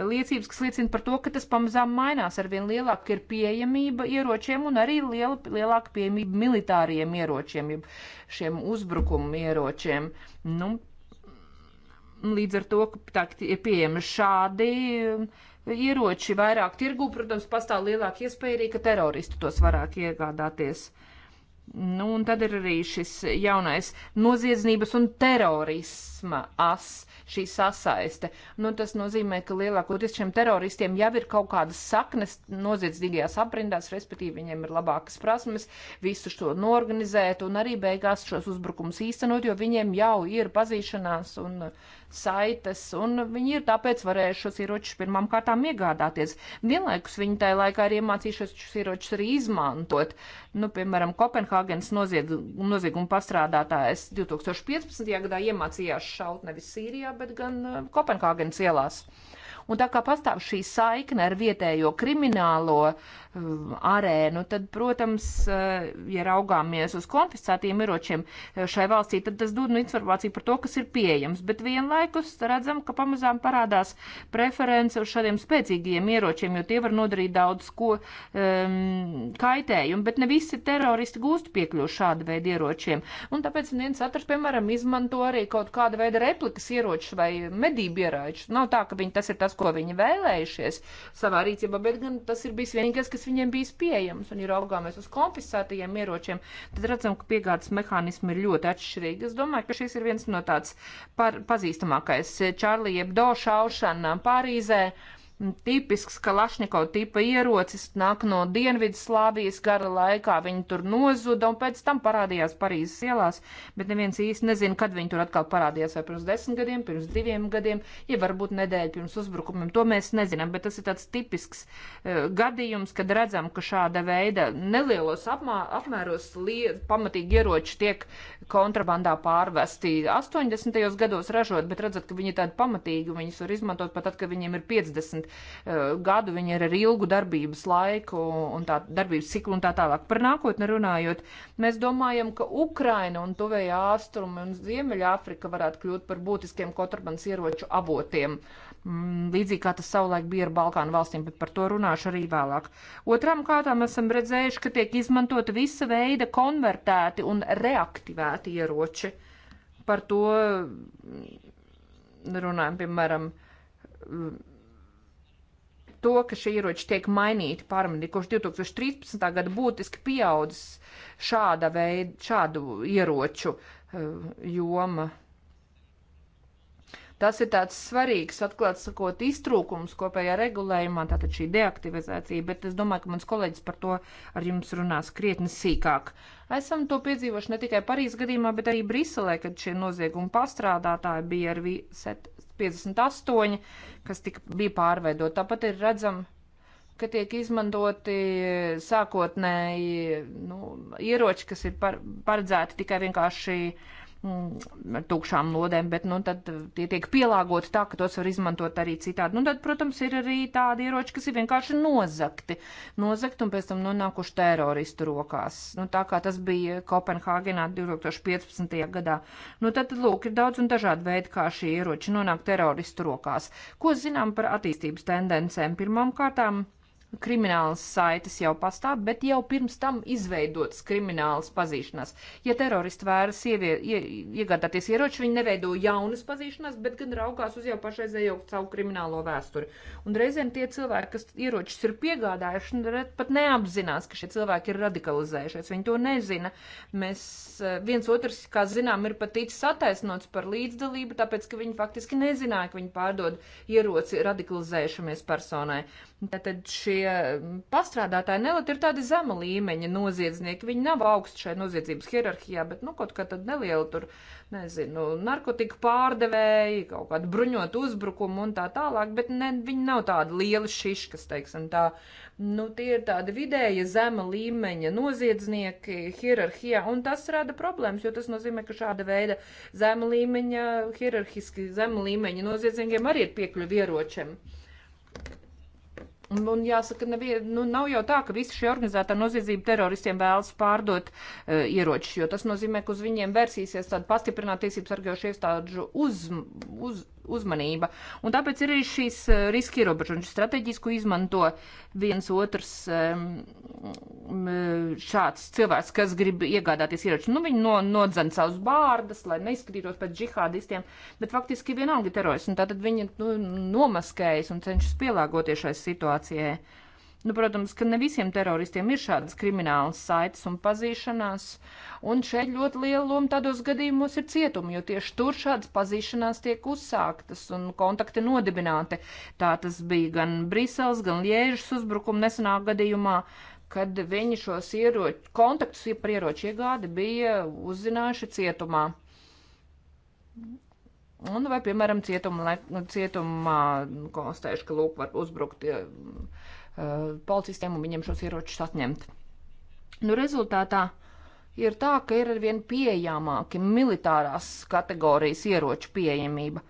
liecības, kas liecina par to, ka tas pamazām mainās. Arvien lielāka ir pieejamība ieročiem un arī liela, lielāka pieejamība militāriem ieročiem, šiem uzbrukumu ieročiem. Nu, līdz ar to, ka tā ir pieejami šādi ieroči vairāk tirgū, protams, pastāv lielāka iespēja arī, ka teroristi tos varāk iegādāties. Nu, un tad ir arī šis jaunais noziedzības un terorisma as, šī sasaiste. Nu, tas nozīmē, ka lielākoties šiem teroristiem jau ir kaut kādas saknes noziedzīgajās aprindās, respektīvi viņiem ir labākas prasmes visu šo norganizēt un arī beigās šos uzbrukums īstenot, jo viņiem jau ir pazīšanās un uh, saites, un viņi ir tāpēc varējuši šos ieročus pirmām kārtām iegādāties. Vienlaikus viņi tajā laikā ir iemācījušies šos ieročus arī izmantot. Nu, piemēram, Kopenhāgenes nozieguma pastrādātājs 2015. gadā iemācījās šaut nevis Sīrijā, bet gan eh, Kopenhāgenes ielās. Uh, Un tā kā pastāv šī saikne ar vietējo kriminālo um, arēnu, tad, protams, uh, ja raugāmies uz konfiscētiem ieročiem uh, šai valstī, tad tas dod nu, informāciju par to, kas ir pieejams. Bet vienlaikus redzam, ka pamazām parādās preference uz šādiem spēcīgiem ieročiem, jo tie var nodarīt daudz ko um, kaitējumu. Bet ne visi teroristi gūst piekļuvu šāda veida ieročiem. Un tāpēc viens otrs, piemēram, izmanto arī kaut kādu veidu replikas ieročus vai medību ieročus. Nav tā, ka viņi tas ir tas, tas, ko viņi vēlējušies savā rīcībā, bet gan tas ir bijis vienīgais, kas viņiem bijis pieejams. Un, ja raugāmies uz konfiscētajiem ieročiem, tad redzam, ka piegādes mehānismi ir ļoti atšķirīgi. Es domāju, ka šis ir viens no tāds par, pazīstamākais Čārlija Bdo šaušana Pārīzē. Uh, tipisks Kalašņiko tipa ierocis, nāk no Dienvidslāvijas gara laikā, viņi tur nozuda un pēc tam parādījās Parīzes ielās, bet neviens īsti nezina, kad viņi tur atkal parādījās, vai pirms desmit gadiem, pirms diviem gadiem, ja varbūt nedēļa pirms uzbrukumiem, to mēs nezinām, bet tas ir tāds tipisks uh, gadījums, kad redzam, ka šāda veida nelielos apmā, apmēros liet, pamatīgi ieroči tiek kontrabandā pārvesti 80. gados ražot, bet redzat, ka viņi ir tādi pamatīgi, viņus var izmantot pat tad, kad viņiem ir 50. Eh, gadu, viņi ir ar ilgu darbības laiku un tā darbības ciklu un tā tālāk. Par nākotni runājot, mēs domājam, ka Ukraina un tuvējā āstrumi un Ziemeļa Afrika varētu kļūt par būtiskiem kontrabandas ieroču avotiem. Mm, līdzīgi kā tas savulaik bija ar Balkānu valstīm, bet par to runāšu arī vēlāk. Otram kārtām esam redzējuši, ka tiek izmantota visa veida konvertēti un reaktivēti ieroči. Par to mm, runājam, piemēram, to, ka šie ieroči tiek mainīti pārmaiņā, kurš 2013. gada būtiski pieaudzis šāda veida, šādu ieroču eh, joma. Tas ir tāds svarīgs, atklāt sakot, iztrūkums kopējā regulējumā, tātad šī deaktivizācija, bet es domāju, ka mans kolēģis par to ar jums runās krietni sīkāk. Esam to piedzīvojuši ne tikai Parīzes gadījumā, bet arī Briselē, kad šie noziegumi pastrādātāji bija ar set 58, kas tika, bija pārveidot. Tāpat ir redzam, ka tiek izmantoti sākotnēji nu, ieroči, kas ir par, paredzēti tikai vienkārši uh, Mm, ar tukšām lodēm, bet nu, tad tie tiek pielāgoti tā, ka tos var izmantot arī citādi. Nu, tad, protams, ir arī tādi ieroči, kas ir vienkārši nozakti, nozakti un pēc tam nonākuši teroristu rokās. Nu, tā kā tas bija Kopenhāgenā 2015. gadā. Nu, tad, lūk, ir daudz un dažādi veidi, kā šie ieroči nonāk teroristu rokās. Ko zinām par attīstības tendencēm? Pirmām kārtām kriminālas saites jau pastāv, bet jau pirms tam izveidotas kriminālas pazīšanās. Ja teroristi vēras ievie, ie, iegādāties ieroči, viņi neveido jaunas pazīšanās, bet gan raugās uz jau pašreizējo savu kriminālo vēsturi. Un reizēm tie cilvēki, kas ieročus ir piegādājuši, nu, pat neapzinās, ka šie cilvēki ir radikalizējušies. Viņi to nezina. Mēs e, viens otrs, kā zinām, ir pat ticis attaisnots par līdzdalību, tāpēc, ka viņi faktiski nezināja, ka viņi pārdod ieroci radikalizējušamies personai. Tātad šie pastrādātāji nelati ir tādi zema līmeņa noziedznieki. Viņi nav augsti šai noziedzības hierarhijā, bet, nu, kaut kā tad neliela tur, nezinu, narkotika pārdevēji, kaut kādu bruņotu uzbrukumu un tā tālāk, bet ne, viņi nav tādi lieli šiškas, teiksim tā. Nu, tie ir tādi vidēja zema līmeņa noziedznieki hierarhijā, un tas rada problēmas, jo tas nozīmē, ka šāda veida zema līmeņa, hierarhiski zema līmeņa noziedzniekiem arī ir piekļuvi ieročiem. Un jāsaka, nevien, nu, nav jau tā, ka visi šie organizētā noziedzība teroristiem vēlas pārdot uh, ieročus, jo tas nozīmē, ka uz viņiem versīsies tāda pastiprināta tiesības sargājoša iestāžu uz, uz uzmanība. Un tāpēc ir arī šīs eh, riski ierobežojumi, strateģisku izmanto viens otrs ehm, eh, šāds cilvēks, kas grib iegādāties ieroči. Nu, viņi no, nodzen savus bārdas, lai neizskatītos pēc džihādistiem, bet faktiski vienalga teroristi. Un tātad viņi nu, nomaskējas un cenšas pielāgoties šai situācijai. Nu, protams, ka ne visiem teroristiem ir šādas kriminālas saites un pazīšanās, un šeit ļoti liela loma tādos gadījumos ir cietumi, jo tieši tur šādas pazīšanās tiek uzsāktas un kontakti nodibināti. Tā tas bija gan Briseles, gan Liežas uzbrukuma nesenā gadījumā, kad viņi šos ieroči, kontaktus par ieroču iegādi bija uzzinājuši cietumā. Un vai, piemēram, cietuma, cietumā konstatējuši, ka lūk var uzbrukt. Ja, Eh, policistiem un viņiem šos ieročus atņemt. Nu, rezultātā ir tā, ka ir arvien pieejamāki militārās kategorijas ieroču pieejamība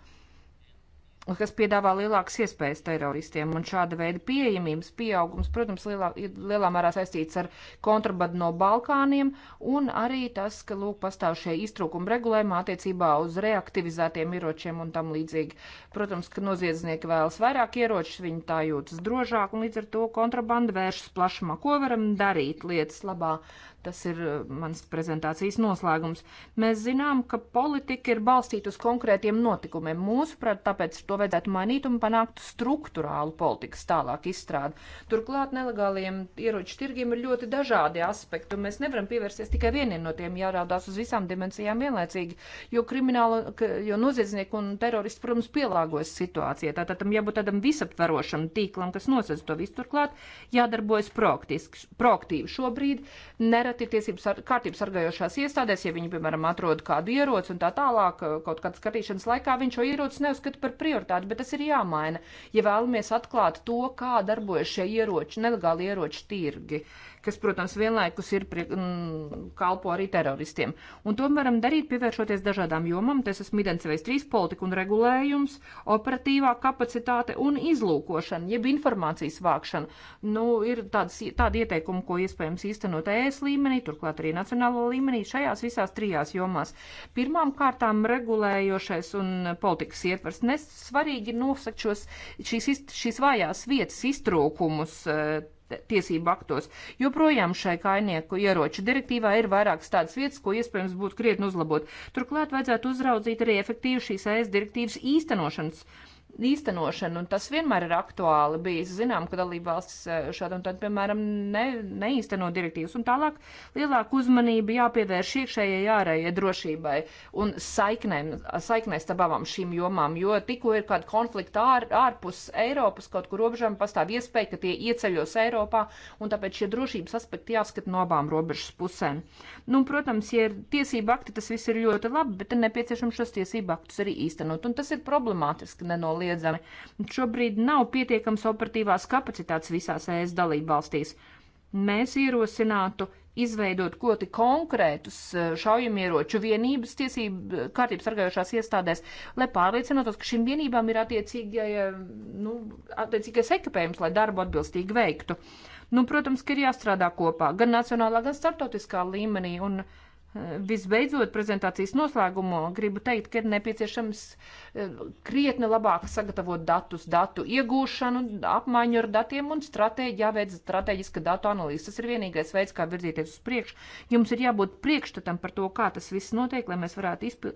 un kas piedāvā lielākas iespējas teroristiem. Un šāda veida pieejamības pieaugums, protams, lielā, lielā mērā saistīts ar kontrabandu no Balkāniem un arī tas, ka, lūk, pastāv šie iztrūkumi regulējumā attiecībā uz reaktivizētiem ieročiem un tam līdzīgi. Protams, ka noziedznieki vēlas vairāk ieročus, viņi tā jūtas drošāk un līdz ar to kontrabanda vēršas plašumā. Ko varam darīt lietas labā? Tas ir eh, mans prezentācijas noslēgums. Mēs zinām, ka politika ir balstīta uz konkrētiem notikumiem. Mūsuprāt, tāpēc to vajadzētu mainīt un panākt struktūrālu politikas tālāk izstrādi. Turklāt nelegāliem ieroču tirgiem ir ļoti dažādi aspekti, un mēs nevaram pievērsties tikai vieniem no tiem, jāraudās uz visām dimensijām vienlaicīgi, jo krimināla, jo noziedznieki un teroristi, protams, pielāgojas situācijai. Tātad tam jābūt tādam visaptverošam tīklam, kas nosacītu to visu. Turklāt jādarbojas proaktīvi. Šobrīd neredz nereti tiesības ar, kārtības sargājošās iestādēs, ja viņi, piemēram, atrod kādu ieroci un tā tālāk, eh, kaut kādā skatīšanas laikā viņš šo ieroci neuzskata par prioritāti, bet tas ir jāmaina, ja vēlamies atklāt to, kā darbojas šie ieroči, nelegāli ieroči tirgi. Uh, kas, protams, vienlaikus ir prie, m, mm, kalpo arī teroristiem. Un to varam darīt, pievēršoties dažādām jomām. Tas esmu identificējis trīs - politika un regulējums, operatīvā kapacitāte un izlūkošana, jeb informācijas vākšana. Nu, ir tāds, tādi ieteikumi, ko iespējams īstenot ES līmenī, turklāt arī nacionālo līmenī, šajās visās trijās jomās. Pirmām kārtām regulējošais un politikas ietvers. Nesvarīgi nosakšos šīs, šīs vājās vietas iztrūkumus eh, tiesību aktos. Joprojām šai kainieku ieroču direktīvā ir vairākas tādas vietas, ko iespējams būtu krietni uzlabot. Turklāt vajadzētu uzraudzīt arī efektīvu šīs ES direktīvas īstenošanas īstenošanu, un tas vienmēr ir aktuāli bijis. Zinām, ka dalība valsts eh, šādi un tad, piemēram, ne, neīsteno direktīvas, un tālāk lielāku uzmanību jāpievērš iekšējai ārējai drošībai un saiknēm, saiknēs starp abām šīm jomām, jo tikko ir kāda konflikta ār, ārpus Eiropas, kaut kur robežām pastāv iespēja, ka tie ieceļos Eiropā, un tāpēc šie drošības aspekti jāskata no abām robežas pusēm. Nu, protams, ja ir tiesība akti, tas viss ir ļoti labi, bet ir nepieciešams šos tiesību aktus arī īstenot, un tas ir problemātiski nenolīdzīgi nenoliedzami. Šobrīd nav pietiekams operatīvās kapacitātes visās ES dalību valstīs. Mēs ierosinātu izveidot ļoti konkrētus eh, šaujamieroču vienības tiesību eh, kārtības sargājušās iestādēs, lai pārliecinātos, ka šīm vienībām ir eh, nu, attiecīgais ekipējums, lai darbu atbilstīgi veiktu. Nu, protams, ka ir jāstrādā kopā gan nacionālā, gan starptautiskā līmenī, un uh, Visbeidzot, prezentācijas noslēgumā gribu teikt, ka ir nepieciešams eh, krietni labāk sagatavot datus, datu iegūšanu, apmaiņu ar datiem un stratēģi, jāveic strateģiska datu analīze. Tas ir vienīgais veids, kā virzīties uz priekšu. Jums ir jābūt priekšstatam par to, kā tas viss notiek, lai mēs varētu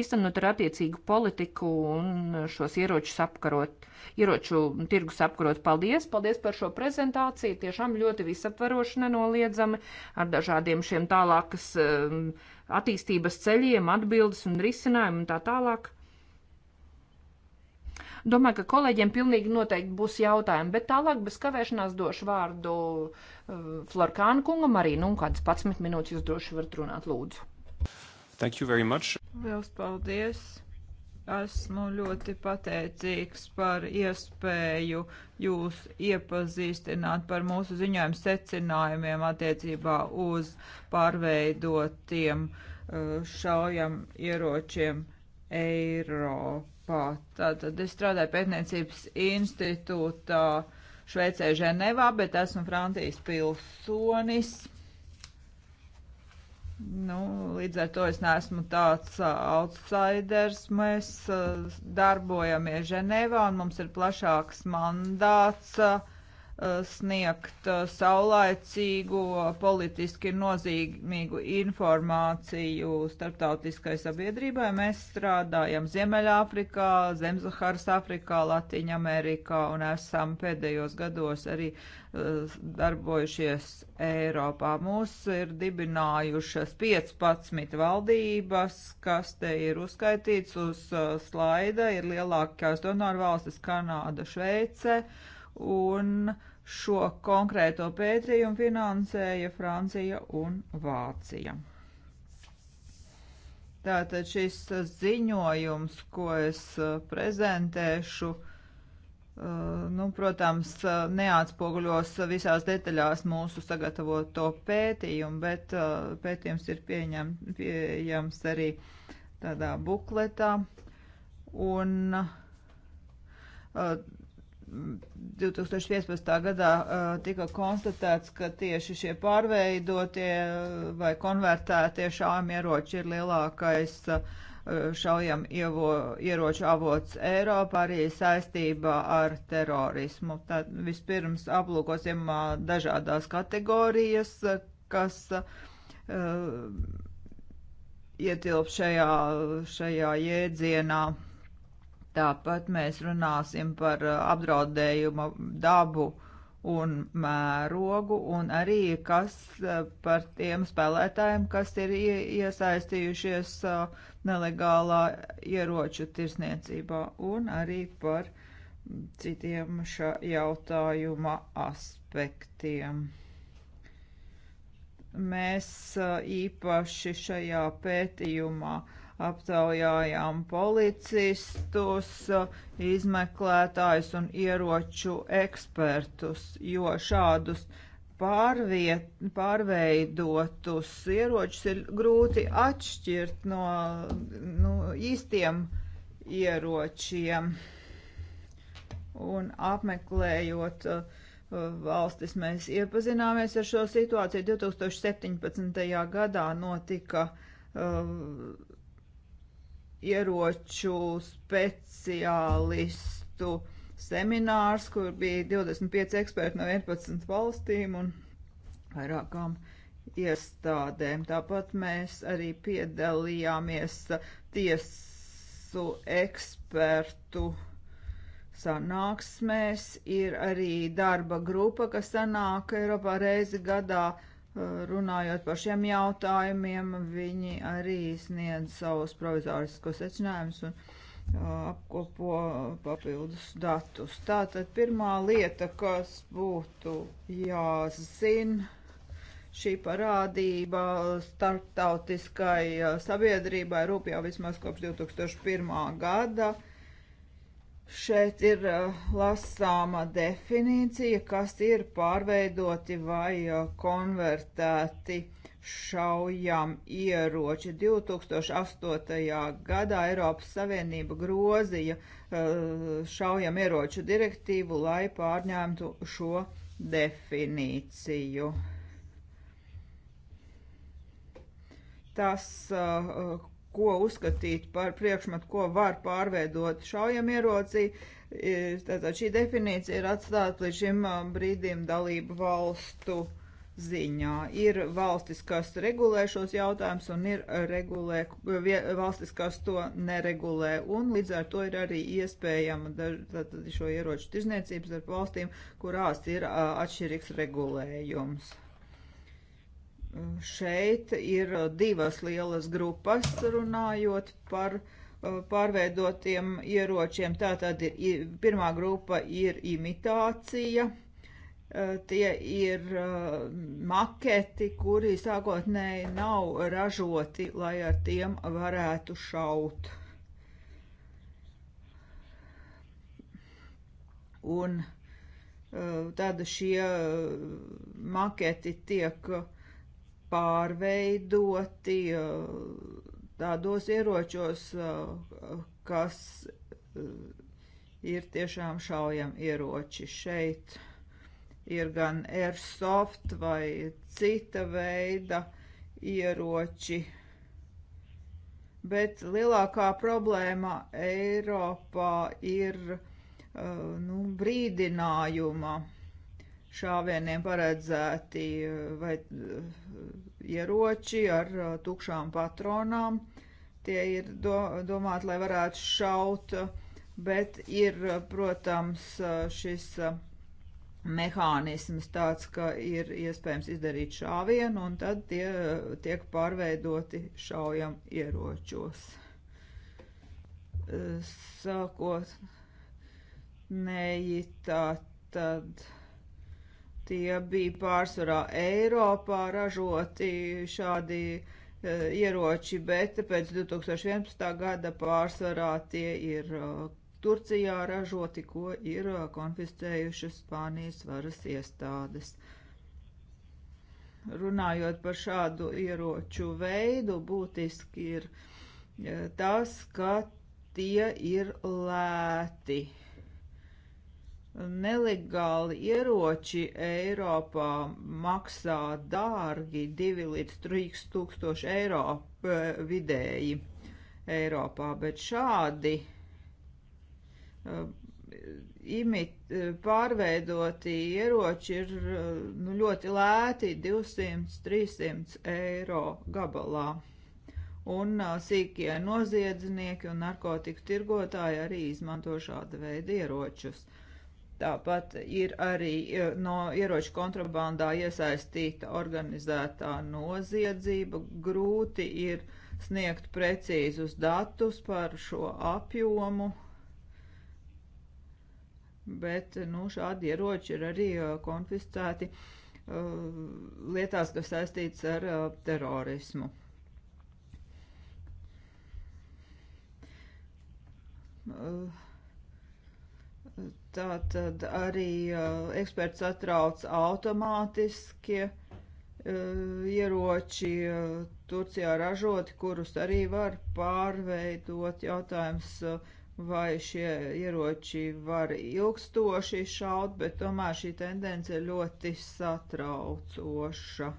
īstenot ar attiecīgu politiku un šos ieročus apkarot, ieroču tirgus apkarot. Paldies, paldies par šo prezentāciju, tiešām ļoti visaptvaroši nenoliedzami ar dažādiem šiem tālākas eh, attīstības ceļiem, atbildes un risinājumu un tā tālāk. Domāju, ka kolēģiem pilnīgi noteikti būs jautājumi, bet tālāk bez kavēšanās došu vārdu uh, Florkāna kungam arī, nu, kādas 11 minūtes jūs droši varat runāt, lūdzu. Thank you very much. Liels paldies. Esmu ļoti pateicīgs par iespēju jūs iepazīstināt par mūsu ziņojumu secinājumiem attiecībā uz pārveidotiem eh, šaujam ieročiem Eiropā. Tātad es strādāju pētniecības institūtā Šveicē Ženevā, bet esmu Francijas pilsonis Nu, līdz ar to es neesmu tāds uh, outsiders. Mēs uh, darbojamies Ženēvā un mums ir plašāks mandāts uh, Eh, sniegt eh, saulaicīgu, politiski nozīmīgu informāciju starptautiskai sabiedrībai. Mēs strādājam Ziemeļāfrikā, Zemzaharas Afrikā, Latīņa Amerikā un esam pēdējos gados arī uh, darbojušies Eiropā. Mūs ir dibinājušas 15 valdības, kas te ir uzskaitīts uz uh, slaida, ir lielākās donorvalstis Kanāda, Šveice un uh, Šo konkrēto pētījumu finansēja Francija un Vācija. Tātad šis ziņojums, ko es uh, prezentēšu, uh, nu, protams, uh, neatspoguļos visās detaļās mūsu sagatavoto pētījumu, bet pētījums ir pieņem, pieejams arī tādā bukletā. Un 2015. gadā tika konstatēts, ka tieši šie pārveidotie vai konvertētie šāmieroči ir lielākais šaujam ievo, ieroču avots Eiropā arī saistībā ar terorismu. Tad vispirms aplūkosim dažādās kategorijas, kas ietilp šajā, šajā jēdzienā Tāpat mēs runāsim par uh, apdraudējuma dabu un mērogu, un arī kas uh, par tiem spēlētājiem, kas ir iesaistījušies uh, nelegālā ieroču tirsniecībā, un arī par citiem šā jautājuma aspektiem mēs īpaši šajā pētījumā aptaujājām policistus, izmeklētājus un ieroču ekspertus, jo šādus pārviet, pārveidotus ieročus ir grūti atšķirt no nu, īstiem ieročiem. Un apmeklējot uh, valstis, mēs iepazināmies ar šo situāciju. 2017. gadā notika uh, ieroču speciālistu seminārs, kur bija 25 eksperti no 11 valstīm un vairākām iestādēm. Tāpat mēs arī piedalījāmies tiesu ekspertu sanāksmēs. Ir arī darba grupa, kas sanāk Eiropā reizi gadā runājot par šiem jautājumiem, viņi arī sniedz savus provizoriskos secinājumus un uh, apkopo papildus datus. Tātad pirmā lieta, kas būtu jāzina, šī parādība starptautiskai uh, sabiedrībai rūp jau vismaz kopš 2001. gada. Šeit ir eh, lasāma definīcija, kas ir pārveidoti vai eh, konvertēti šaujam ieroči. 2008. gadā Eiropas Savienība grozīja eh, šaujam ieroču direktīvu, lai pārņemtu šo definīciju. Tas, ko uzskatīt par priekšmetu, ko var pārveidot šaujamierocī. E, tātad šī definīcija ir atstāta līdz šim e, brīdim dalību valstu ziņā. Ir valstis, kas regulē šos jautājumus, un ir regulē, valstis, kas to neregulē. Un līdz ar to ir arī iespējama daž, šo ieroču tirzniecības ar valstīm, kurās ir atšķirīgs regulējums šeit ir divas lielas grupas runājot par uh, pārveidotiem ieročiem. Tā tad ir, pirmā grupa ir imitācija. Uh, tie ir uh, maketi, kuri sākotnēji nav ražoti, lai ar tiem varētu šaut. Un tad šie maketi tiek uh, pārveidoti eh, tādos ieročos, eh, kas eh, ir tiešām šaujam ieroči šeit. Ir gan airsoft vai cita veida ieroči. Bet lielākā problēma Eiropā ir nu, brīdinājuma šāvieniem paredzēti eh, vai eh, ieroči ar eh, tukšām patronām. Tie ir do, domāti, lai varētu šaut, bet ir, protams, šis mehānisms tāds, ka ir iespējams izdarīt šāvienu, un tad tie tiek pārveidoti šaujam ieročos. Sākotnēji tā tad. Tie bija pārsvarā Eiropā ražoti šādi uh, ieroči, bet pēc 2011. gada pārsvarā tie ir uh, Turcijā ražoti, ko ir uh, konfiscējušas Spānijas varas iestādes. Runājot par šādu ieroču veidu, būtiski ir tas, ka tie ir lēti. Nelegāli ieroči Eiropā maksā dārgi 2 līdz 3 tūkstoši eiro eh, vidēji Eiropā, bet šādi eh, imit, eh, pārveidoti ieroči ir nu, ļoti lēti 200-300 eiro gabalā. Un sīkie noziedznieki un narkotiku tirgotāji arī izmanto šāda veida ieročus. Uh, Tāpat ir arī e, no ieroču kontrabandā iesaistīta organizētā noziedzība. Grūti ir sniegt precīzus datus par šo apjomu, bet nu, šādi ieroči ir arī e, konfiscēti e, lietās, kas saistīts ar terorismu. Uh, Tā tad arī uh, eksperts atrauc automātiskie uh, ieroči uh, Turcijā ražoti, kurus arī var pārveidot. Jautājums, vai šie ieroči var ilgstoši šaut, bet tomēr šī tendence ir ļoti satraucoša.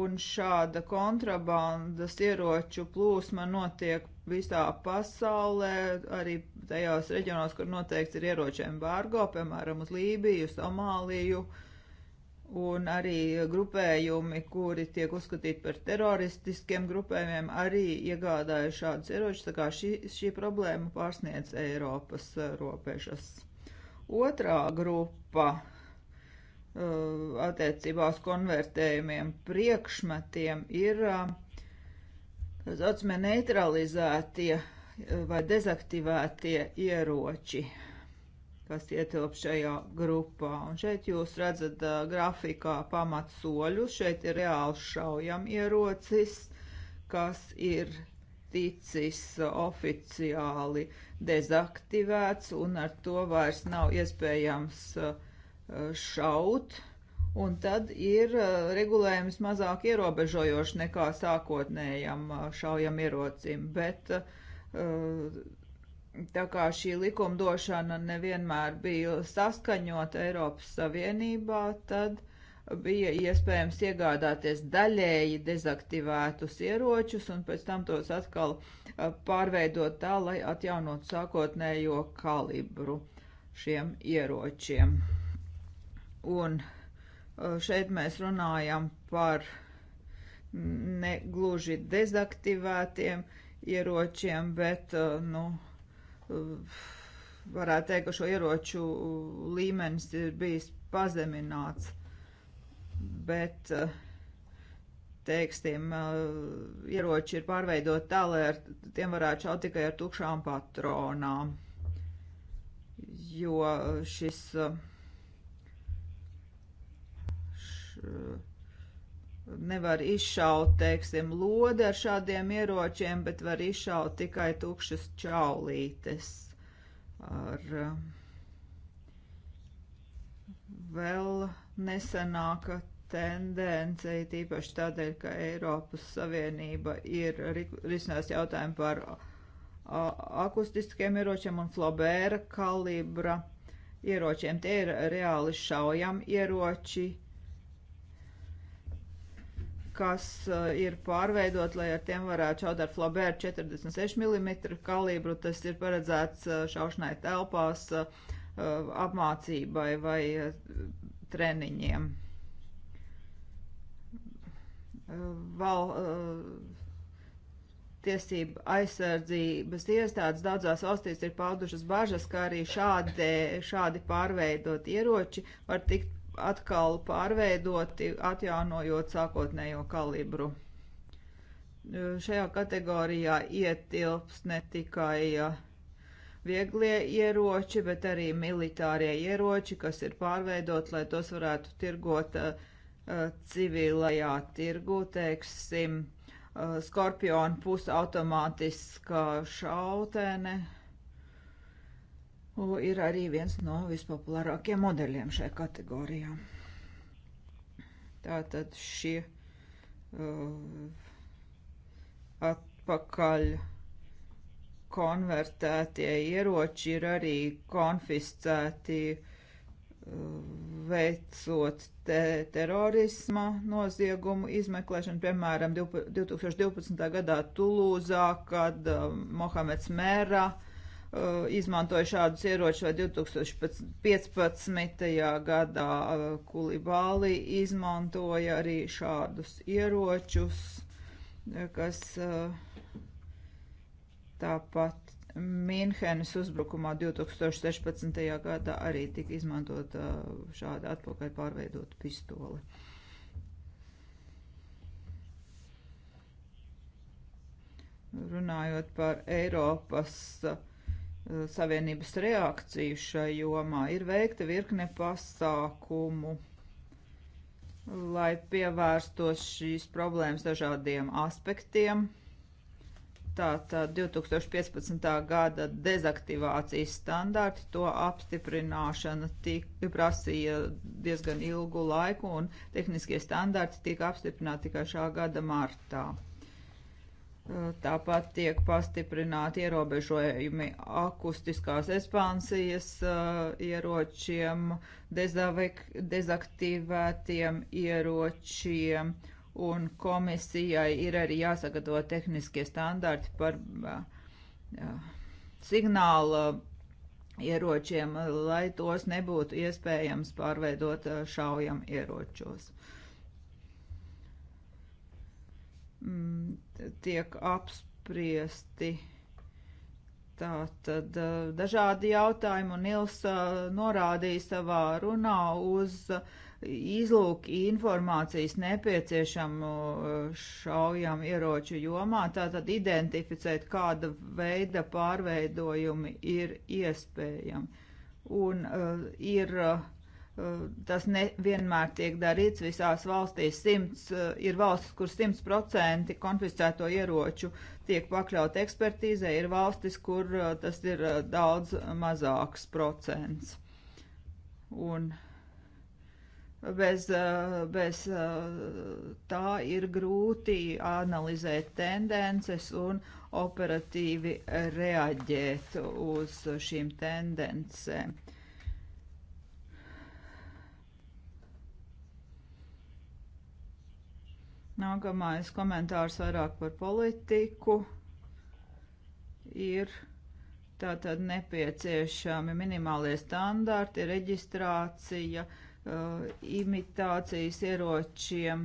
Un šāda kontrabandas ieroču plūsma notiek visā pasaulē, arī tajos reģionos, kur noteikts ir ieroču embargo, piemēram, uz Lībiju, Somāliju, un arī grupējumi, kuri tiek uzskatīti par teroristiskiem grupējumiem, arī iegādāja šādus ieročus, tā kā šī, šī problēma pārsniedz Eiropas eh, robežas. Otrā grupa eh, attiecībā uz konvertējumiem priekšmetiem ir uh, saucamie neutralizētie eh, vai dezaktivētie ieroči, kas ietilp šajā grupā. Un šeit jūs redzat uh, grafikā pamatsoļus, šeit ir reāls šaujam ierocis, kas ir ticis eh, oficiāli dezaktivēts un ar to vairs nav iespējams šaut un tad ir uh, regulējums mazāk ierobežojošs nekā sākotnējam uh, šaujam ierocim, bet uh, tā kā šī likumdošana nevienmēr bija saskaņota Eiropas Savienībā, tad bija iespējams iegādāties daļēji dezaktivētus ieročus un pēc tam tos atkal pārveidot tā, lai atjaunotu sākotnējo kalibru šiem ieročiem. Un uh, Eh, šeit mēs runājam par negluži dezaktivētiem ieročiem, bet, eh, nu, eh, varētu teikt, ka šo ieroču līmenis ir bijis pazemināts. Bet, teiksim, ieroči ir pārveidot tā, lai ar tiem varētu šaut tikai ar tukšām patronām. Jo šis uh, Uh, nevar izšaut, teiksim, lodi ar šādiem ieročiem, bet var izšaut tikai tukšas čaulītes ar uh, vēl nesenāka tendence, tīpaši tādēļ, ka Eiropas Savienība ir risinās jautājumu par uh, akustiskiem ieročiem un flobēra kalibra ieročiem. Tie ir reāli šaujam ieroči kas eh, ir pārveidot, lai ar tiem varētu šaut ar Flaubert 46 mm kalibru. Tas ir paredzēts eh, šaušanai telpās eh, apmācībai vai treniņiem. Val, tiesība aizsardzības iestādes daudzās valstīs ir paudušas bažas, ka arī šādi, šādi pārveidot ieroči var tikt atkal pārveidoti, atjaunojot sākotnējo kalibru. Šajā kategorijā ietilps ne tikai vieglie ieroči, bet arī militārie ieroči, kas ir pārveidot, lai tos varētu tirgot civilajā tirgu, teiksim, skorpionu pusautomātiskā šautene ir arī viens no vispopulārākiem modeļiem šajā kategorijā. Tātad šie uh, atpakaļ konvertētie ieroči ir arī konfiscēti veicot te terorisma noziegumu izmeklēšanu, piemēram, 2012. gadā Tulūzā, kad Mohameds Mērā uh, Uh, izmantoja šādus ieročus vai 2015. gadā uh, Kulibāli izmantoja arī šādus ieročus, uh, kas tāpat Minhenes uzbrukumā 2016. gadā arī tika izmantota šāda atpakaļ pārveidota pistole. Runājot par Eiropas uh, Eh, Savienības reakciju šai jomā. Ir veikta virkne pasākumu, lai pievērstos šīs problēmas dažādiem aspektiem. Tātad 2015. gada dezaktivācijas standarti, to apstiprināšana tika, prasīja diezgan ilgu laiku, un tehniskie standarti tika apstiprināti tikai šā gada martā. Tāpat tiek pastiprināti ierobežojumi akustiskās ekspansijas eh, ieročiem, dezaktivētiem ieročiem, un komisijai ir arī jāsagatavo tehniskie standarti par eh, eh, signāla ieročiem, lai tos nebūtu iespējams pārveidot šaujam ieročos. Uh, Mm, tiek apspriesti tātad eh, dažādi jautājumi, un Nils eh, norādīja savā runā uz eh, izlūk informācijas nepieciešamu šaujam ieroču jomā, tātad identificēt, kāda veida pārveidojumi ir iespējami. Un uh, ir uh, Eh, tas nevienmēr tiek darīts visās valstīs. Simts, eh, ir valstis, kur 100% konfiscēto ieroču tiek pakļaut ekspertīzē, ir valstis, kur eh, tas ir daudz mazāks procents. Un bez, bez tā ir grūti analizēt tendences un operatīvi reaģēt uz šīm tendencēm. Nākamais komentārs vairāk par politiku ir tātad nepieciešami minimālie standarti, reģistrācija, uh, imitācijas ieročiem.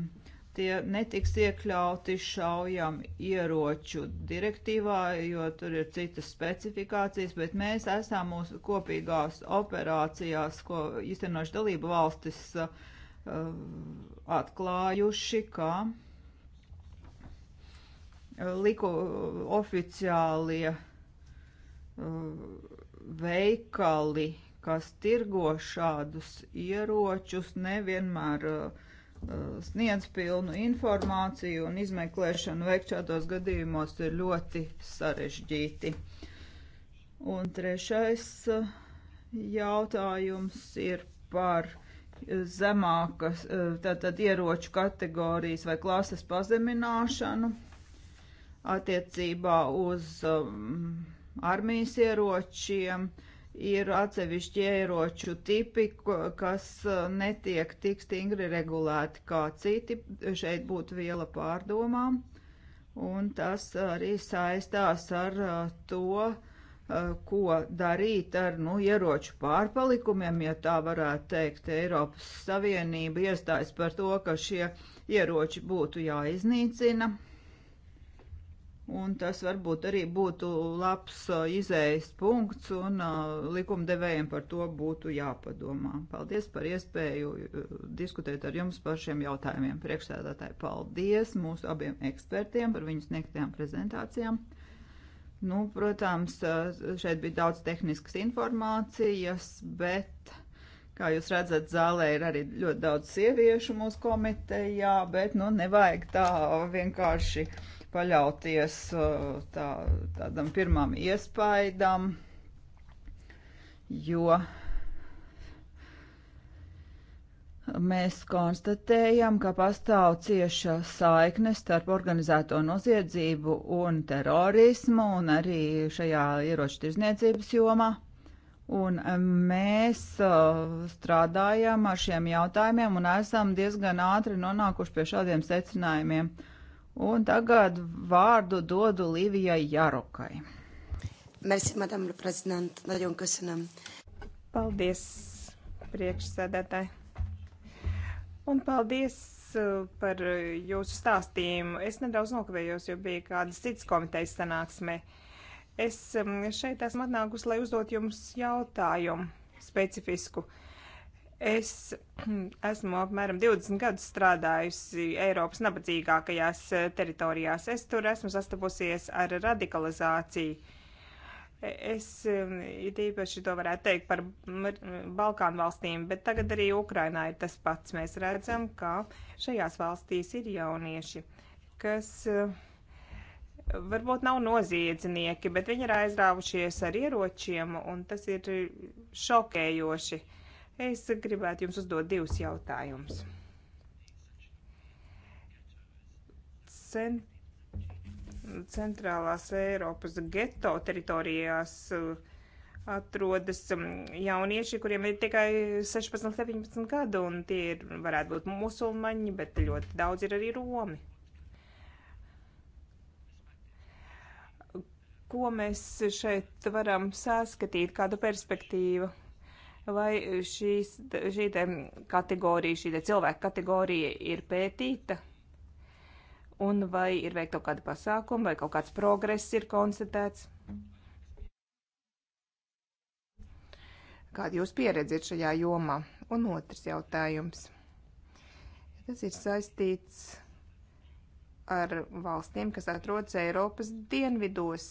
Tie netiks iekļauti šaujam ieroču direktīvā, jo tur ir citas specifikācijas, bet mēs esam mūsu kopīgās operācijās, ko īstenoši dalību valstis uh, Eh, atklājuši, ka eh, liku oficiālie eh, veikali, kas tirgo šādus ieročus, nevienmēr sniedz pilnu informāciju un izmeklēšanu veikt šādos gadījumos ir ļoti sarežģīti. Un trešais jautājums ir par zemākas, eh, tātad ieroču kategorijas vai klases pazemināšanu attiecībā uz um, armijas ieročiem. Ir atsevišķi ieroču tipi, kas eh, netiek tik stingri regulēti kā citi. Šeit būtu viela pārdomām. Un tas arī saistās ar eh, to, uh, Eh, ko darīt ar nu, ieroču pārpalikumiem, ja tā varētu teikt. Eiropas Savienība iestājas par to, ka šie ieroči būtu jāiznīcina. Un tas varbūt arī būtu labs eh, izējas punkts, un uh, likumdevējiem par to būtu jāpadomā. Paldies par iespēju diskutēt ar jums par šiem jautājumiem. Priekšsēdētāji, paldies mūsu abiem ekspertiem par viņu sniegtajām prezentācijām. Nu, protams, eh, šeit bija daudz tehniskas informācijas, bet, kā jūs redzat, zālē ir arī ļoti daudz sieviešu mūsu komitejā, bet, nu, nevajag tā vienkārši paļauties eh, tā, tādam pirmam iespaidam, jo mēs konstatējam, ka pastāv cieša saikne starp organizēto noziedzību un terorismu un arī šajā ieroču tirzniecības jomā. Un mēs strādājam ar šiem jautājumiem un esam diezgan ātri nonākuši pie šādiem secinājumiem. Un tagad vārdu dodu Livijai Jarokai. Merci, madam, prezident. Nagyon köszönöm. Paldies, priekšsēdētāji. Un paldies uh, par uh, jūsu stāstījumu. Es nedaudz nokavējos, jo bija kādas citas komitejas sanāksme. Es um, šeit esmu atnākusi, lai uzdot jums jautājumu specifisku. Es um, esmu apmēram 20 gadus strādājusi Eiropas nabadzīgākajās uh, teritorijās. Es tur esmu sastapusies ar radikalizāciju Es um, it īpaši to varētu teikt par Balkānu valstīm, bet tagad arī Ukrainā ir tas pats. Mēs redzam, ka šajās valstīs ir jaunieši, kas uh, varbūt nav noziedznieki, bet viņi ir aizrāvušies ar ieročiem, un tas ir šokējoši. Es gribētu jums uzdot divus jautājumus. Cent centrālās Eiropas geto teritorijās uh, atrodas um, jaunieši, kuriem ir tikai 16, 17 gadu, un tie ir, varētu būt musulmaņi, bet ļoti daudz ir arī romi. Ko mēs šeit varam saskatīt, kādu perspektīvu? Vai šīs, šī kategorija, šī cilvēka kategorija ir pētīta? un vai ir veikta kaut kāda pasākuma, vai kaut kāds progress ir konstatēts? Kādu jūs pieredzat šajā jomā? Un otrs jautājums. Tas ir saistīts ar valstīm, kas atrodas Eiropas dienvidos.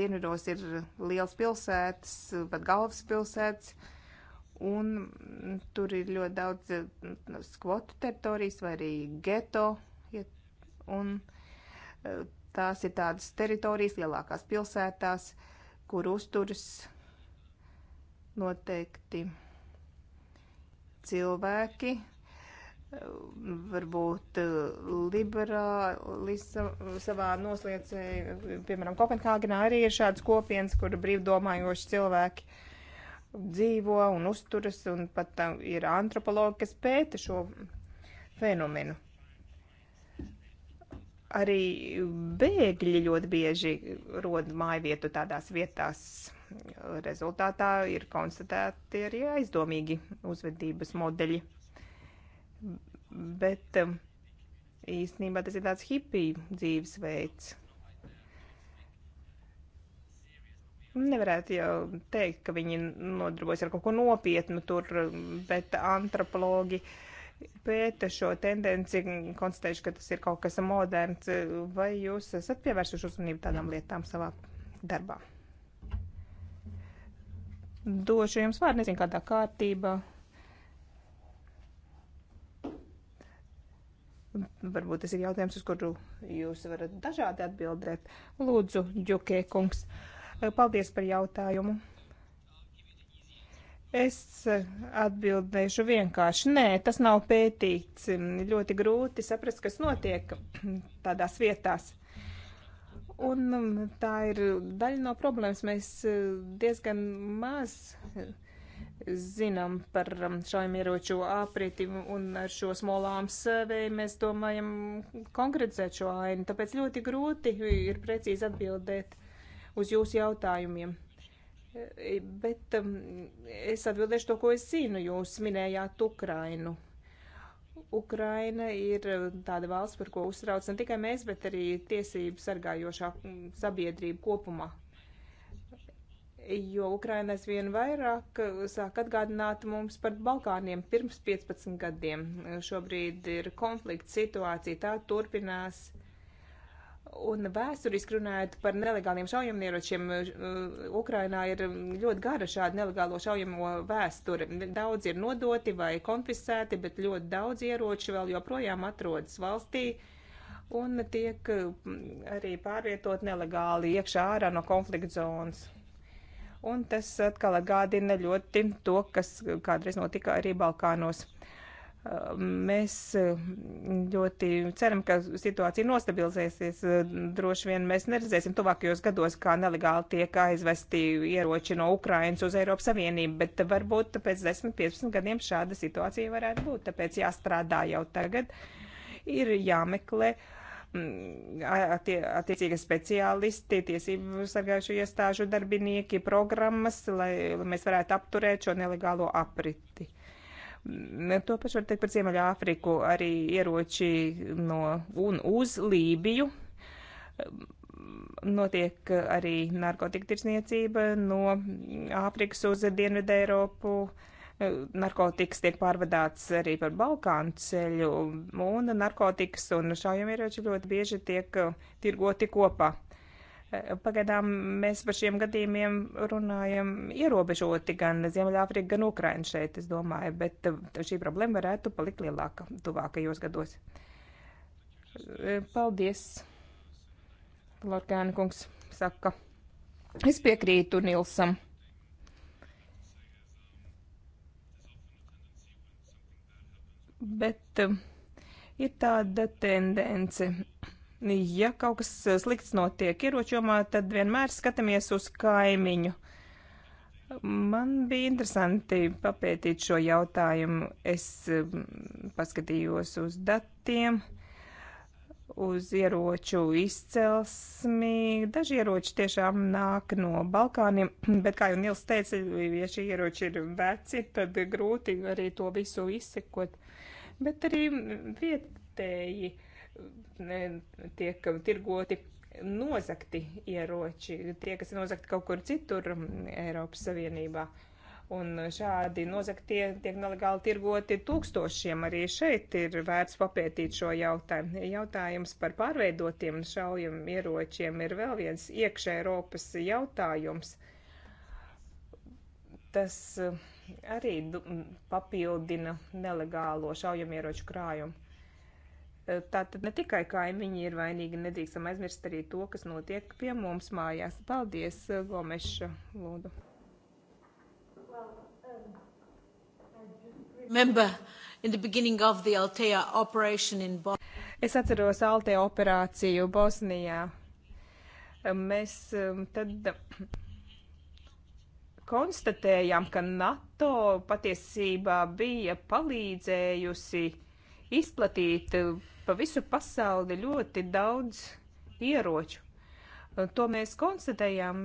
Dienvidos ir liels pilsētas, pat galvaspilsētas. pilsētas un tur ir ļoti daudz eh, skvotu teritorijas vai arī geto, ja, un eh, tās ir tādas teritorijas lielākās pilsētās, kur uzturas noteikti cilvēki, varbūt eh, liberāli savā nosliecē, piemēram, Kopenhāgenā arī ir šādas kopienas, kur brīvdomājoši cilvēki uh, dzīvo un uzturas, un pat ir antropologi, kas pēta šo fenomenu. Arī bēgļi ļoti bieži rod mājvietu tādās vietās. Rezultātā ir konstatēti arī aizdomīgi uzvedības modeļi. Bet um, īstenībā tas ir tāds hipiju dzīvesveids Nu, nevarētu jau teikt, ka viņi nodarbojas ar kaut ko nopietnu tur, bet antropologi pēta šo tendenci, konstatējuši, ka tas ir kaut kas moderns. Vai jūs esat pievērsuši uzmanību tādām lietām savā darbā? Došu jums vārdu, nezinu, kādā kārtībā. Varbūt tas ir jautājums, uz kuru jūs varat dažādi atbildēt. Lūdzu, Džukē kungs. Uh, Eh, paldies par jautājumu. Es eh, atbildēšu vienkārši. Nē, tas nav pētīts. Mm, ļoti grūti saprast, kas notiek tādās vietās. Un mm, tā ir daļa no problēmas. Mēs eh, diezgan maz zinām par mm, šaujamieroču apriti un ar šo smolām sevēju mēs domājam konkretizēt šo ainu. Tāpēc ļoti grūti ir precīzi atbildēt uz jūsu jautājumiem. E, bet um, es atbildēšu to, ko es zinu. Jūs minējāt Ukrainu. Ukraina ir uh, tāda valsts, par ko uztrauc ne tikai mēs, bet arī tiesību sargājošā mm, sabiedrība kopumā. Jo Ukraina aizvien vairāk uh, sāk atgādināt mums par Balkāniem pirms 15 gadiem. Šobrīd ir konflikts situācija, tā turpinās Un vēsturiski runājot par nelegāliem šaujamieročiem, uh, Ukrainā ir ļoti gara šāda nelegālo šaujamo vēsture. Daudz ir nodoti vai konfiscēti, bet ļoti daudz ieroči vēl joprojām atrodas valstī un tiek mm, arī pārvietot nelegāli iekšā ārā no konflikta zonas. Un tas atkal atgādina ļoti to, kas kādreiz notika arī Balkānos. Mēs eh, ļoti ceram, ka situācija nostabilizēsies. Droši vien mēs neredzēsim tuvākajos gados, kā nelegāli tiek aizvesti ieroči no Ukrainas uz Eiropas Savienību, bet varbūt pēc 10-15 gadiem šāda situācija varētu būt. Tāpēc jāstrādā jau tagad, ir jāmeklē mm, attie, attiecīgi speciālisti, tiesību sargājušu iestāžu darbinieki, programmas, lai, lai mēs varētu apturēt šo nelegālo apriti. To pašu var teikt par Ziemeļāfriku, arī ieroči no un uz Lībiju. Notiek arī narkotika tirsniecība no Āfrikas uz Dienvidu Eiropu narkotikas tiek pārvadāts arī par Balkānu ceļu, un narkotikas un šaujamieroči ļoti bieži tiek tirgoti kopā. Eh, pagaidām mēs par šiem gadījumiem runājam ierobežoti gan Ziemeļāfrika, gan Ukraina šeit, es domāju, bet eh, šī problēma varētu palikt lielāka tuvākajos gados. Eh, paldies, Lorkēna kungs saka. Es piekrītu Nilsam. Bet ir tāda tendence ja kaut kas eh, slikts notiek ieroču jomā, tad vienmēr skatāmies uz kaimiņu. Man bija interesanti papētīt šo jautājumu. Es mm, paskatījos uz datiem, uz ieroču izcelsmi. Daži ieroči tiešām nāk no Balkāniem, bet, kā jau Nils teica, ja šie ieroči ir veci, tad grūti arī to visu izsekot. Bet arī vietēji. Uh, tiek tirgoti nozakti ieroči, tie, kas ir nozakti kaut kur citur mm, Eiropas Savienībā. Un šādi nozaktie tiek nelegāli tirgoti tūkstošiem. Arī šeit ir vērts papētīt šo jautājumu. Jautājums par pārveidotiem šaujam ieročiem ir vēl viens iekšē Eiropas jautājums. Tas eh, arī papildina nelegālo šaujamieroču krājumu Eh, tātad ne tikai kaimiņi ir vainīgi, nedrīkstam aizmirst arī to, kas notiek pie mums mājās. Paldies, eh, Gomeša, lūdzu. Es atceros Altea operāciju Bosnijā. Eh, mēs tad konstatējām, ka NATO patiesībā bija palīdzējusi izplatīt pa visu pasauli ļoti daudz ieroču. To mēs konstatējām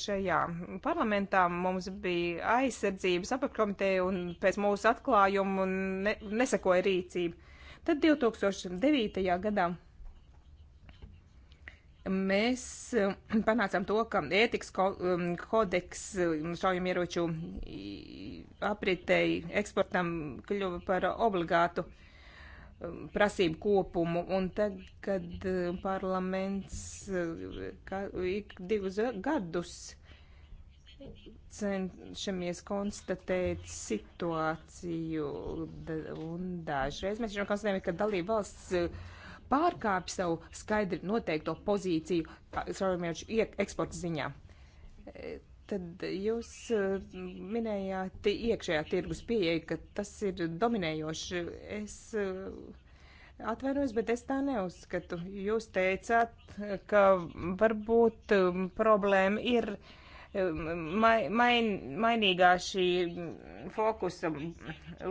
šajā parlamentā. Mums bija aizsardzības apakškomiteja un pēc mūsu atklājumu ne, nesakoja rīcība. Tad 2009. gadā mēs eh, panācām to, ka ētikas um, kodeks šaujamieroču um, apritei eksportam kļuva par obligātu. Uh, Um, prasību kopumu, un tad, kad um, parlaments uh, ka, ik divus gadus cenšamies konstatēt situāciju, un dažreiz mēs jau konstatējam, ka dalība valsts uh, pārkāpj savu skaidri noteikto pozīciju savu mērķu eksporta ziņā. Tad jūs eh, minējāt iekšējā tirgus pieeja, ka tas ir dominējoši. Es eh, atvainojos, bet es tā neuzskatu. Jūs teicāt, ka varbūt eh, problēma ir mai, main, mainīgā šī fokusa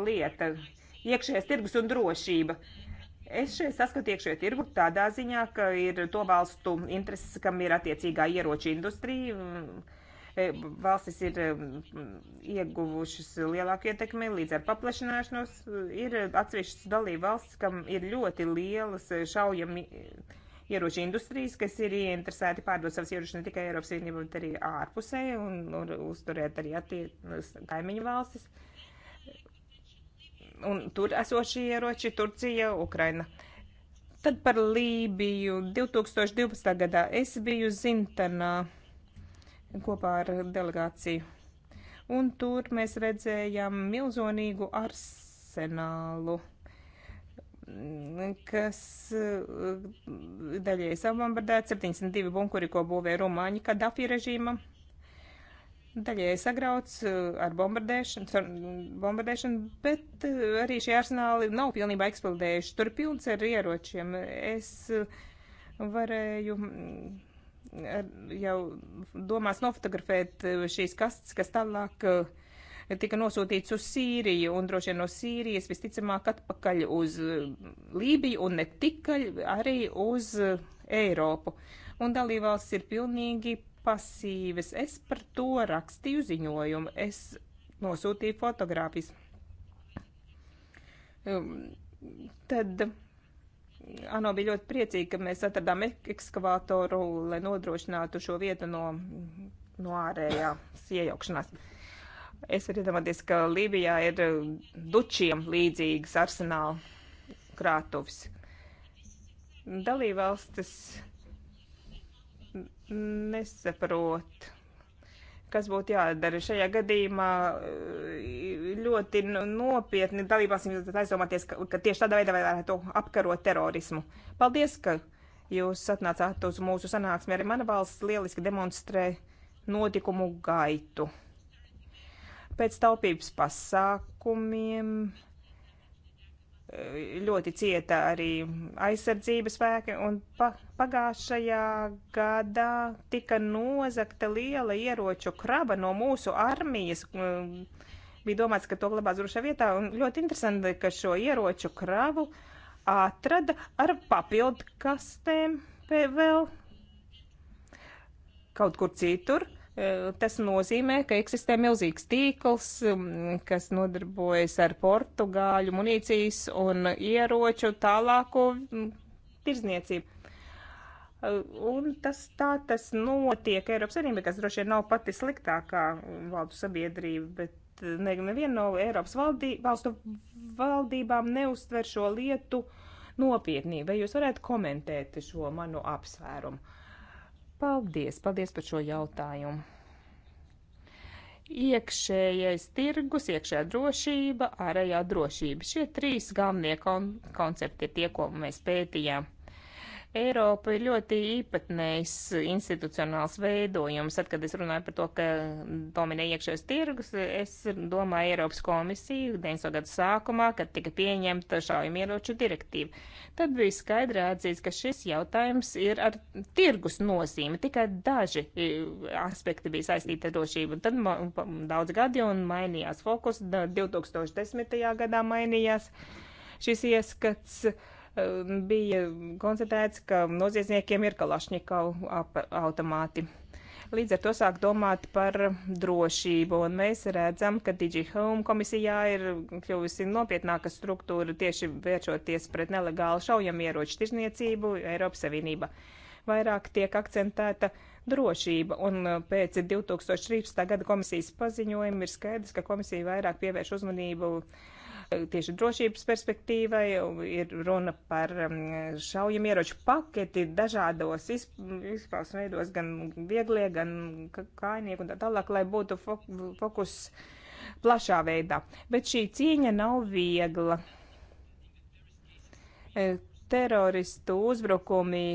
lieta - iekšējais tirgus un drošība. Es šeit saskatu iekšējo tirgu tādā ziņā, ka ir to valstu intereses, kam ir attiecīgā ieroča industrija. Un, valstis ir um, ieguvušas lielāku ietekmi līdz ar paplašināšanos. Ir atsevišķas dalība valsts, kam ir ļoti lielas uh, šaujami ieroču industrijas, kas ir ieinteresēti pārdot savus ieročus ne tikai Eiropas Savienībā, bet arī ārpusē un, un uzturēt arī attiecības kaimiņu valstis. Un tur esošie ieroči - Turcija, Ukraina. Tad par Lībiju 2012. gadā es biju Zintanā kopā ar delegāciju. Un tur mēs redzējām milzonīgu arsenālu kas daļai savampardēts, 72 bunkuri, ko būvēja Rumāņi Kadafi režīmam, daļai sagrauts eh, ar bombardēšanu, bombardēšanu, bet eh, arī šie arsenāli nav pilnībā eksplodējuši. Tur pilns ar ieročiem. Es eh, varēju jau domās nofotografēt eh, šīs kastes, kas tālāk eh, tika nosūtīts uz Sīriju un droši vien no Sīrijas visticamāk atpakaļ uz eh, Lībiju un ne tikai arī uz Eiropu. Un dalībvalsts ir pilnīgi pasīvas. Es par to rakstīju ziņojumu. Es nosūtīju fotogrāfijas. Tad ANO bija ļoti priecīga, ka mēs atradām ekskavātoru, lai nodrošinātu šo vietu no, no ārējās iejaukšanās. Es varu iedomāties, ka Lībijā ir dučiem līdzīgas arsenāla krātuvis. Dalībvalstis nesaprot kas būtu jādara. Šajā gadījumā eh, ļoti nopietni dalībāsim aizdomāties, ka, ka tieši tādā veidā varētu apkarot terorismu. Paldies, ka jūs atnācāt uz mūsu sanāksmi. Arī mana valsts lieliski demonstrē notikumu gaitu. Pēc taupības pasākumiem ļoti cieta arī aizsardzības spēki, un pa, pagājušajā gadā tika nozakta liela ieroču kraba no mūsu armijas. Bija domāts, ka to glabās drošā vietā, un ļoti interesanti, ka šo ieroču kravu atrada ar papildu kastēm vēl kaut kur citur. Tas nozīmē, ka eksistē milzīgs tīkls, mm, kas nodarbojas ar portugāļu munīcijas un ieroču tālāko mm, tirzniecību. Un tas tā tas notiek Eiropas Savienībā, kas droši vien nav pati sliktākā valdu sabiedrība, bet mm, neviena no Eiropas valdī, valstu valdībām neuztver šo lietu nopietnību. Vai jūs varētu komentēt šo manu apsvērumu? Paldies, paldies par šo jautājumu. Iekšējais tirgus, iekšējā drošība, ārējā drošība. Šie trīs galvenie kon koncepti ir tie, ko mēs pētījām. Eiropa ir ļoti īpatnējs institucionāls veidojums. Tad, kad es runāju par to, ka dominē iekšējais tirgus, es domāju Eiropas komisiju 90. gadu sākumā, kad tika pieņemta šaujamieroču direktīva. Tad bija skaidri atzīts, ka šis jautājums ir ar tirgus nozīmi. Tikai daži e, aspekti bija saistīti ar drošību. Tad daudz gadi un mainījās fokus. 2010. gadā mainījās šis ieskats bija konstatēts, ka noziedzniekiem ir kalašņikavu automāti. Līdz ar to sāk domāt par drošību, un mēs redzam, ka DigiHome komisijā ir kļuvusi nopietnāka struktūra tieši vēršoties pret nelegālu šaujamieroču tirzniecību Eiropas Savienība. Vairāk tiek akcentēta drošība, un pēc 2013. gada komisijas paziņojuma ir skaidrs, ka komisija vairāk pievērš uzmanību uh, tieši drošības perspektīvai, ir runa par um, šaujam ieroču paketi dažādos izpausmes veidos, gan vieglie, gan kājnieki un tā tālāk, lai būtu fokus plašā veidā. Bet šī cīņa nav viegla. E, teroristu uzbrukumi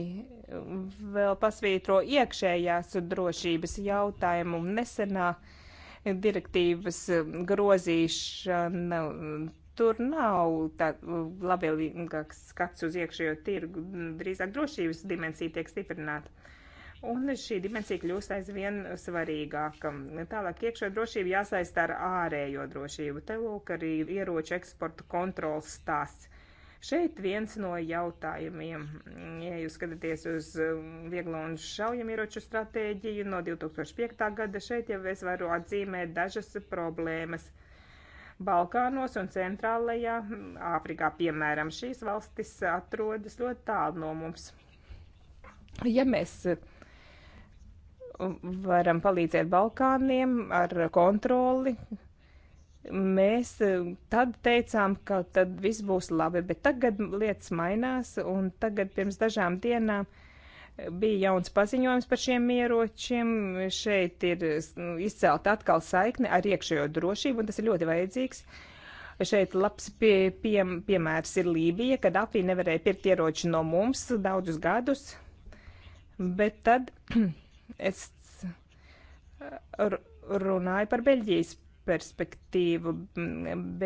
vēl pasvītro iekšējās drošības jautājumu nesenā direktīvas grozīšana tur nav tā labvēlīgāks skats uz iekšējo tirgu, drīzāk drošības dimensija tiek stiprināta. Un šī dimensija kļūst aizvien svarīgāka. Tālāk iekšā drošība jāsaista ar ārējo drošību. Te lūk arī ieroču eksporta kontrols stāsts. Šeit viens no jautājumiem, ja jūs skatāties uz um, vieglo un šaujamieroču stratēģiju no 2005. gada, šeit jau es varu atzīmēt dažas problēmas. Balkānos un centrālajā Āfrikā, piemēram, šīs valstis atrodas ļoti tālu no mums. Ja mēs varam palīdzēt Balkāniem ar kontroli, mēs tad teicām, ka tad viss būs labi, bet tagad lietas mainās, un tagad pirms dažām dienām uh, bija jauns paziņojums par šiem ieročiem. Šeit ir nu, izcelt atkal saikne ar iekšējo drošību, un tas ir ļoti vajadzīgs. Šeit labs pie, pie, piemērs ir Lībija, kad Afī nevarēja pirkt ieroči no mums daudzus gadus, bet tad es uh, runāju par Beļģijas perspektīvu.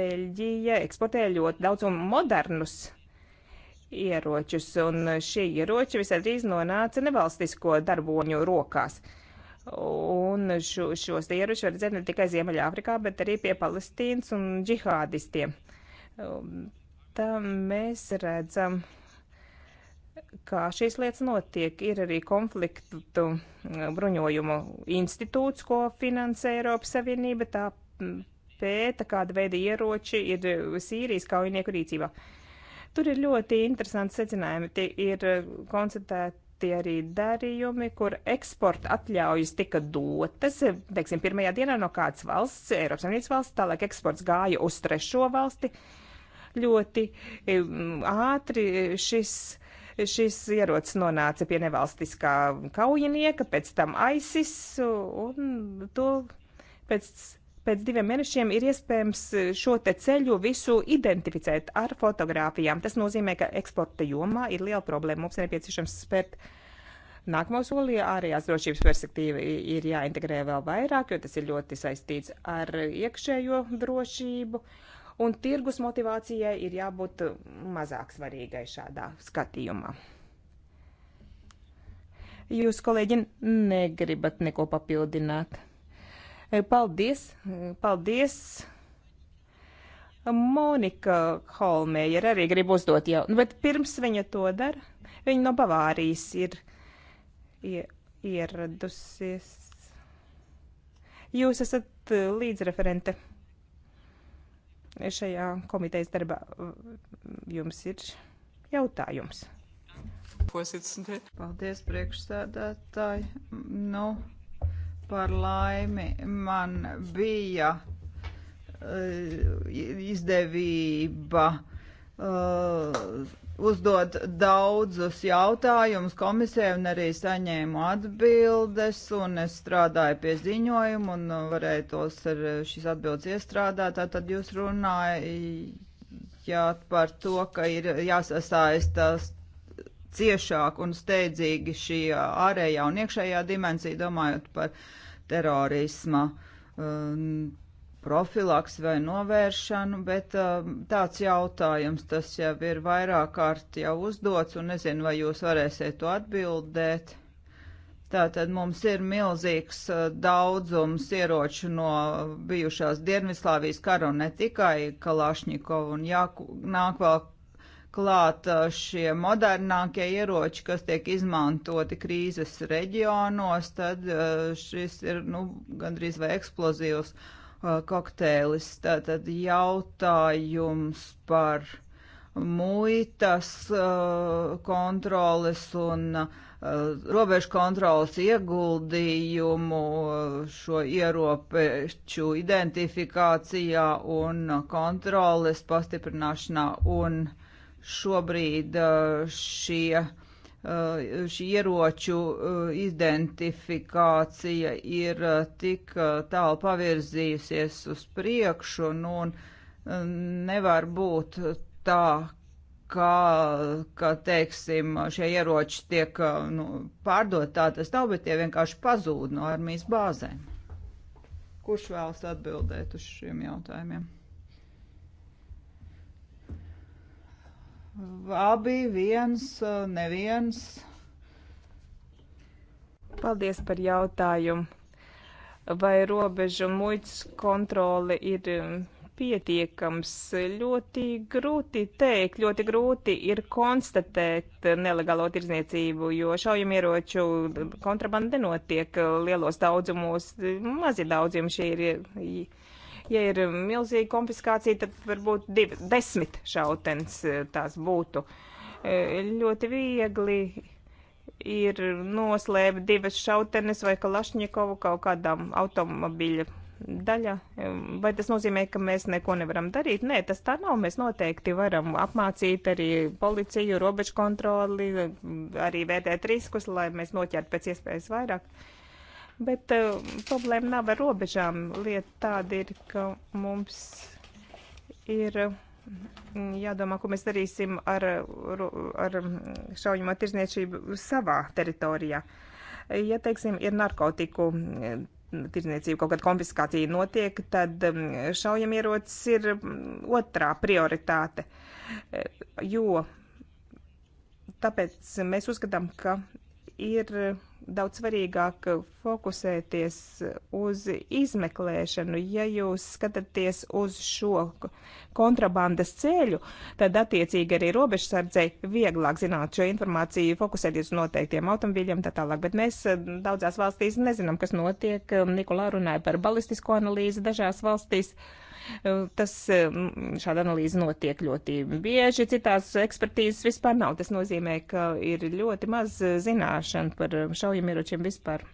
Beļģija eksportēja ļoti daudz un modernus ieročus, un šie ieroči visai drīz nonāca nevalstisko darboņu rokās. Un šo, šos ieročus var redzēt ne tikai Ziemeļāfrikā, bet arī pie palestīnas un džihādistiem. Um, tā mēs redzam, kā šīs lietas notiek. Ir arī konfliktu uh, bruņojumu institūts, ko finansē Eiropas Savienība, tā pēta, kāda veida ieroči ir Sīrijas kaujinieku rīcībā. Uh, Tur ir ļoti interesanti secinājumi. Tie ir eh, konstatēti arī darījumi, kur eksporta atļaujas tika dotas, eh, teiksim, pirmajā dienā no kādas valsts, Eiropas Savienības valsts, tālāk eksports gāja uz trešo valsti. Ļoti eh, ātri šis šis ierocis nonāca pie nevalstiskā kaujinieka, pēc tam ISIS, un to pēc pēc diviem mēnešiem ir iespējams e, šo te ceļu visu identificēt ar fotogrāfijām. Tas nozīmē, ka eksporta jomā ir liela problēma. Mums ir nepieciešams spērt nākamo soli. Ārējās drošības perspektīva ir jāintegrē vēl vairāk, jo tas ir ļoti saistīts ar iekšējo drošību. Un tirgus motivācijai ir jābūt e, mazāk svarīgai šādā skatījumā. Jūs, kolēģi, negribat neko papildināt? Eh, paldies! Eh, paldies! Monika Holmēja arī grib uzdot jau, nu, bet pirms viņa to dara, viņa no Bavārijas ir ieradusies. Jūs esat eh, līdzreferente šajā komitejas darbā. Jums ir jautājums. Paldies, priekšsēdētāji. Nu, no Par laimi man bija eh, izdevība eh, uzdot daudzus jautājumus komisijai un arī saņēmu atbildes un es strādāju pie ziņojumu un varēju tos ar šīs atbildes iestrādāt. Tātad jūs runājāt par to, ka ir jāsasaistās ciešāk un steidzīgi šī ārējā un iekšējā dimensija, domājot par terorisma um, profilaks vai novēršanu, bet um, tāds jautājums tas jau ir vairāk kārt jau uzdots, un nezinu, vai jūs varēsiet to atbildēt. Tātad mums ir milzīgs uh, daudzums ieroču no bijušās Dienvidslāvijas kara un ne tikai Kalašņikovu un jāku, nāk vēl klāt šie modernākie ieroči, kas tiek izmantoti krīzes reģionos, tad šis ir nu, gandrīz vai eksplozīvs kokteilis. Tātad jautājums par muitas kontroles un robežu kontrolas ieguldījumu šo ieroču identifikācijā un kontroles pastiprināšanā un uh, šobrīd uh, šie, uh, šī ieroču uh, identifikācija ir tik tālu pavirzījusies uz priekšu, nu, un um, nevar būt tā, ka, ka teiksim, šie ieroči tiek nu, pārdot tā tas nav, bet tie vienkārši pazūd no armijas bāzēm. Kurš vēlas atbildēt uz šiem jautājumiem? Abi viens, neviens. Paldies par jautājumu. Vai robežu muitas kontrole ir pietiekams? Ļoti grūti teikt, ļoti grūti ir konstatēt nelegālo tirdzniecību, jo šaujamieroču kontrabanda nenotiek lielos daudzumos, mazi daudzumi šie ir Ja ir milzīga konfiskācija, tad varbūt divi, desmit šautens eh, tās būtu. Eh, ļoti viegli ir noslēpt divas šautenes vai kalašņikovu kaut kādām automobiļa daļa. Eh, vai tas nozīmē, ka mēs neko nevaram darīt? Nē, tas tā nav. Mēs noteikti varam apmācīt arī policiju, robežu kontroli, arī vērtēt riskus, lai mēs noķertu pēc iespējas vairāk. Bet uh, problēma nav ar robežām. Lieta tāda ir, ka mums ir mm, jādomā, ko mēs darīsim ar, ar mm, šaujamo tirzniecību savā teritorijā. Ja, teiksim, ir narkotiku mm, tirzniecība, kaut kāda konfiskācija notiek, tad šaujamierocis ir otrā prioritāte. Eh, jo tāpēc mēs uzskatām, ka ir daudz svarīgāk fokusēties uz izmeklēšanu. Ja jūs skatāties uz šo kontrabandas ceļu, tad attiecīgi arī robežsardzei vieglāk zināt šo informāciju, fokusēties uz noteiktiem automobīļiem tā tālāk. Bet mēs eh, daudzās valstīs nezinām, kas notiek. Nikolā runāja par balistisko analīzi dažās valstīs. Uh, Tas eh, šāda analīze notiek ļoti bieži, citās ekspertīzes vispār nav. Tas nozīmē, ka ir ļoti maz eh, zināšana par eh, šaujamieročiem vispār.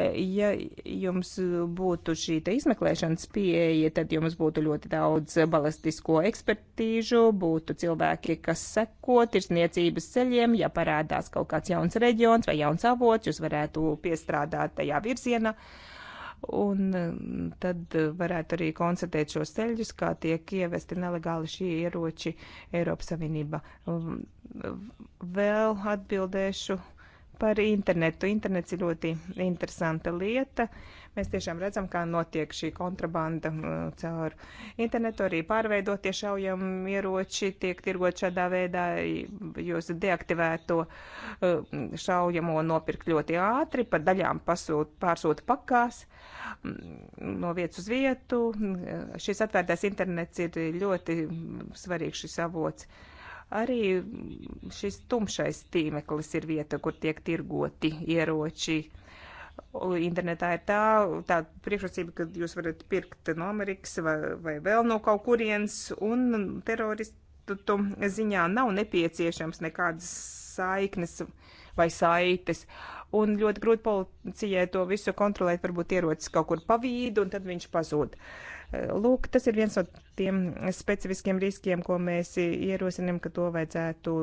Ja jums būtu šī izmeklēšanas pieeja, tad jums būtu ļoti daudz balistisko ekspertīžu, būtu cilvēki, kas seko tirsniecības ceļiem, ja parādās kaut kāds jauns reģions vai jauns avots, jūs varētu piestrādāt tajā virzienā. Uh, un um, tad uh, varētu arī konstatēt šos ceļus, kā tiek ievesti nelegāli šie ieroči Eiropas Savienībā. Um, vēl atbildēšu par internetu. Internets ir ļoti interesanta lieta. Uh, Mēs tiešām redzam, kā notiek šī kontrabanda uh, caur internetu, arī pārveidotie šaujam ieroči tiek tirgot šādā veidā, jūs deaktivēto uh, šaujamo nopirkt ļoti ātri, pa daļām pasūt, pārsūta pakās mm, no vietas uz vietu. Uh, šis atvērtais internets ir ļoti svarīgs šis avots arī mm, šis tumšais tīmeklis ir vieta, kur tiek tirgoti ieroči. Internetā ir tā, tā priekšrocība, ka jūs varat pirkt no Amerikas vai, vai vēl no kaut kurienes, un teroristu ziņā nav nepieciešams nekādas saiknes vai saites. Un ļoti grūti policijai to visu kontrolēt, varbūt ierocis kaut kur pa vīdu, un tad viņš pazūd. Lūk, tas ir viens no tiem specifiskiem riskiem, ko mēs ierosinam, ka to vajadzētu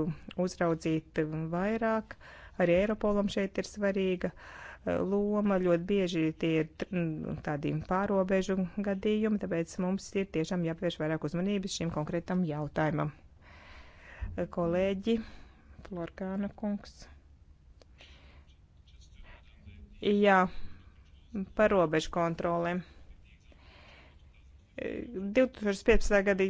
uzraudzīt vairāk. Arī Eiropolam šeit ir svarīga uh, loma. Ļoti bieži tie ir tādi pārobežu gadījumi, tāpēc mums ir tiešām jāpievērš vairāk uzmanības šim konkrētam jautājumam. Kolēģi, Florkāna kungs. Jā, par robežu kontrolēm. 2015. gada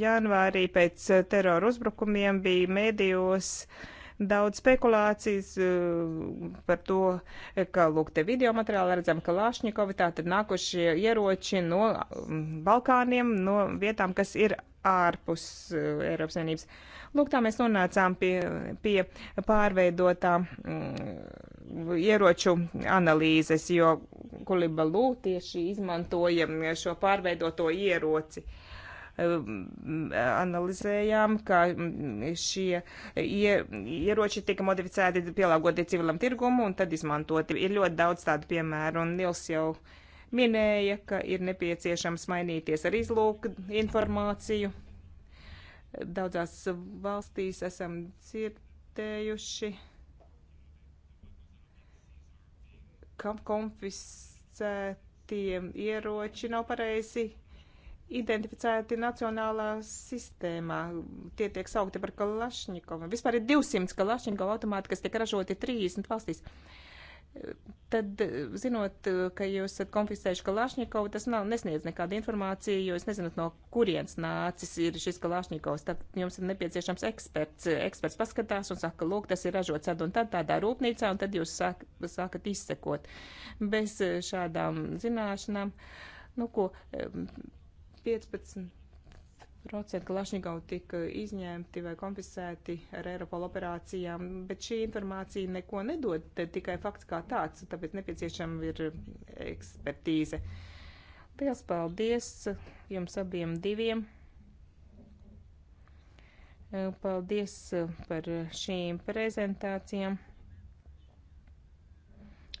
janvārī pēc e, terora uzbrukumiem bija mēdījos uh, daudz spekulācijas eh, par to, ka, lūk, te video materiāli redzam, ka Lāšņikovi tātad nākušie ieroči no mm, Balkāniem, no vietām, kas ir ārpus eh, Eiropas Savienības. Lūk, tā mēs nonācām pie, pie pārveidotā mm, ieroču analīzes, jo Kulibalū tieši izmantoja šo pārveidoto ieroci. Uh, analizējām, kā šie ieroči tika modificēti, pielāgoti civilam tirgumu un tad izmantoti. Ir ļoti daudz tādu piemēru, un Nils jau minēja, ka ir nepieciešams mainīties ar izlūku informāciju. Daudzās valstīs esam dzirdējuši, ka konfiscētie ieroči nav pareizi identificēti nacionālā sistēmā. Tie tiek saukti par kalašņikovu. Vispār ir 200 kalašņikovu automāti, kas tiek ražoti 30 valstīs. Tad, zinot, ka jūs esat konfiscējuši Kalāšņikovu, tas nav, nesniedz nekādu informāciju, jo es nezinu, no kurienes nācis ir šis Kalāšņikovs. Tad jums ir nepieciešams eksperts. Eksperts paskatās un saka, lūk, tas ir ražots tad un tad tādā rūpnīcā, un tad jūs sāk, sākat izsekot. Bez šādām zināšanām. Nu, ko, 15% Kalašņikovu tika izņemti vai konfiscēti ar Eiropola operācijām, bet šī informācija neko nedod, tikai fakts kā tāds, tāpēc nepieciešama ir ekspertīze. Liels paldies jums abiem diviem! Paldies par šīm prezentācijām.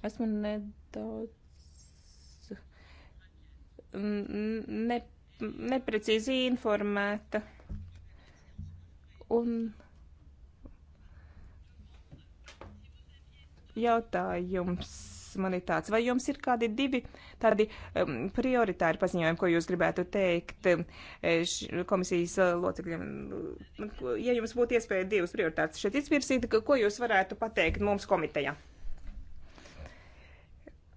Esmu nedaudz ne neprecīzi informēta. Un jautājums man ir tāds, vai jums ir kādi divi tādi um, prioritāri paziņojumi, ko jūs gribētu teikt um, š, komisijas locekļiem? Ja jums būtu iespēja divas prioritātes šeit izvirsīt, ko jūs varētu pateikt mums komitejā?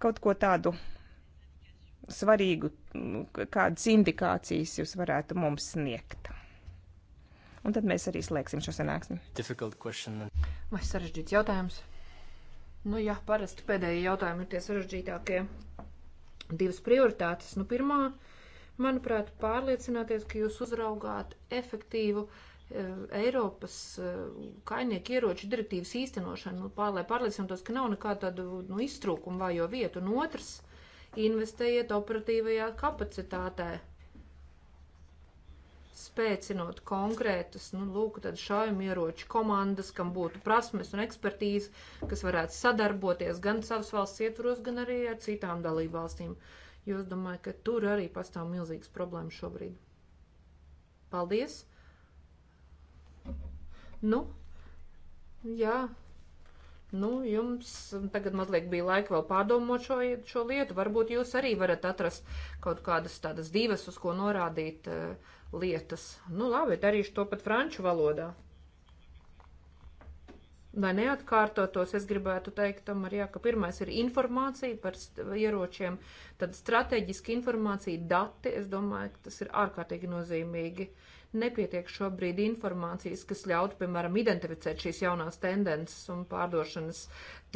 Kaut ko tādu svarīgu, nu, kādas indikācijas jūs varētu mums sniegt. Un tad mēs arī slēgsim šo sanāksmi. Vai sarežģīts jautājums? Nu jā, parasti pēdējie jautājumi ir tie sarežģītākie. Divas prioritātes. Nu, pirmā, manuprāt, pārliecināties, ka jūs uzraugāt efektīvu eh, Eiropas eh, kainieku ieroču direktīvas īstenošanu, nu, pār, lai pārliecinātos, ka nav nekādu tādu nu, iztrūkumu vājo vietu. Un otrs, investējiet operatīvajā kapacitātē, spēcinot konkrētas, nu, lūk, tad šaujamieroču komandas, kam būtu prasmes un ekspertīze, kas varētu sadarboties gan savas valsts ietvaros, gan arī ar citām dalību valstīm. Jo es domāju, ka tur arī pastāv milzīgas problēmas šobrīd. Paldies! Nu, jā, Nu, jums tagad mazliet bija laika vēl pārdomot šo, šo lietu. Varbūt jūs arī varat atrast kaut kādas tādas divas, uz ko norādīt uh, lietas. Nu, labi, darīšu to pat franču valodā. Lai neatkārtotos, es gribētu teikt tam arī, ka pirmais ir informācija par ieročiem, tad strateģiska informācija, dati. Es domāju, ka tas ir ārkārtīgi nozīmīgi. Uh, Nepietiek šobrīd informācijas, kas ļautu, piemēram, identificēt šīs jaunās tendences un pārdošanas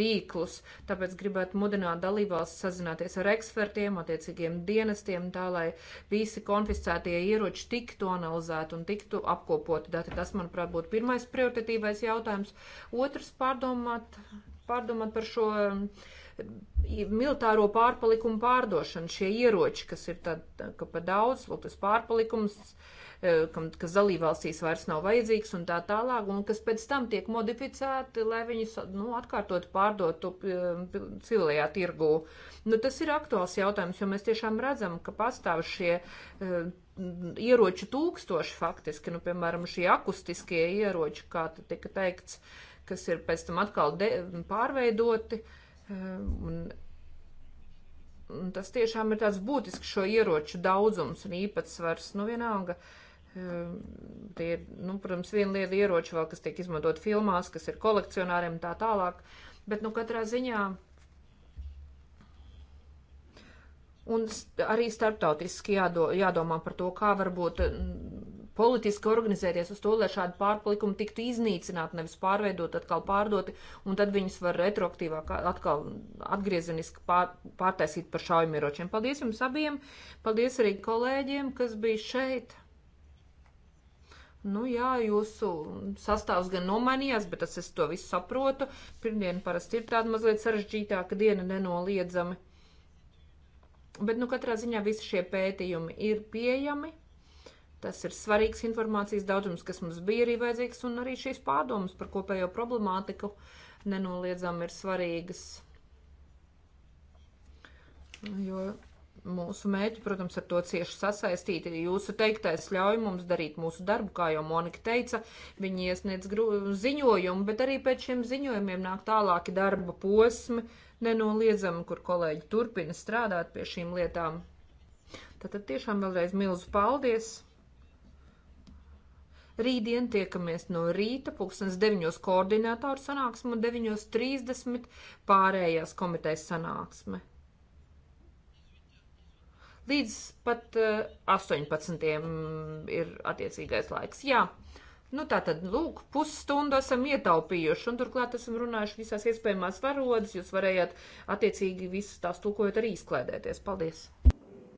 tīklus, tāpēc gribētu mudināt dalībvalsts sazināties ar ekspertiem, attiecīgiem dienestiem, tā lai visi konfiscētie ieroči tiktu analizēti un tiktu apkopoti dati. Tas, manuprāt, būtu pirmais prioritatīvais jautājums. Otrs pārdomāt, pārdomāt par šo um, militāro pārpalikumu pārdošanu, šie ieroči, kas ir tad, ka pa daudz, lūk, tas pārpalikums E, kas dalībvalstīs vairs nav vajadzīgs un tā tālāk, un kas pēc tam tiek modificēti, lai viņus nu, atkārtot pārdotu e, civilajā tirgū. Nu, tas ir aktuāls jautājums, jo mēs tiešām redzam, ka pastāv šie e, ieroču tūkstoši faktiski, nu, piemēram, šie akustiskie ieroči, kā te tika teikts, kas ir pēc tam atkal pārveidoti. Un, un tas tiešām ir tāds būtisks šo ieroču daudzums un īpatsvars. Nu, vienalga, uh, Tie ir, nu, protams, viena liela ieroča vēl, kas tiek izmantot filmās, kas ir kolekcionāriem tā tālāk. Bet, nu, katrā ziņā. Un arī starptautiski jādo, jādomā par to, kā varbūt mm, politiski organizēties uz to, lai šādi pārpalikumi tiktu iznīcināti, nevis pārveidot, atkal pārdoti, un tad viņus var retroaktīvāk atkal atgriezeniski pār, pārtaisīt par šaujamieročiem. Paldies jums abiem, paldies arī kolēģiem, kas bija šeit. Nu jā, jūsu sastāvs gan nomainījās, bet es, es to visu saprotu. Pirmdiena parasti ir tāda mazliet sarežģītāka diena nenoliedzami. Bet, nu, katrā ziņā visi šie pētījumi ir pieejami. Tas ir svarīgs informācijas daudzums, kas mums bija arī vajadzīgs, un arī šīs pārdomas par kopējo problemātiku nenoliedzami ir svarīgas. Jo mūsu mērķi, protams, ar to cieši sasaistīti. Jūsu teiktais ļauj mums darīt mūsu darbu, kā jau Monika teica, viņi iesniedz ziņojumu, bet arī pēc šiem ziņojumiem nāk tālāki darba posmi, nenoliedzami, kur kolēģi turpina strādāt pie šīm lietām. Tātad tiešām vēlreiz milzu paldies! Rītdien tiekamies no rīta, pulkstens 9. koordinātoru sanāksme un 9.30 pārējās komitejas sanāksme līdz pat 18. Eh, ir attiecīgais laiks. Jā, nu tā tad, lūk, pusstundu esam ietaupījuši, un turklāt esam runājuši visās iespējamās varodas, jūs varējāt attiecīgi visas tās tulkojot arī izklēdēties. Paldies!